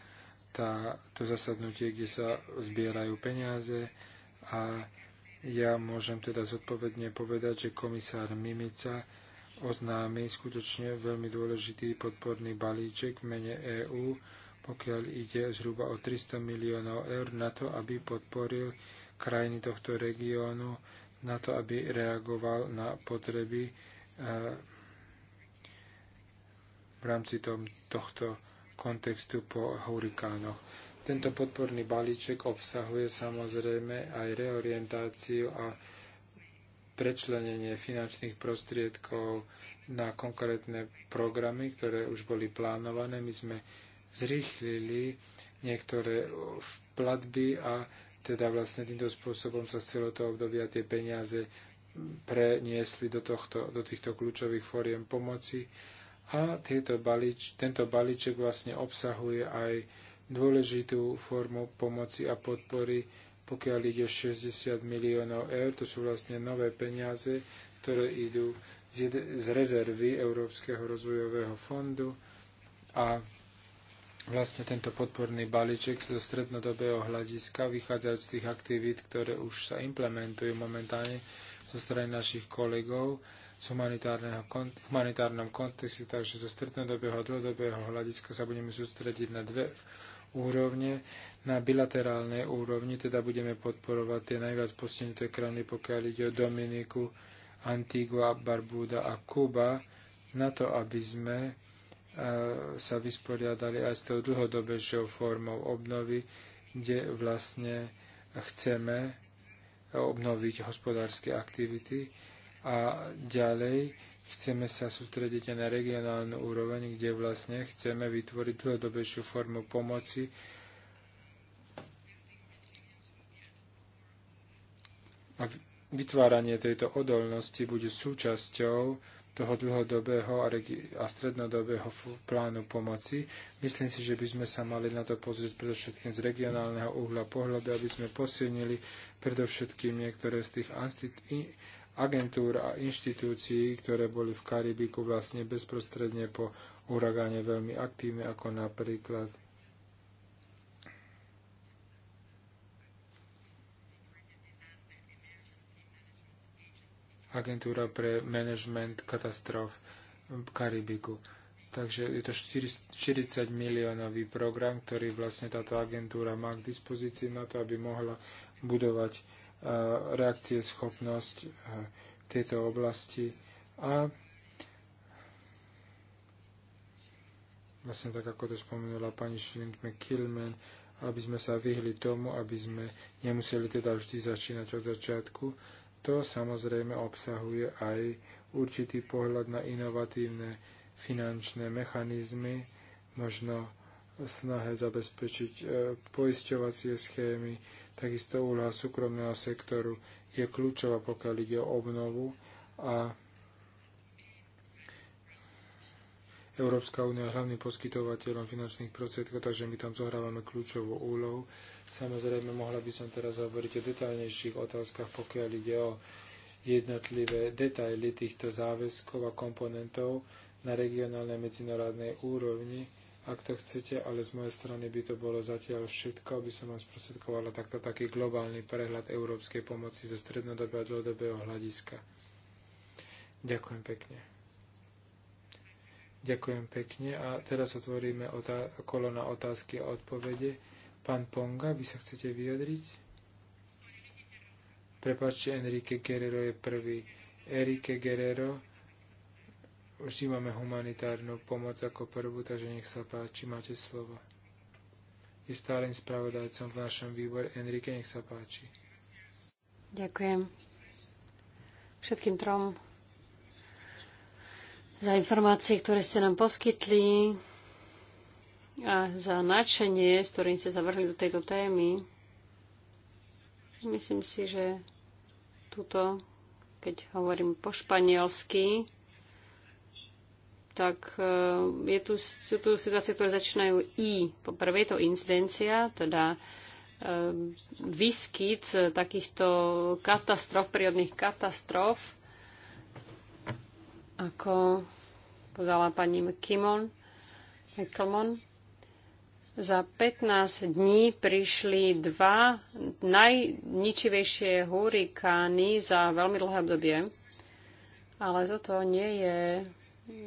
tá, to zasadnutie, kde sa zbierajú peniaze a ja môžem teda zodpovedne povedať, že komisár Mimica oznámi skutočne veľmi dôležitý podporný balíček v mene EÚ, pokiaľ ide zhruba o 300 miliónov eur na to, aby podporil krajiny tohto regiónu, na to, aby reagoval na potreby eh, v rámci tohto kontextu po hurikánoch. Tento podporný balíček obsahuje samozrejme aj reorientáciu a prečlenenie finančných prostriedkov na konkrétne programy, ktoré už boli plánované. My sme zrýchlili niektoré platby a teda vlastne týmto spôsobom sa z celého toho obdobia tie peniaze preniesli do, tohto, do týchto kľúčových fóriem pomoci. A tieto balíč, tento balíček vlastne obsahuje aj dôležitú formu pomoci a podpory, pokiaľ ide 60 miliónov eur. To sú vlastne nové peniaze, ktoré idú z rezervy Európskeho rozvojového fondu a vlastne tento podporný balíček zo strednodobého hľadiska vychádzajúc z tých aktivít, ktoré už sa implementujú momentálne zo strany našich kolegov v humanitárnom kontexte, takže zo strednodobého a dlhodobého hľadiska sa budeme sústrediť na dve úrovne na bilaterálnej úrovni, teda budeme podporovať tie najviac postihnuté krajiny, pokiaľ ide o Dominiku, Antigua, Barbuda a Kuba, na to, aby sme e, sa vysporiadali aj s tou dlhodobejšou formou obnovy, kde vlastne chceme e, obnoviť hospodárske aktivity a ďalej Chceme sa sústrediť aj na regionálnu úroveň, kde vlastne chceme vytvoriť dlhodobejšiu formu pomoci, a vytváranie tejto odolnosti bude súčasťou toho dlhodobého a, a strednodobého plánu pomoci. Myslím si, že by sme sa mali na to pozrieť predovšetkým z regionálneho uhla pohľadu, aby sme posilnili predovšetkým niektoré z tých agentúr a inštitúcií, ktoré boli v Karibiku vlastne bezprostredne po uragáne veľmi aktívne, ako napríklad agentúra pre management katastrof v Karibiku. Takže je to 40 miliónový program, ktorý vlastne táto agentúra má k dispozícii na to, aby mohla budovať reakcieschopnosť e, v tejto oblasti a vlastne tak, ako to spomenula pani Schilling McKillman, aby sme sa vyhli tomu, aby sme nemuseli teda vždy začínať od začiatku. To samozrejme obsahuje aj určitý pohľad na inovatívne finančné mechanizmy, možno snahe zabezpečiť e, poisťovacie schémy, takisto úloha súkromného sektoru je kľúčová, pokiaľ ide o obnovu a Európska únia je hlavným poskytovateľom finančných prostriedkov, takže my tam zohrávame kľúčovú úlohu. Samozrejme, mohla by som teraz hovoriť o detaľnejších otázkach, pokiaľ ide o jednotlivé detaily týchto záväzkov a komponentov na regionálnej medzinárodnej úrovni ak to chcete, ale z mojej strany by to bolo zatiaľ všetko, aby som vám sprostredkovala takto taký globálny prehľad európskej pomoci zo strednodobého a dlhodobého hľadiska. Ďakujem pekne. Ďakujem pekne a teraz otvoríme otá- na otázky a odpovede. Pán Ponga, vy sa chcete vyjadriť? Prepačte, Enrique Guerrero je prvý. Enrique Guerrero, Vždy máme humanitárnu pomoc ako prvú, takže nech sa páči, máte slovo. Je stálym spravodajcom v našom výbore. Enrique, nech sa páči. Ďakujem všetkým trom za informácie, ktoré ste nám poskytli a za nadšenie, s ktorým ste zavrhli do tejto témy. Myslím si, že tuto, keď hovorím po španielsky, tak e, je tu, sú tu situácie, ktoré začínajú I. Po prvé je to incidencia, teda e, výskyt takýchto katastrof, prírodných katastrof, ako povedala pani Kimon, Kimon. Za 15 dní prišli dva najničivejšie hurikány za veľmi dlhé obdobie, ale toto nie je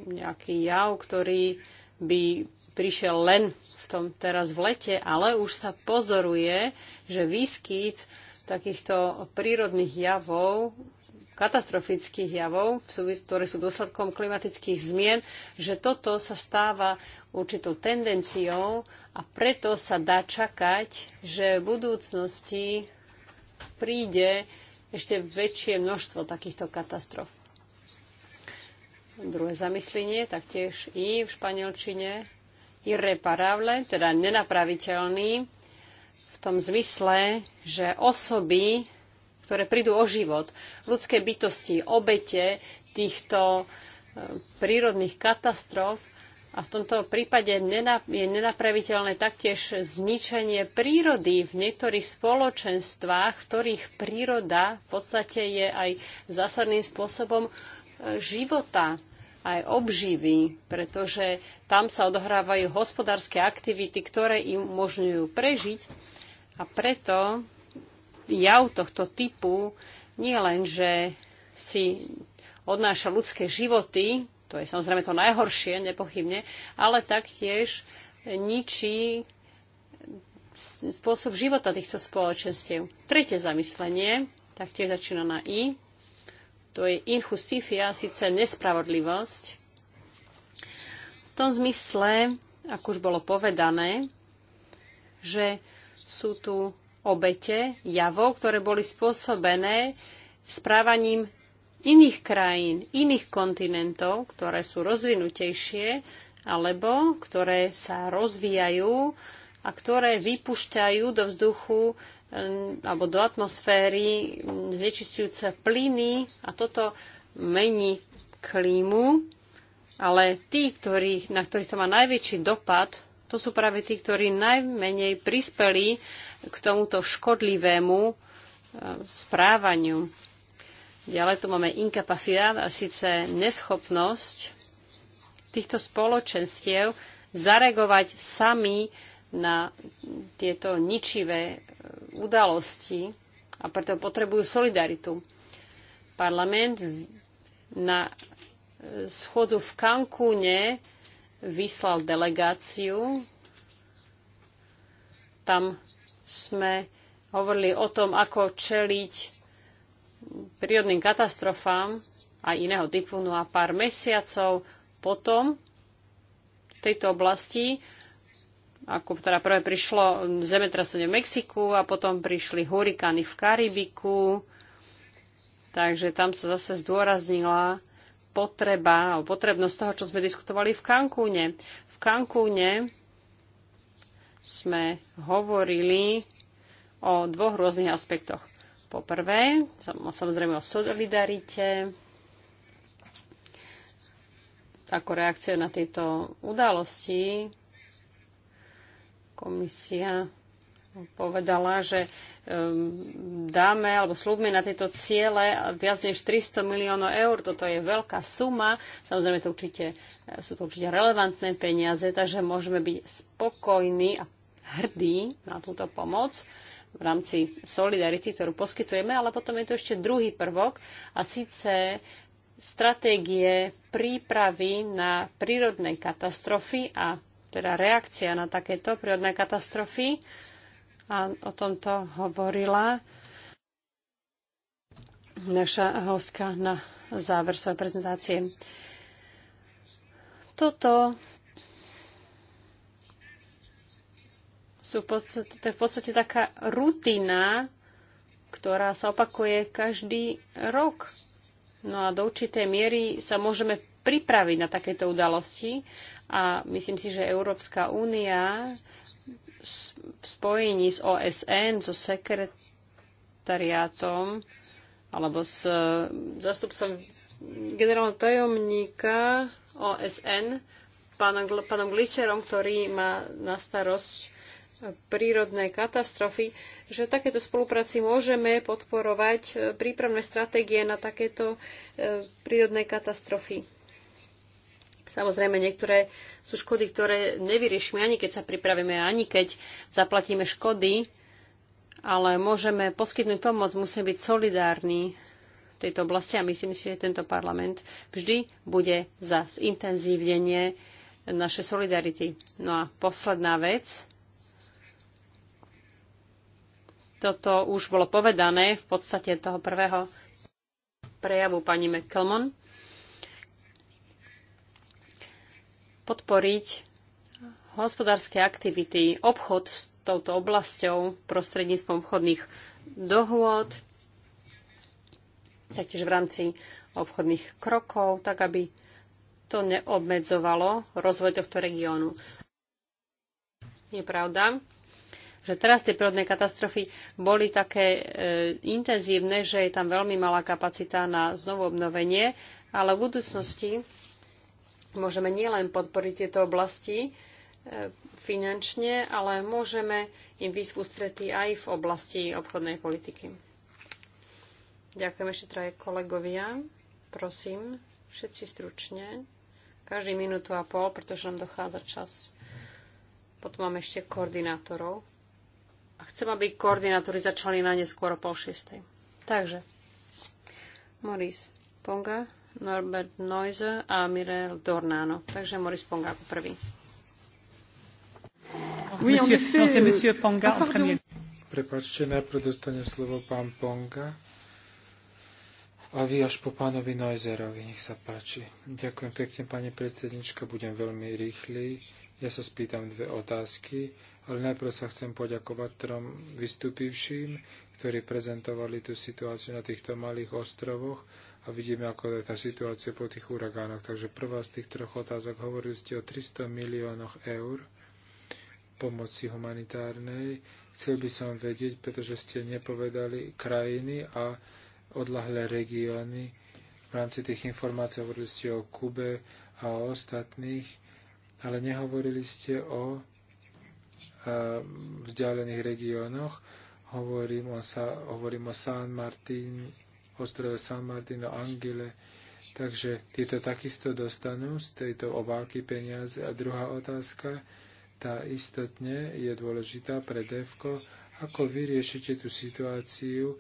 nejaký jav, ktorý by prišiel len v tom teraz v lete, ale už sa pozoruje, že výskyt takýchto prírodných javov, katastrofických javov, ktoré sú dôsledkom klimatických zmien, že toto sa stáva určitou tendenciou a preto sa dá čakať, že v budúcnosti príde ešte väčšie množstvo takýchto katastrof. Druhé zamyslenie, taktiež i v španielčine irreparable, teda nenapraviteľný, v tom zmysle, že osoby, ktoré prídu o život, ľudské bytosti, obete týchto e, prírodných katastrof, a v tomto prípade je nenapraviteľné taktiež zničenie prírody v niektorých spoločenstvách, v ktorých príroda v podstate je aj zásadným spôsobom života, aj obživy, pretože tam sa odohrávajú hospodárske aktivity, ktoré im umožňujú prežiť. A preto jav tohto typu nie len, že si odnáša ľudské životy, to je samozrejme to najhoršie, nepochybne, ale taktiež ničí spôsob života týchto spoločenstiev. Tretie zamyslenie, taktiež začína na I, to je injustícia, síce nespravodlivosť. V tom zmysle, ako už bolo povedané, že sú tu obete javov, ktoré boli spôsobené správaním iných krajín, iných kontinentov, ktoré sú rozvinutejšie alebo ktoré sa rozvíjajú a ktoré vypušťajú do vzduchu Eh, alebo do atmosféry mm, znečistujúce plyny a toto mení klímu, ale tí, ktorí, na ktorých to má najväčší dopad, to sú práve tí, ktorí najmenej prispeli k tomuto škodlivému eh, správaniu. Ďalej tu máme inkapacidát a síce neschopnosť týchto spoločenstiev zareagovať sami na tieto ničivé e, udalosti a preto potrebujú solidaritu. Parlament na e, schodu v Cancúne vyslal delegáciu. Tam sme hovorili o tom, ako čeliť prírodným katastrofám aj iného typu. No a pár mesiacov potom v tejto oblasti ako teda prvé prišlo hm, zemetrasenie v Mexiku a potom prišli hurikány v Karibiku. Takže tam sa zase zdôraznila potreba, alebo potrebnosť toho, čo sme diskutovali v Cancúne. V Cancúne sme hovorili o dvoch rôznych aspektoch. Po prvé, samozrejme o solidarite, ako reakcia na tieto udalosti, Komisia povedala, že ehm, dáme alebo slúbme na tieto ciele viac než 300 miliónov eur. Toto je veľká suma. Samozrejme, to určite, e, sú to určite relevantné peniaze, takže môžeme byť spokojní a hrdí na túto pomoc v rámci solidarity, ktorú poskytujeme, ale potom je tu ešte druhý prvok a síce stratégie prípravy na prírodné katastrofy a teda reakcia na takéto prírodné katastrofy. A o tomto hovorila naša hostka na záver svojej prezentácie. Toto sú podstate, to je v podstate taká rutina, ktorá sa opakuje každý rok. No a do určitej miery sa môžeme pripraviť na takéto udalosti, a myslím si, že Európska únia v spojení s OSN, so sekretariátom alebo s e, zastupcom generálneho tajomníka OSN, pánom, pánom Gličerom, ktorý má na starosť prírodné katastrofy, že takéto spolupráci môžeme podporovať e, prípravné stratégie na takéto e, prírodné katastrofy. Samozrejme, niektoré sú škody, ktoré nevyriešime ani keď sa pripravíme, ani keď zaplatíme škody, ale môžeme poskytnúť pomoc, musíme byť solidárni v tejto oblasti a myslím si, že tento parlament vždy bude za zintenzívnenie naše solidarity. No a posledná vec, toto už bolo povedané v podstate toho prvého prejavu pani McClelmon. podporiť hospodárske aktivity, obchod s touto oblasťou prostredníctvom obchodných dohôd, taktiež v rámci obchodných krokov, tak aby to neobmedzovalo rozvoj tohto regiónu. Je pravda, že teraz tie prírodné katastrofy boli také e, intenzívne, že je tam veľmi malá kapacita na znovu obnovenie, ale v budúcnosti Môžeme nielen podporiť tieto oblasti e, finančne, ale môžeme im výsť ústretí aj v oblasti obchodnej politiky. Ďakujem ešte traje kolegovia. Prosím, všetci stručne. Každý minútu a pol, pretože nám dochádza čas. Potom máme ešte koordinátorov. A chcem, aby koordinátori začali na neskôr o pol šiestej. Takže, Moris Ponga, Norbert Neuse a Mirel Dornano. Takže Moris Ponga ako prvý. Oui, monsieur, en effet, euh, monsieur Ponga en premier. Prepačte, najprv dostane slovo pán Ponga a vy až po pánovi Noizerovi, nech sa páči. Ďakujem pekne, pani predsednička, budem veľmi rýchly. Ja sa spýtam dve otázky, ale najprv sa chcem poďakovať trom vystupivším, ktorí prezentovali tú situáciu na týchto malých ostrovoch a vidíme, ako je tá situácia po tých uragánoch. Takže prvá z tých troch otázok, hovorili ste o 300 miliónoch eur pomoci humanitárnej. Chcel by som vedieť, pretože ste nepovedali krajiny a odlahlé regióny. V rámci tých informácií hovorili ste o Kube a o ostatných, ale nehovorili ste o eh, vzdialených regiónoch. Hovorím o, hovorím o San Martín, ostrove San Martino, Angile. Takže títo takisto dostanú z tejto obálky peniaze. A druhá otázka, tá istotne je dôležitá pre DEVKO. Ako vyriešite tú situáciu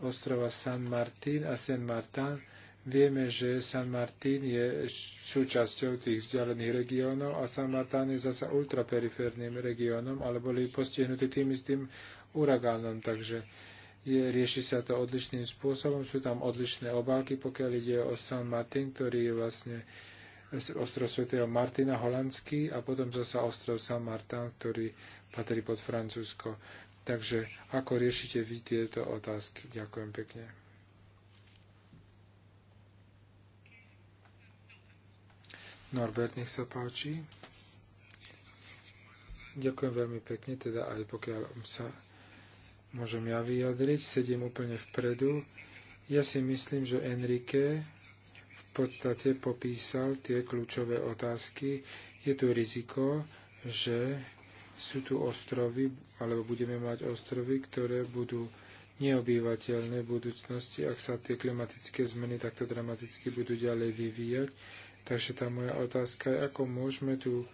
ostrova San Martin a San Martin? Vieme, že San Martin je súčasťou tých vzdialených regiónov a San Martin je zasa ultraperiférnym regiónom, ale boli postihnutí tým istým uragánom. Takže je, rieši sa to odlišným spôsobom. Sú tam odlišné obálky, pokiaľ ide o San Martin, ktorý je vlastne ostrov svätého Martina holandský a potom zasa ostrov San Martin, ktorý patrí pod Francúzsko. Takže ako riešite vy tieto otázky? Ďakujem pekne. Norbert, nech sa páči. Ďakujem veľmi pekne, teda aj pokiaľ sa môžem ja vyjadriť, sedím úplne vpredu. Ja si myslím, že Enrique v podstate popísal tie kľúčové otázky. Je tu riziko, že sú tu ostrovy, alebo budeme mať ostrovy, ktoré budú neobývateľné v budúcnosti, ak sa tie klimatické zmeny takto dramaticky budú ďalej vyvíjať. Takže tá moja otázka je, ako môžeme tu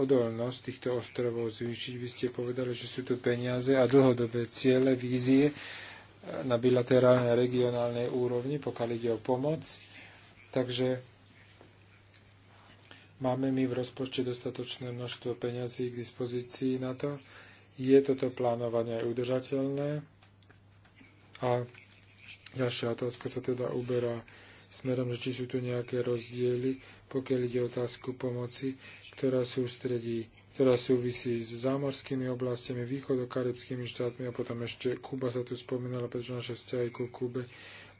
odolnosť týchto ostrovov zvýšiť. Vy ste povedali, že sú tu peniaze a dlhodobé ciele, vízie e, na bilaterálnej a regionálnej úrovni, pokiaľ ide o pomoc. Takže máme my v rozpočte dostatočné množstvo peňazí k dispozícii na to. Je toto plánovanie aj udržateľné? A ďalšia otázka sa teda uberá smerom, že či sú tu nejaké rozdiely, pokiaľ ide o otázku pomoci ktorá sústredí ktorá súvisí s zámorskými oblastiami, východokaribskými štátmi a potom ešte Kuba sa tu spomínala, pretože naše vzťahy ku Kube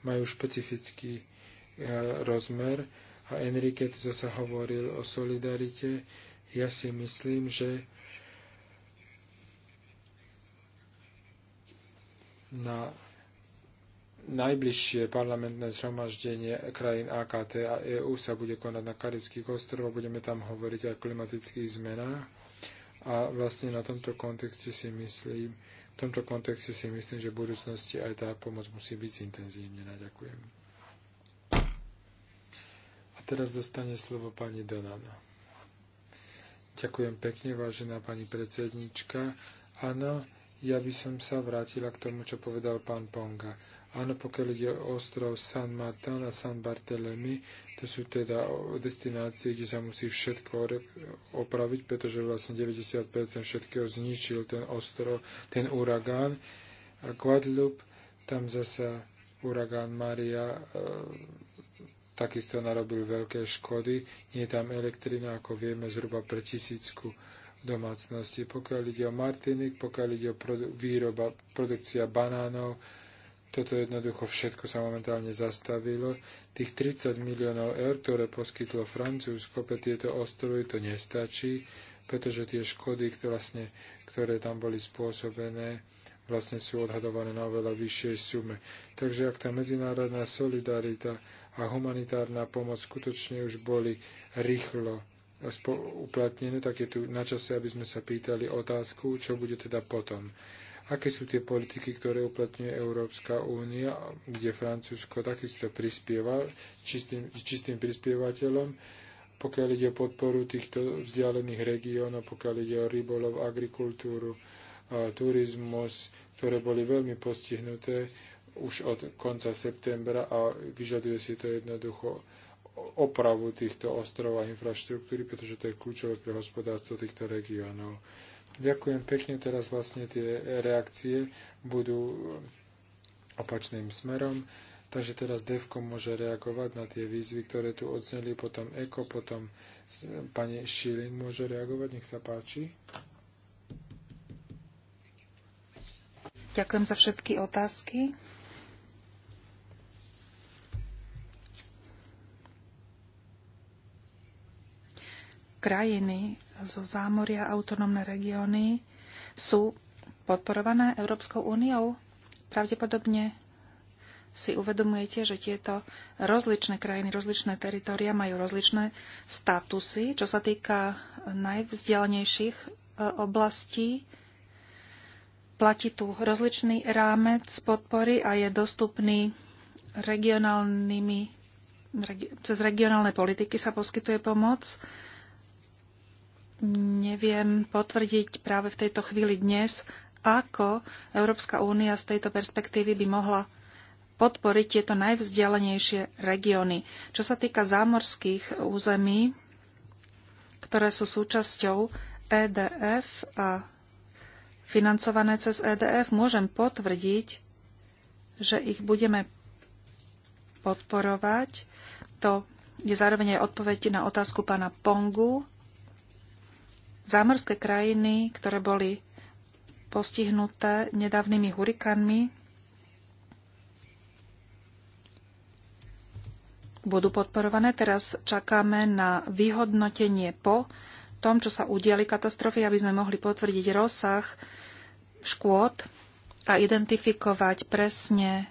majú špecifický e, rozmer a Enrique tu zase hovoril o solidarite. Ja si myslím, že na najbližšie parlamentné zhromaždenie krajín AKT a EÚ sa bude konať na Karibských ostrovoch. Budeme tam hovoriť aj o klimatických zmenách. A vlastne na tomto kontexte si myslím, v tomto kontexte si myslím, že v budúcnosti aj tá pomoc musí byť zintenzívnená. Ďakujem. A teraz dostane slovo pani Donana. Ďakujem pekne, vážená pani predsednička. Áno, ja by som sa vrátila k tomu, čo povedal pán Ponga Áno, pokiaľ ide o ostrov San Martin a San Bartolomé, to sú teda destinácie, kde sa musí všetko opraviť, pretože vlastne 90% všetkého zničil ten ostrov, ten uragán. A Guadeloupe, tam zasa uragán Maria e, takisto narobil veľké škody. Nie je tam elektrina, ako vieme, zhruba pre tisícku domácnosti. Pokiaľ ide o Martinik, pokiaľ ide o produ- výroba, produkcia banánov, toto jednoducho všetko sa momentálne zastavilo. Tých 30 miliónov eur, ktoré poskytlo Francúzsko pre tieto ostrovy, to nestačí, pretože tie škody, ktoré, vlastne, ktoré tam boli spôsobené, vlastne sú odhadované na oveľa vyššej sume. Takže ak tá medzinárodná solidarita a humanitárna pomoc skutočne už boli rýchlo uplatnené, tak je tu na čase, aby sme sa pýtali otázku, čo bude teda potom aké sú tie politiky, ktoré uplatňuje Európska únia, kde Francúzsko takisto prispieva, čistým, čistým prispievateľom, pokiaľ ide o podporu týchto vzdialených regiónov, pokiaľ ide o rybolov, agrikultúru, a turizmus, ktoré boli veľmi postihnuté už od konca septembra a vyžaduje si to jednoducho opravu týchto ostrov a infraštruktúry, pretože to je kľúčové pre hospodárstvo týchto regiónov. Ďakujem pekne, teraz vlastne tie reakcie budú opačným smerom. Takže teraz DEVKO môže reagovať na tie výzvy, ktoré tu odzneli, potom EKO, potom pani Schilling môže reagovať, nech sa páči. Ďakujem za všetky otázky. Krajiny zo zámoria autonómne regióny sú podporované Európskou úniou? Pravdepodobne si uvedomujete, že tieto rozličné krajiny, rozličné teritoria majú rozličné statusy. Čo sa týka najvzdialenejších e, oblastí, platí tu rozličný rámec podpory a je dostupný regionálnymi, cez regionálne politiky sa poskytuje pomoc neviem potvrdiť práve v tejto chvíli dnes, ako Európska únia z tejto perspektívy by mohla podporiť tieto najvzdialenejšie regióny. Čo sa týka zámorských území, ktoré sú súčasťou EDF a financované cez EDF, môžem potvrdiť, že ich budeme podporovať. To je zároveň aj odpoveď na otázku pána Pongu zámorské krajiny, ktoré boli postihnuté nedávnymi hurikánmi, budú podporované. Teraz čakáme na vyhodnotenie po tom, čo sa udiali katastrofy, aby sme mohli potvrdiť rozsah škôd a identifikovať presne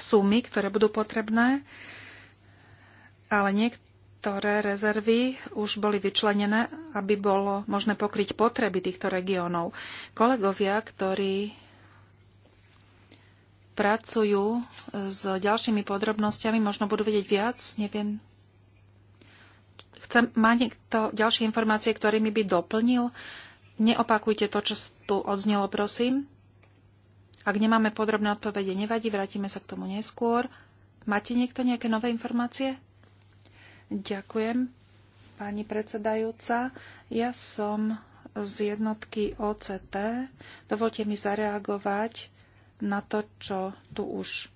sumy, ktoré budú potrebné. Ale niekto ktoré rezervy už boli vyčlenené, aby bolo možné pokryť potreby týchto regiónov. Kolegovia, ktorí pracujú s ďalšími podrobnosťami, možno budú vedieť viac, neviem. Chcem, má niekto ďalšie informácie, ktorými by doplnil? Neopakujte to, čo tu odznelo, prosím. Ak nemáme podrobné odpovede, nevadí, vrátime sa k tomu neskôr. Máte niekto nejaké nové informácie? Ďakujem, pani predsedajúca. Ja som z jednotky OCT. Dovolte mi zareagovať na to, čo tu už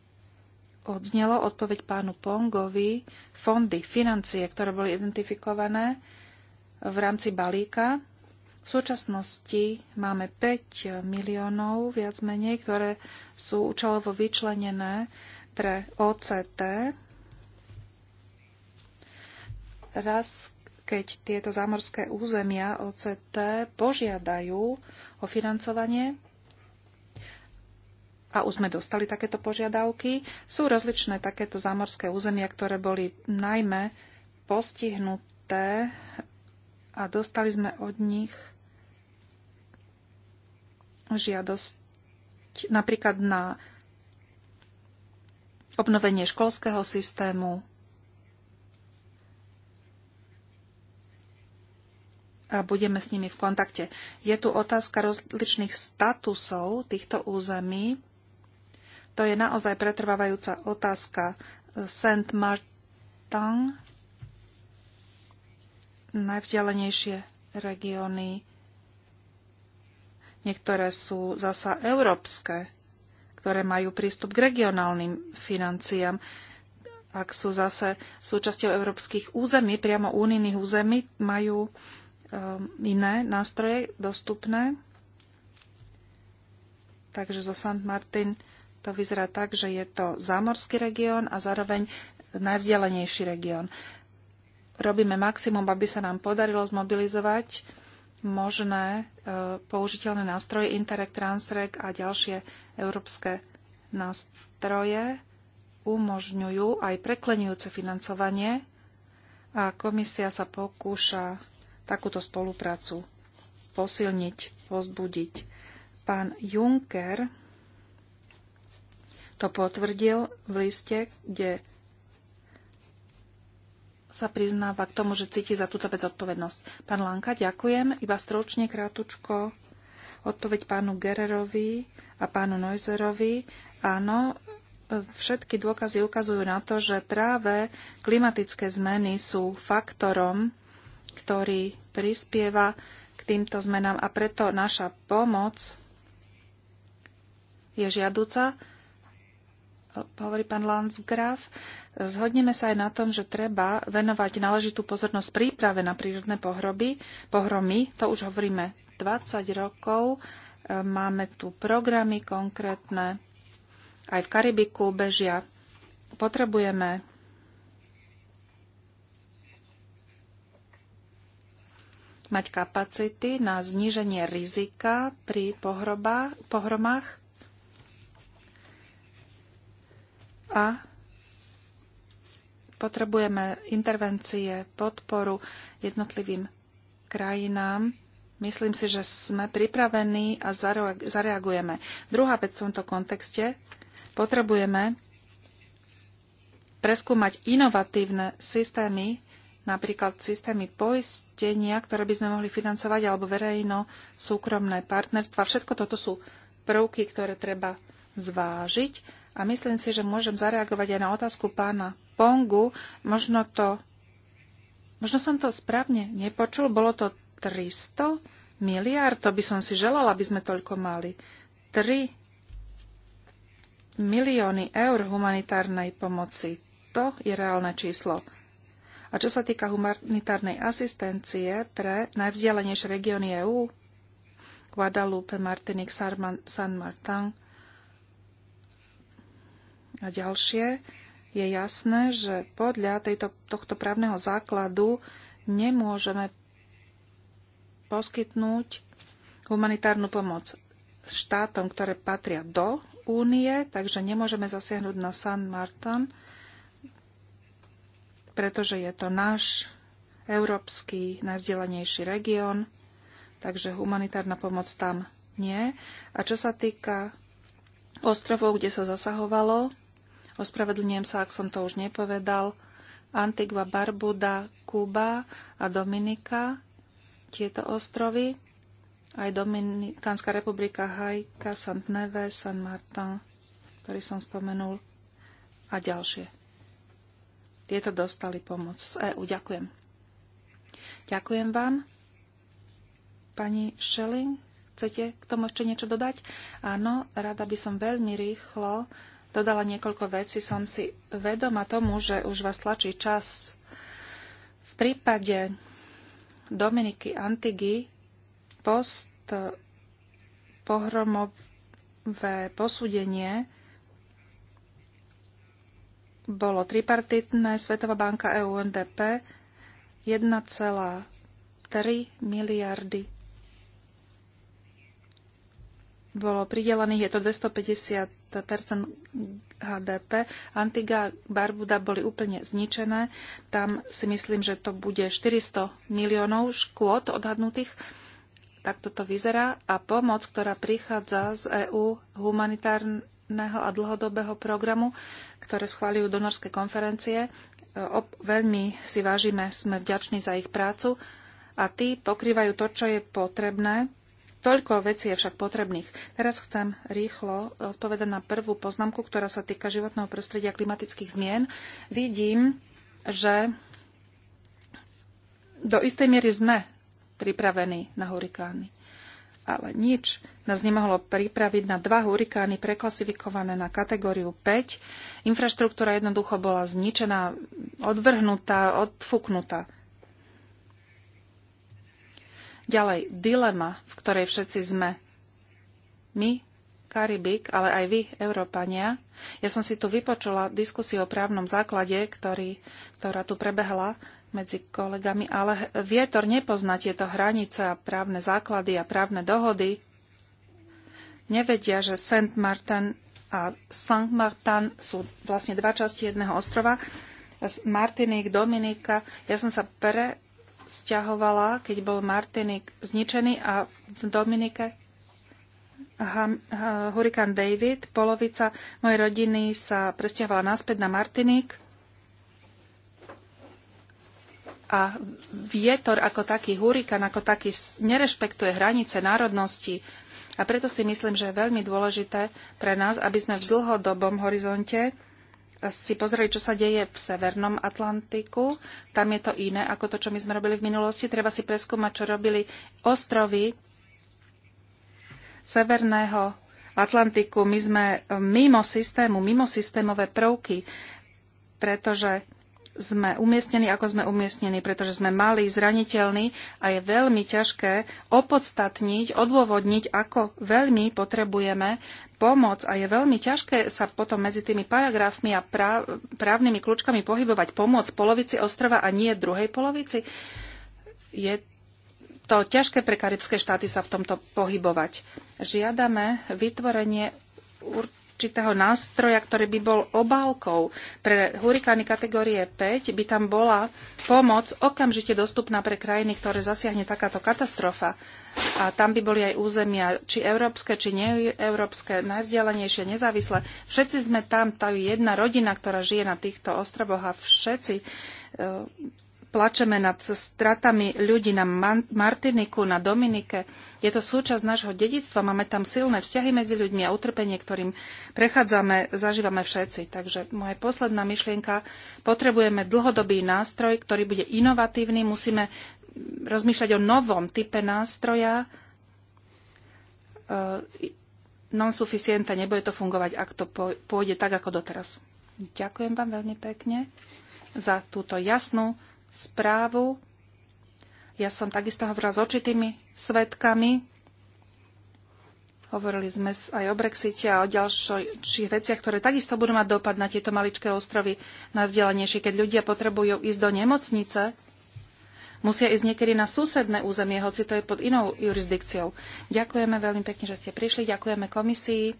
odznelo. Odpoveď pánu Pongovi. Fondy, financie, ktoré boli identifikované v rámci balíka. V súčasnosti máme 5 miliónov, viac menej, ktoré sú účelovo vyčlenené pre OCT, raz, keď tieto zámorské územia OCT požiadajú o financovanie, a už sme dostali takéto požiadavky, sú rozličné takéto zámorské územia, ktoré boli najmä postihnuté a dostali sme od nich žiadosť napríklad na obnovenie školského systému, a budeme s nimi v kontakte. Je tu otázka rozličných statusov týchto území. To je naozaj pretrvávajúca otázka. Saint Martin, najvzdialenejšie regióny, niektoré sú zasa európske, ktoré majú prístup k regionálnym financiám ak sú zase súčasťou európskych území, priamo únijných území, majú Um, iné nástroje dostupné. Takže zo St. Martin to vyzerá tak, že je to zámorský región a zároveň najvzdialenejší región. Robíme maximum, aby sa nám podarilo zmobilizovať možné e, použiteľné nástroje Interreg, Transreg a ďalšie európske nástroje umožňujú aj preklenujúce financovanie a komisia sa pokúša takúto spoluprácu posilniť, pozbudiť. Pán Juncker to potvrdil v liste, kde sa priznáva k tomu, že cíti za túto vec odpovednosť. Pán Lanka, ďakujem. Iba stručne, krátučko, odpoveď pánu Gererovi a pánu Neuserovi. Áno, všetky dôkazy ukazujú na to, že práve klimatické zmeny sú faktorom, ktorý prispieva k týmto zmenám a preto naša pomoc je žiaduca, hovorí pán Landsgraf. Zhodneme sa aj na tom, že treba venovať náležitú pozornosť príprave na prírodné pohroby, pohromy. To už hovoríme 20 rokov. Máme tu programy konkrétne. Aj v Karibiku bežia. Potrebujeme mať kapacity na zníženie rizika pri pohroba, pohromách a potrebujeme intervencie, podporu jednotlivým krajinám. Myslím si, že sme pripravení a zareagujeme. Druhá vec v tomto kontexte. Potrebujeme preskúmať inovatívne systémy napríklad systémy poistenia, ktoré by sme mohli financovať, alebo verejno-súkromné partnerstva. Všetko toto sú prvky, ktoré treba zvážiť. A myslím si, že môžem zareagovať aj na otázku pána Pongu. Možno, to, možno som to správne nepočul. Bolo to 300 miliard? To by som si želala, aby sme toľko mali. 3 milióny eur humanitárnej pomoci. To je reálne číslo. A čo sa týka humanitárnej asistencie pre najvzdialenejšie regióny EÚ, Guadalupe, Martinique, San Martin a ďalšie, je jasné, že podľa tejto, tohto právneho základu nemôžeme poskytnúť humanitárnu pomoc štátom, ktoré patria do únie, takže nemôžeme zasiahnuť na San Martin pretože je to náš európsky najvzdelanejší región, takže humanitárna pomoc tam nie. A čo sa týka ostrovov, kde sa zasahovalo, ospravedlňujem sa, ak som to už nepovedal, Antigua, Barbuda, Kuba a Dominika, tieto ostrovy, aj Dominikánska republika, Hajka, Sant Neve, San Martin, ktorý som spomenul, a ďalšie tieto dostali pomoc z EU. Ďakujem. Ďakujem vám. Pani Schelling, chcete k tomu ešte niečo dodať? Áno, rada by som veľmi rýchlo dodala niekoľko vecí. Som si vedoma tomu, že už vás tlačí čas. V prípade Dominiky Antigy post pohromové posúdenie bolo tripartitné Svetová banka EUNDP 1,3 miliardy bolo pridelených, je to 250 HDP. Antiga Barbuda boli úplne zničené. Tam si myslím, že to bude 400 miliónov škôd odhadnutých. Tak toto vyzerá. A pomoc, ktorá prichádza z EÚ humanitárnym národného a dlhodobého programu, ktoré schváľujú donorské konferencie. E, veľmi si vážime, sme vďační za ich prácu a tí pokrývajú to, čo je potrebné. Toľko vecí je však potrebných. Teraz chcem rýchlo odpovedať na prvú poznámku, ktorá sa týka životného prostredia klimatických zmien. Vidím, že do istej miery sme pripravení na hurikány ale nič nás nemohlo pripraviť na dva hurikány preklasifikované na kategóriu 5. Infraštruktúra jednoducho bola zničená, odvrhnutá, odfúknutá. Ďalej, dilema, v ktorej všetci sme. My, Karibik, ale aj vy, Európania. Ja som si tu vypočula diskusiu o právnom základe, ktorý, ktorá tu prebehla medzi kolegami, ale vietor nepozná tieto hranice a právne základy a právne dohody. Nevedia, že Saint Martin a Saint Martin sú vlastne dva časti jedného ostrova. Martinik, Dominika. Ja som sa presťahovala, keď bol Martinik zničený a v Dominike hurikán David. Polovica mojej rodiny sa presťahovala naspäť na Martinik a vietor ako taký, hurikán ako taký nerešpektuje hranice národnosti. A preto si myslím, že je veľmi dôležité pre nás, aby sme v dlhodobom horizonte eh, si pozreli, čo sa deje v Severnom Atlantiku. Tam je to iné ako to, čo my sme robili v minulosti. Treba si preskúmať, čo robili ostrovy Severného Atlantiku. My sme eh, mimo systému, mimo systémové prvky, pretože sme umiestnení, ako sme umiestnení, pretože sme mali zraniteľní a je veľmi ťažké opodstatniť, odôvodniť, ako veľmi potrebujeme pomoc a je veľmi ťažké sa potom medzi tými paragrafmi a práv, právnymi kľúčkami pohybovať pomoc polovici ostrova a nie druhej polovici. Je to ťažké pre karibské štáty sa v tomto pohybovať. Žiadame vytvorenie určitých určitého nástroja, ktorý by bol obálkou. Pre hurikány kategórie 5 by tam bola pomoc okamžite dostupná pre krajiny, ktoré zasiahne takáto katastrofa. A tam by boli aj územia, či európske, či neeurópske, najvzdialenejšie, nezávislé. Všetci sme tam, tá jedna rodina, ktorá žije na týchto ostrovoch a všetci e, plačeme nad stratami ľudí na Martiniku, na Dominike. Je to súčasť nášho dedictva, máme tam silné vzťahy medzi ľuďmi a utrpenie, ktorým prechádzame, zažívame všetci. Takže moja posledná myšlienka, potrebujeme dlhodobý nástroj, ktorý bude inovatívny, musíme rozmýšľať o novom type nástroja. E, non sufficiente, nebude to fungovať, ak to pôjde tak, ako doteraz. Ďakujem vám veľmi pekne za túto jasnú správu. Ja som takisto hovorila s očitými svetkami. Hovorili sme aj o Brexite a o ďalších veciach, ktoré takisto budú mať dopad na tieto maličké ostrovy vzdelanejšie. Keď ľudia potrebujú ísť do nemocnice, musia ísť niekedy na susedné územie, hoci to je pod inou jurisdikciou. Ďakujeme veľmi pekne, že ste prišli, ďakujeme komisii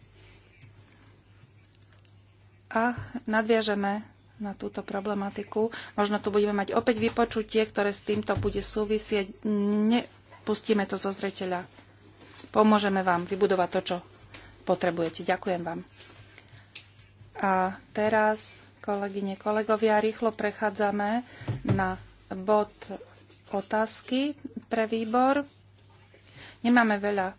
a nadviažeme na túto problematiku. Možno tu budeme mať opäť vypočutie, ktoré s týmto bude súvisieť. Nepustíme to zo zreteľa. Pomôžeme vám vybudovať to, čo potrebujete. Ďakujem vám. A teraz, kolegyne, kolegovia, rýchlo prechádzame na bod otázky pre výbor. Nemáme veľa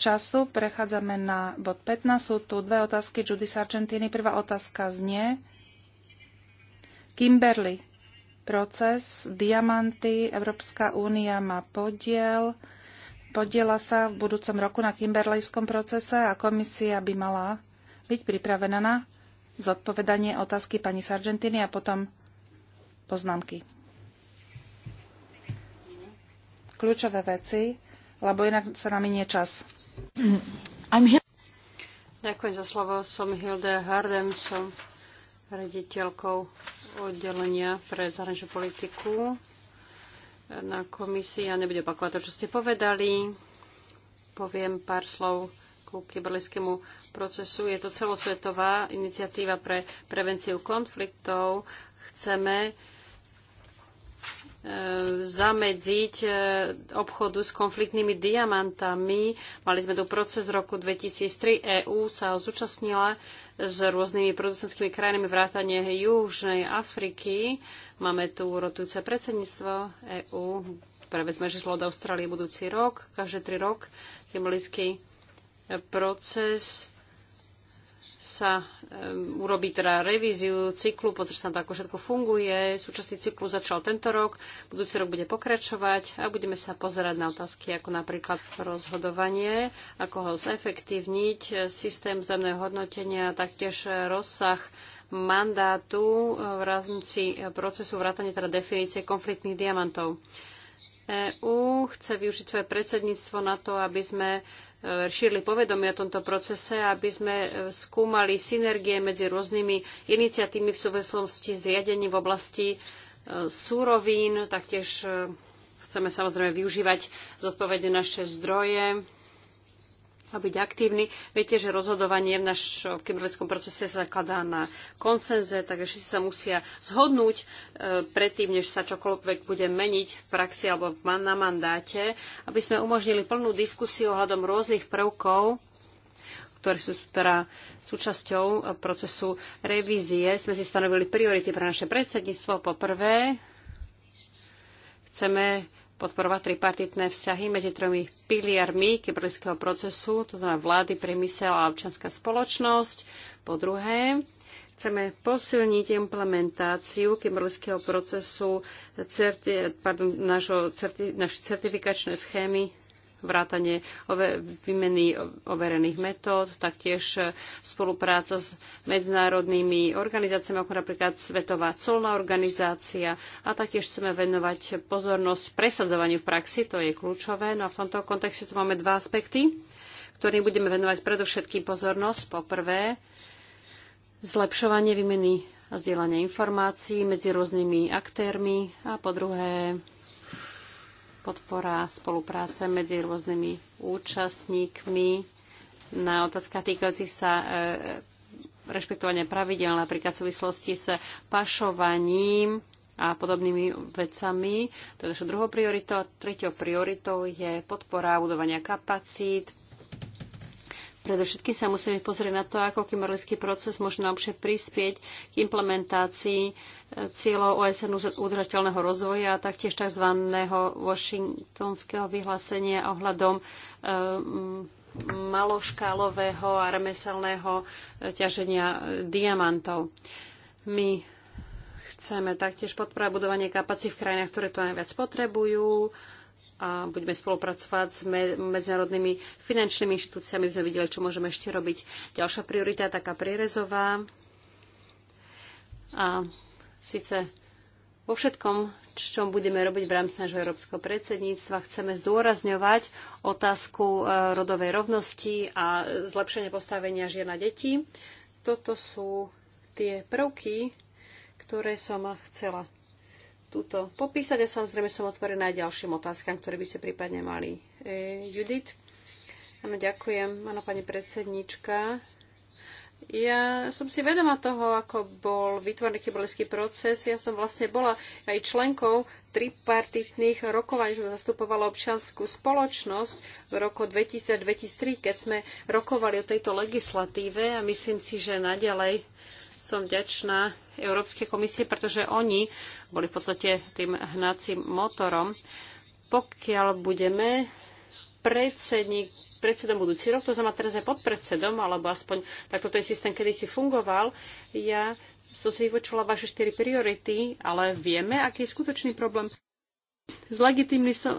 času, prechádzame na bod 15. Sú tu dve otázky Judy Sargentini. Prvá otázka znie, Kimberly proces, diamanty, Európska únia má podiel, podiela sa v budúcom roku na Kimberlejskom procese a komisia by mala byť pripravená na zodpovedanie otázky pani Sargentiny a potom poznámky. Kľúčové veci, lebo inak sa nám minie čas. Ďakujem za slovo. Som Hilde Hardem, som rediteľkou oddelenia pre zahraničnú politiku na komisii. Ja nebudem opakovať to, čo ste povedali. Poviem pár slov ku kyberlickému procesu. Je to celosvetová iniciatíva pre prevenciu konfliktov. Chceme e, zamedziť e, obchodu s konfliktnými diamantami. Mali sme tu proces roku 2003. EÚ sa zúčastnila s rôznymi producentskými krajinami vrátane Južnej Afriky. Máme tu rotujúce predsedníctvo EÚ. Prevezme žeslo od Austrálie budúci rok. Každé tri rok je blízky proces sa um, urobí teda revíziu cyklu, pozrie sa na to, ako všetko funguje. Súčasný cyklus začal tento rok, budúci rok bude pokračovať a budeme sa pozerať na otázky ako napríklad rozhodovanie, ako ho zefektívniť, systém zemného hodnotenia, taktiež rozsah mandátu e, v rámci procesu vrátania teda definície konfliktných diamantov. EU chce využiť svoje predsedníctvo na to, aby sme šírili povedomie o tomto procese, aby sme e, skúmali synergie medzi rôznymi iniciatívmi v súvislosti s riadením v oblasti e, súrovín. Taktiež e, chceme samozrejme využívať zodpovedne naše zdroje a byť aktívny. Viete, že rozhodovanie v našom kybernetickom procese sa zakladá na konsenze, takže všetci sa musia zhodnúť e, predtým, než sa čokoľvek bude meniť v praxi alebo na mandáte, aby sme umožnili plnú diskusiu ohľadom rôznych prvkov ktoré sú teda súčasťou procesu revízie, sme si stanovili priority pre naše predsedníctvo. Po prvé, chceme podporovať tripartitné vzťahy medzi tromi piliermi kyberlického procesu, to znamená vlády, priemysel a občianská spoločnosť. Po druhé, chceme posilniť implementáciu kyberlického procesu certi, pardon, našo, certi, naše certifikačné schémy vrátanie výmeny overených metód, taktiež e, spolupráca s medzinárodnými organizáciami, ako napríklad Svetová colná organizácia a taktiež chceme venovať pozornosť presadzovaniu v praxi, to je kľúčové. No a v tomto kontexte tu máme dva aspekty, ktorým budeme venovať predovšetkým pozornosť. Po prvé, zlepšovanie výmeny a zdieľania informácií medzi rôznymi aktérmi a po druhé podpora spolupráce medzi rôznymi účastníkmi na otázkach týkajúcich sa e, rešpektovania pravidel, napríklad v súvislosti s pašovaním a podobnými vecami. To je našou druhou prioritou. Tretou prioritou je podpora budovania kapacít, Predovšetkým sa musíme pozrieť na to, ako kimberlický proces môže najlepšie prispieť k implementácii e, cieľov OSN udržateľného rozvoja a taktiež tzv. washingtonského vyhlásenia ohľadom um, maloškálového a remeselného e, ťaženia diamantov. My chceme taktiež podporovať budovanie kapací v krajinách, ktoré to najviac potrebujú a budeme spolupracovať s medzinárodnými finančnými inštitúciami, aby sme videli, čo môžeme ešte robiť. Ďalšia priorita je taká prierezová. A síce vo všetkom, čo budeme robiť v rámci nášho európskeho predsedníctva, chceme zdôrazňovať otázku e, rodovej rovnosti a zlepšenie postavenia žien a detí. Toto sú tie prvky, ktoré som chcela túto popísať a samozrejme som otvorená aj ďalším otázkam, ktoré by ste prípadne mali. E, Judith? Áno, ďakujem. Áno, pani predsednička. Ja som si vedoma toho, ako bol vytvorený kyberlický proces. Ja som vlastne bola aj členkou tripartitných rokovaní, som zastupovala občianskú spoločnosť v roku 2000-2003, keď sme rokovali o tejto legislatíve a myslím si, že naďalej som vďačná Európskej komisie, pretože oni boli v podstate tým hnacím motorom. Pokiaľ budeme predsedník, predsedom budúci rok, to znamená teraz aj podpredsedom, alebo aspoň takto ten systém, kedy si fungoval, ja som si vypočula vaše štyri priority, ale vieme, aký je skutočný problém s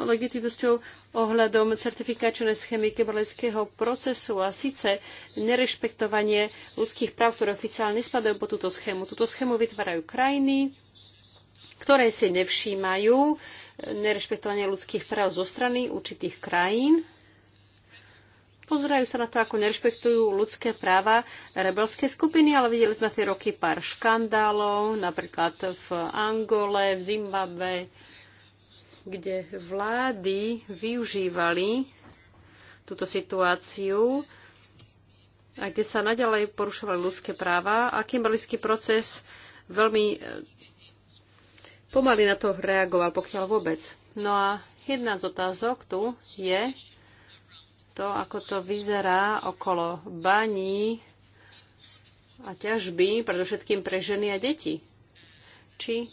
legitimnosťou ohľadom certifikačnej schémy kebaleckého procesu a síce nerešpektovanie ľudských práv, ktoré oficiálne nespadajú po túto schému. Túto schému vytvárajú krajiny, ktoré si nevšímajú eh, nerešpektovanie ľudských práv zo strany určitých krajín. Pozerajú sa na to, ako nerešpektujú ľudské práva rebelské skupiny, ale videli sme tie roky pár škandálov, napríklad v Angole, v Zimbabve, kde vlády využívali túto situáciu a kde sa naďalej porušovali ľudské práva a kimberlický proces veľmi e, pomaly na to reagoval, pokiaľ vôbec. No a jedna z otázok tu je to, ako to vyzerá okolo baní a ťažby, predovšetkým pre ženy a deti. Či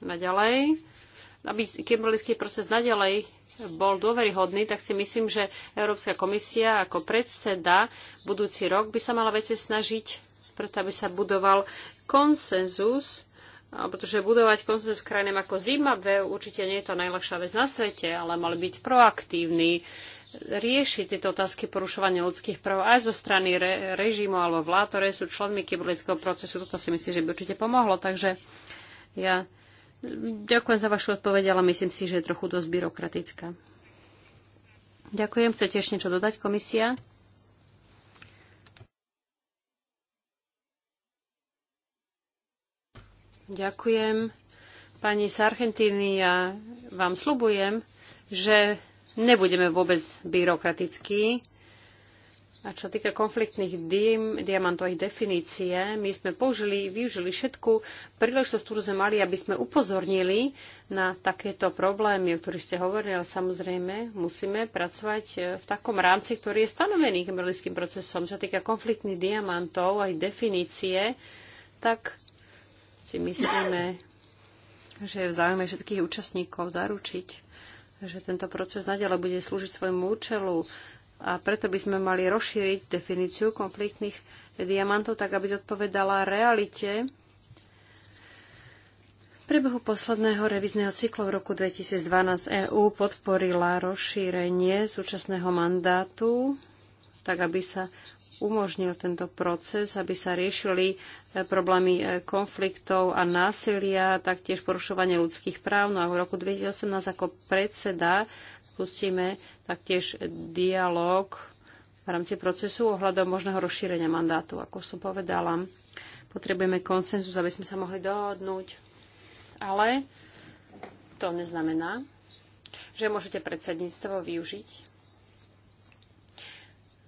naďalej aby kimberlický proces naďalej bol dôveryhodný, tak si myslím, že Európska komisia ako predseda budúci rok by sa mala veci snažiť, preto aby sa budoval konsenzus, pretože budovať konsenzus krajinám ako Zimbabwe určite nie je to najľahšia vec na svete, ale mali byť proaktívny, riešiť tieto otázky porušovania ľudských práv aj zo strany re, režimu alebo vlád, ktoré sú členmi kybernetického procesu. Toto si myslím, že by určite pomohlo. Takže ja Ďakujem za vašu odpoveď, ale myslím si, že je trochu dosť byrokratická. Ďakujem. Chcete ešte niečo dodať, komisia? Ďakujem. Pani Sargentini. ja vám slubujem, že nebudeme vôbec byrokratickí a čo týka konfliktných diem, diamantových definície, my sme použili, využili všetku príležitosť, ktorú sme mali, aby sme upozornili na takéto problémy, o ktorých ste hovorili, ale samozrejme musíme pracovať e, v takom rámci, ktorý je stanovený kemerlickým procesom. Čo týka konfliktných diamantov aj definície, tak si myslíme, že je v záujme všetkých účastníkov zaručiť, že tento proces nadalej bude slúžiť svojmu účelu, a preto by sme mali rozšíriť definíciu konfliktných diamantov tak, aby zodpovedala realite. V priebehu posledného revizného cyklu v roku 2012 EÚ podporila rozšírenie súčasného mandátu, tak aby sa umožnil tento proces, aby sa riešili e, problémy e, konfliktov a násilia, taktiež porušovanie ľudských práv. No a v roku 2018 ako predseda spustíme taktiež dialog v rámci procesu ohľadom možného rozšírenia mandátu. Ako som povedala, potrebujeme konsenzus, aby sme sa mohli dohodnúť. Ale to neznamená, že môžete predsedníctvo využiť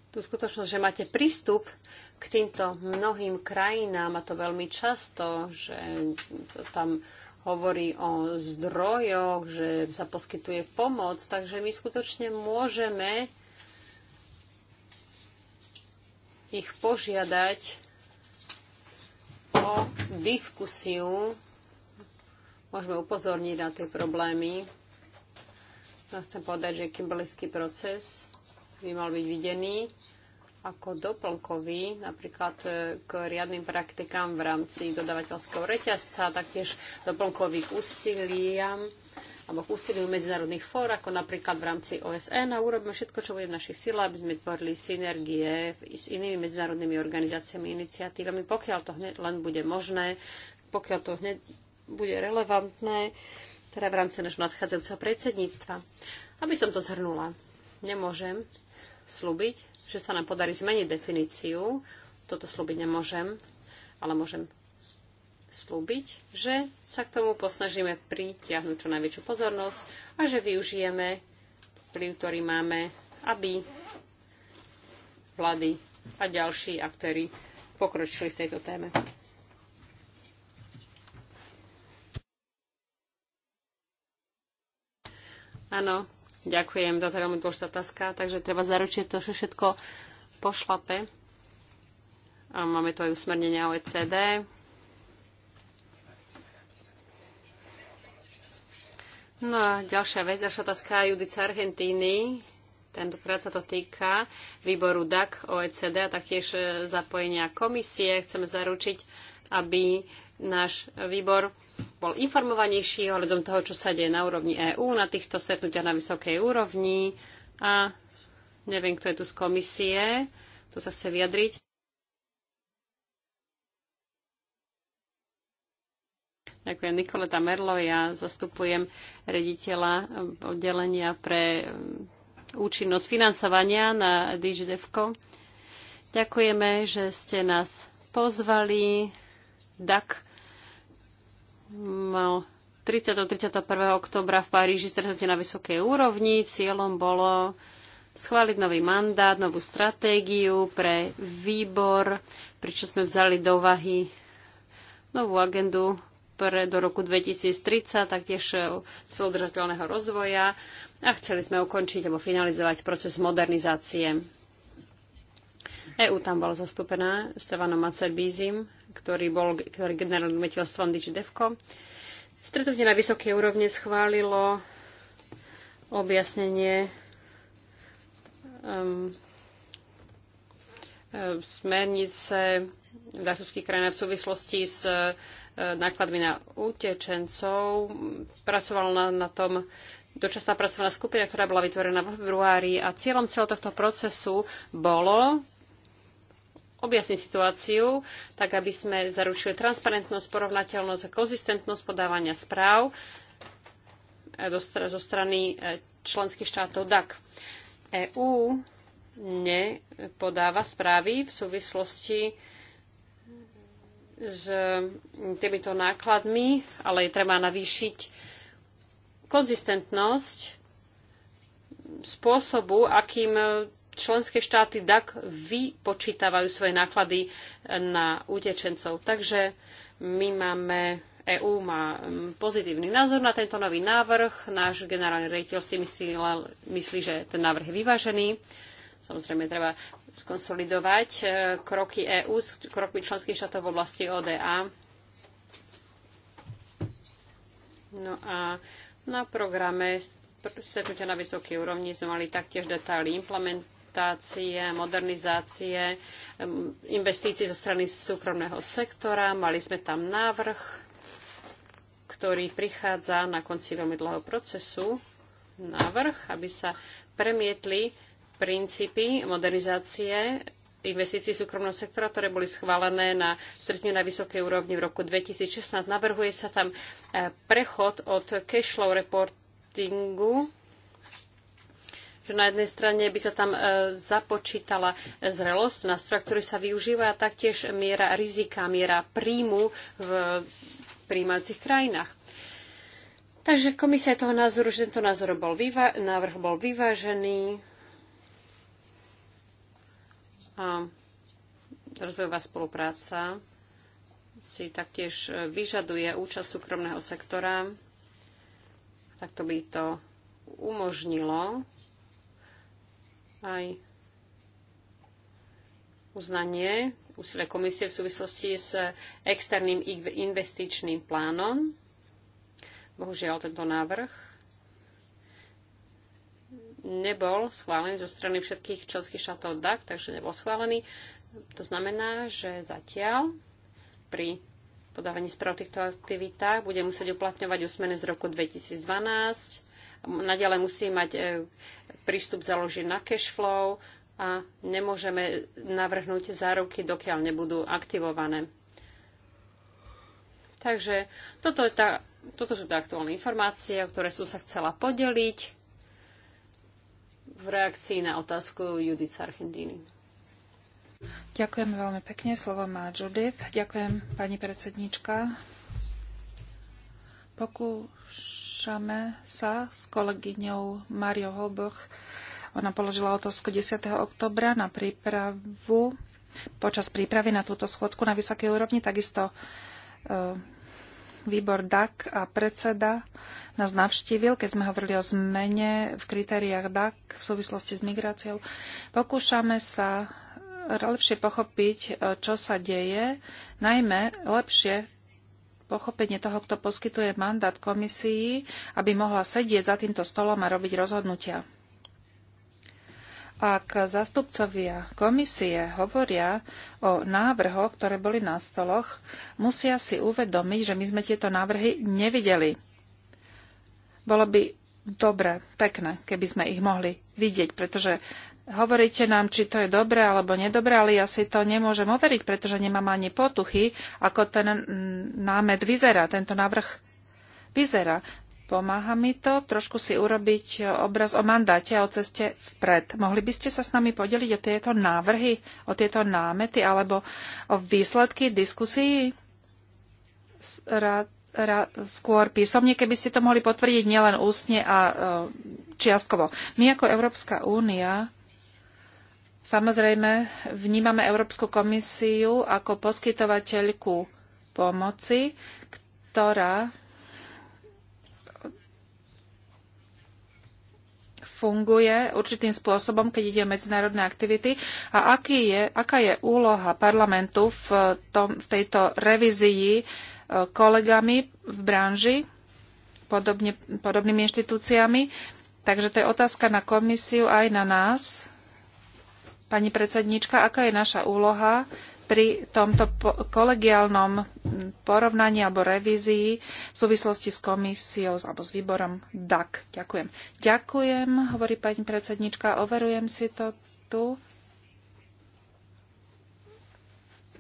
tú skutočnosť, že máte prístup k týmto mnohým krajinám, a to veľmi často, že to tam hovorí o zdrojoch, že sa poskytuje pomoc, takže my skutočne môžeme ich požiadať o diskusiu, môžeme upozorniť na tie problémy. No, chcem povedať, že kimberlický proces by mal byť videný ako doplnkový napríklad e, k riadnym praktikám v rámci dodavateľského reťazca, taktiež doplnkových úsiliam alebo k úsiliu medzinárodných fór, ako napríklad v rámci OSN a urobíme všetko, čo bude v našich silách, aby sme tvorili synergie s inými medzinárodnými organizáciami, iniciatívami, pokiaľ to hneď len bude možné, pokiaľ to hneď bude relevantné, teda v rámci našho nadchádzajúceho predsedníctva. Aby som to zhrnula, nemôžem slúbiť, že sa nám podarí zmeniť definíciu. Toto slúbiť nemôžem, ale môžem slúbiť, že sa k tomu posnažíme pritiahnuť čo najväčšiu pozornosť a že využijeme vplyv, ktorý máme, aby vlády a ďalší aktéry pokročili v tejto téme. Áno, Ďakujem, to je veľmi dôležitá otázka, takže treba zaručiť to, že všetko pošlape. A máme tu aj usmernenia OECD. No a ďalšia vec, ďalšia otázka judice Argentíny. Tentokrát sa to týka výboru DAC OECD a taktiež e, zapojenia komisie. Chceme zaručiť, aby náš výbor bol informovanejší ohľadom toho, čo sa deje na úrovni EÚ, na týchto stretnutiach na vysokej úrovni. A neviem, kto je tu z komisie, to sa chce vyjadriť. Ďakujem, Nikoleta Merlo, ja zastupujem rediteľa oddelenia pre um, účinnosť financovania na DigiDevco. Ďakujeme, že ste nás pozvali. DAC mal 30. 31. oktobra v Paríži stretnutie na vysokej úrovni. Cieľom bolo schváliť nový mandát, novú stratégiu pre výbor, pričom sme vzali do vahy novú agendu pre do roku 2030, taktiež celodržateľného rozvoja a chceli sme ukončiť alebo finalizovať proces modernizácie EÚ tam bola zastúpená Stevanom Macerbízim, ktorý bol ktorý generálnym vetelstvom DigiDevco. Stretnutie na vysokej úrovni schválilo objasnenie um, um smernice v dachovských krajinách v súvislosti s uh, nákladmi na utečencov. Pracovala na, na tom dočasná pracovná skupina, ktorá bola vytvorená v februári a cieľom celého tohto procesu bolo objasniť situáciu, tak aby sme zaručili transparentnosť, porovnateľnosť a konzistentnosť podávania správ e, zo strany e, členských štátov DAC. EÚ nepodáva správy v súvislosti s týmito nákladmi, ale je treba navýšiť konzistentnosť spôsobu, akým členské štáty DAC vypočítavajú svoje náklady e, na utečencov. Takže my máme EÚ má pozitívny názor na tento nový návrh. Náš generálny rejiteľ si myslí, myslí, že ten návrh je vyvážený. Samozrejme, treba skonsolidovať e, kroky EÚ s krokmi členských štátov v oblasti ODA. No a na programe stretnutia na vysokej úrovni sme mali taktiež detaily implementovať adaptácie, modernizácie, investícií zo strany súkromného sektora. Mali sme tam návrh, ktorý prichádza na konci veľmi dlhého procesu, návrh, aby sa premietli princípy modernizácie investícií súkromného sektora, ktoré boli schválené na stretnutí na vysokej úrovni v roku 2016. Navrhuje sa tam eh, prechod od cash flow reportingu že na jednej strane by sa tam e, započítala e, zrelosť nástroja, ktorý sa využíva a taktiež miera rizika, miera príjmu v príjmajúcich krajinách. Takže komisia je toho názoru, že tento názor bol vyva- návrh bol vyvážený a rozvojová spolupráca si taktiež e, vyžaduje účasť súkromného sektora tak to by to umožnilo aj uznanie úsilie komisie v súvislosti s externým investičným plánom. Bohužiaľ, tento návrh nebol schválený zo strany všetkých členských štátov DAC, takže nebol schválený. To znamená, že zatiaľ pri podávaní správ týchto aktivitách bude musieť uplatňovať úsmene z roku 2012. Naďalej musí mať e, prístup založí na cash flow a nemôžeme navrhnúť záruky, dokiaľ nebudú aktivované. Takže toto, je tá, toto sú tá aktuálne informácie, o ktoré som sa chcela podeliť v reakcii na otázku Judith Sarchendini. Ďakujem veľmi pekne. Slovo má Judith. Ďakujem, pani predsednička. Pokúš pokúšame sa s kolegyňou Mario Holboch. Ona položila otázku 10. oktobra na prípravu, počas prípravy na túto schôdzku na vysokej úrovni. Takisto e, výbor DAC a predseda nás navštívil, keď sme hovorili o zmene v kritériách DAC v súvislosti s migráciou. Pokúšame sa lepšie pochopiť, e, čo sa deje, najmä lepšie pochopenie toho, kto poskytuje mandát komisii, aby mohla sedieť za týmto stolom a robiť rozhodnutia. Ak zastupcovia komisie hovoria o návrhoch, ktoré boli na stoloch, musia si uvedomiť, že my sme tieto návrhy nevideli. Bolo by dobre, pekné, keby sme ich mohli vidieť, pretože Hovoríte nám, či to je dobré alebo nedobré, ale ja si to nemôžem overiť, pretože nemám ani potuchy, ako ten námed vyzerá, tento návrh vyzerá. Pomáha mi to trošku si urobiť obraz o mandáte a o ceste vpred. Mohli by ste sa s nami podeliť o tieto návrhy, o tieto námety alebo o výsledky diskusí? Rád skôr písomne, keby ste to mohli potvrdiť nielen ústne a e, čiastkovo. My ako Európska únia Samozrejme, vnímame Európsku komisiu ako poskytovateľku pomoci, ktorá funguje určitým spôsobom, keď ide o medzinárodné aktivity a aký je, aká je úloha parlamentu v, tom, v tejto revizii e, kolegami v branži, podobne, podobnými inštitúciami. Takže to je otázka na komisiu aj na nás, Pani predsednička, aká je naša úloha pri tomto kolegiálnom porovnaní alebo revízii v súvislosti s komisiou alebo s výborom DAC? Ďakujem. Ďakujem, hovorí pani predsednička, overujem si to tu.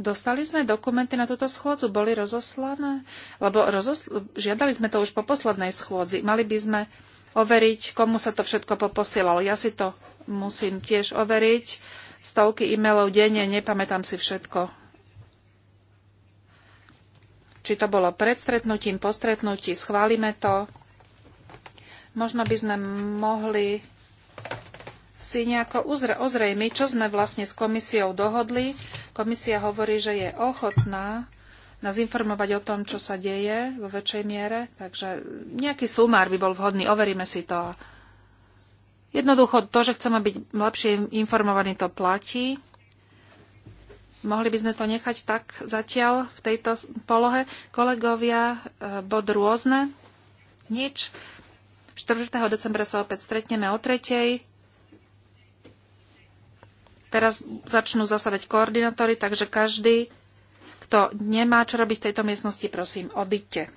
Dostali sme dokumenty na túto schôdzu, boli rozoslané? Lebo rozosl- žiadali sme to už po poslednej schôdzi. Mali by sme overiť, komu sa to všetko poposielalo. Ja si to musím tiež overiť. Stovky e-mailov denne, nepamätám si všetko. Či to bolo pred stretnutím, po stretnutí, schválime to. Možno by sme mohli si nejako ozrejmiť, čo sme vlastne s komisiou dohodli. Komisia hovorí, že je ochotná nás informovať o tom, čo sa deje vo väčšej miere. Takže nejaký sumár by bol vhodný, overíme si to. Jednoducho to, že chceme byť lepšie informovaní, to platí. Mohli by sme to nechať tak zatiaľ v tejto polohe. Kolegovia, e, bod rôzne. Nič. 4. decembra sa opäť stretneme o tretej. Teraz začnú zasadať koordinátory, takže každý kto nemá čo robiť v tejto miestnosti, prosím, odíďte.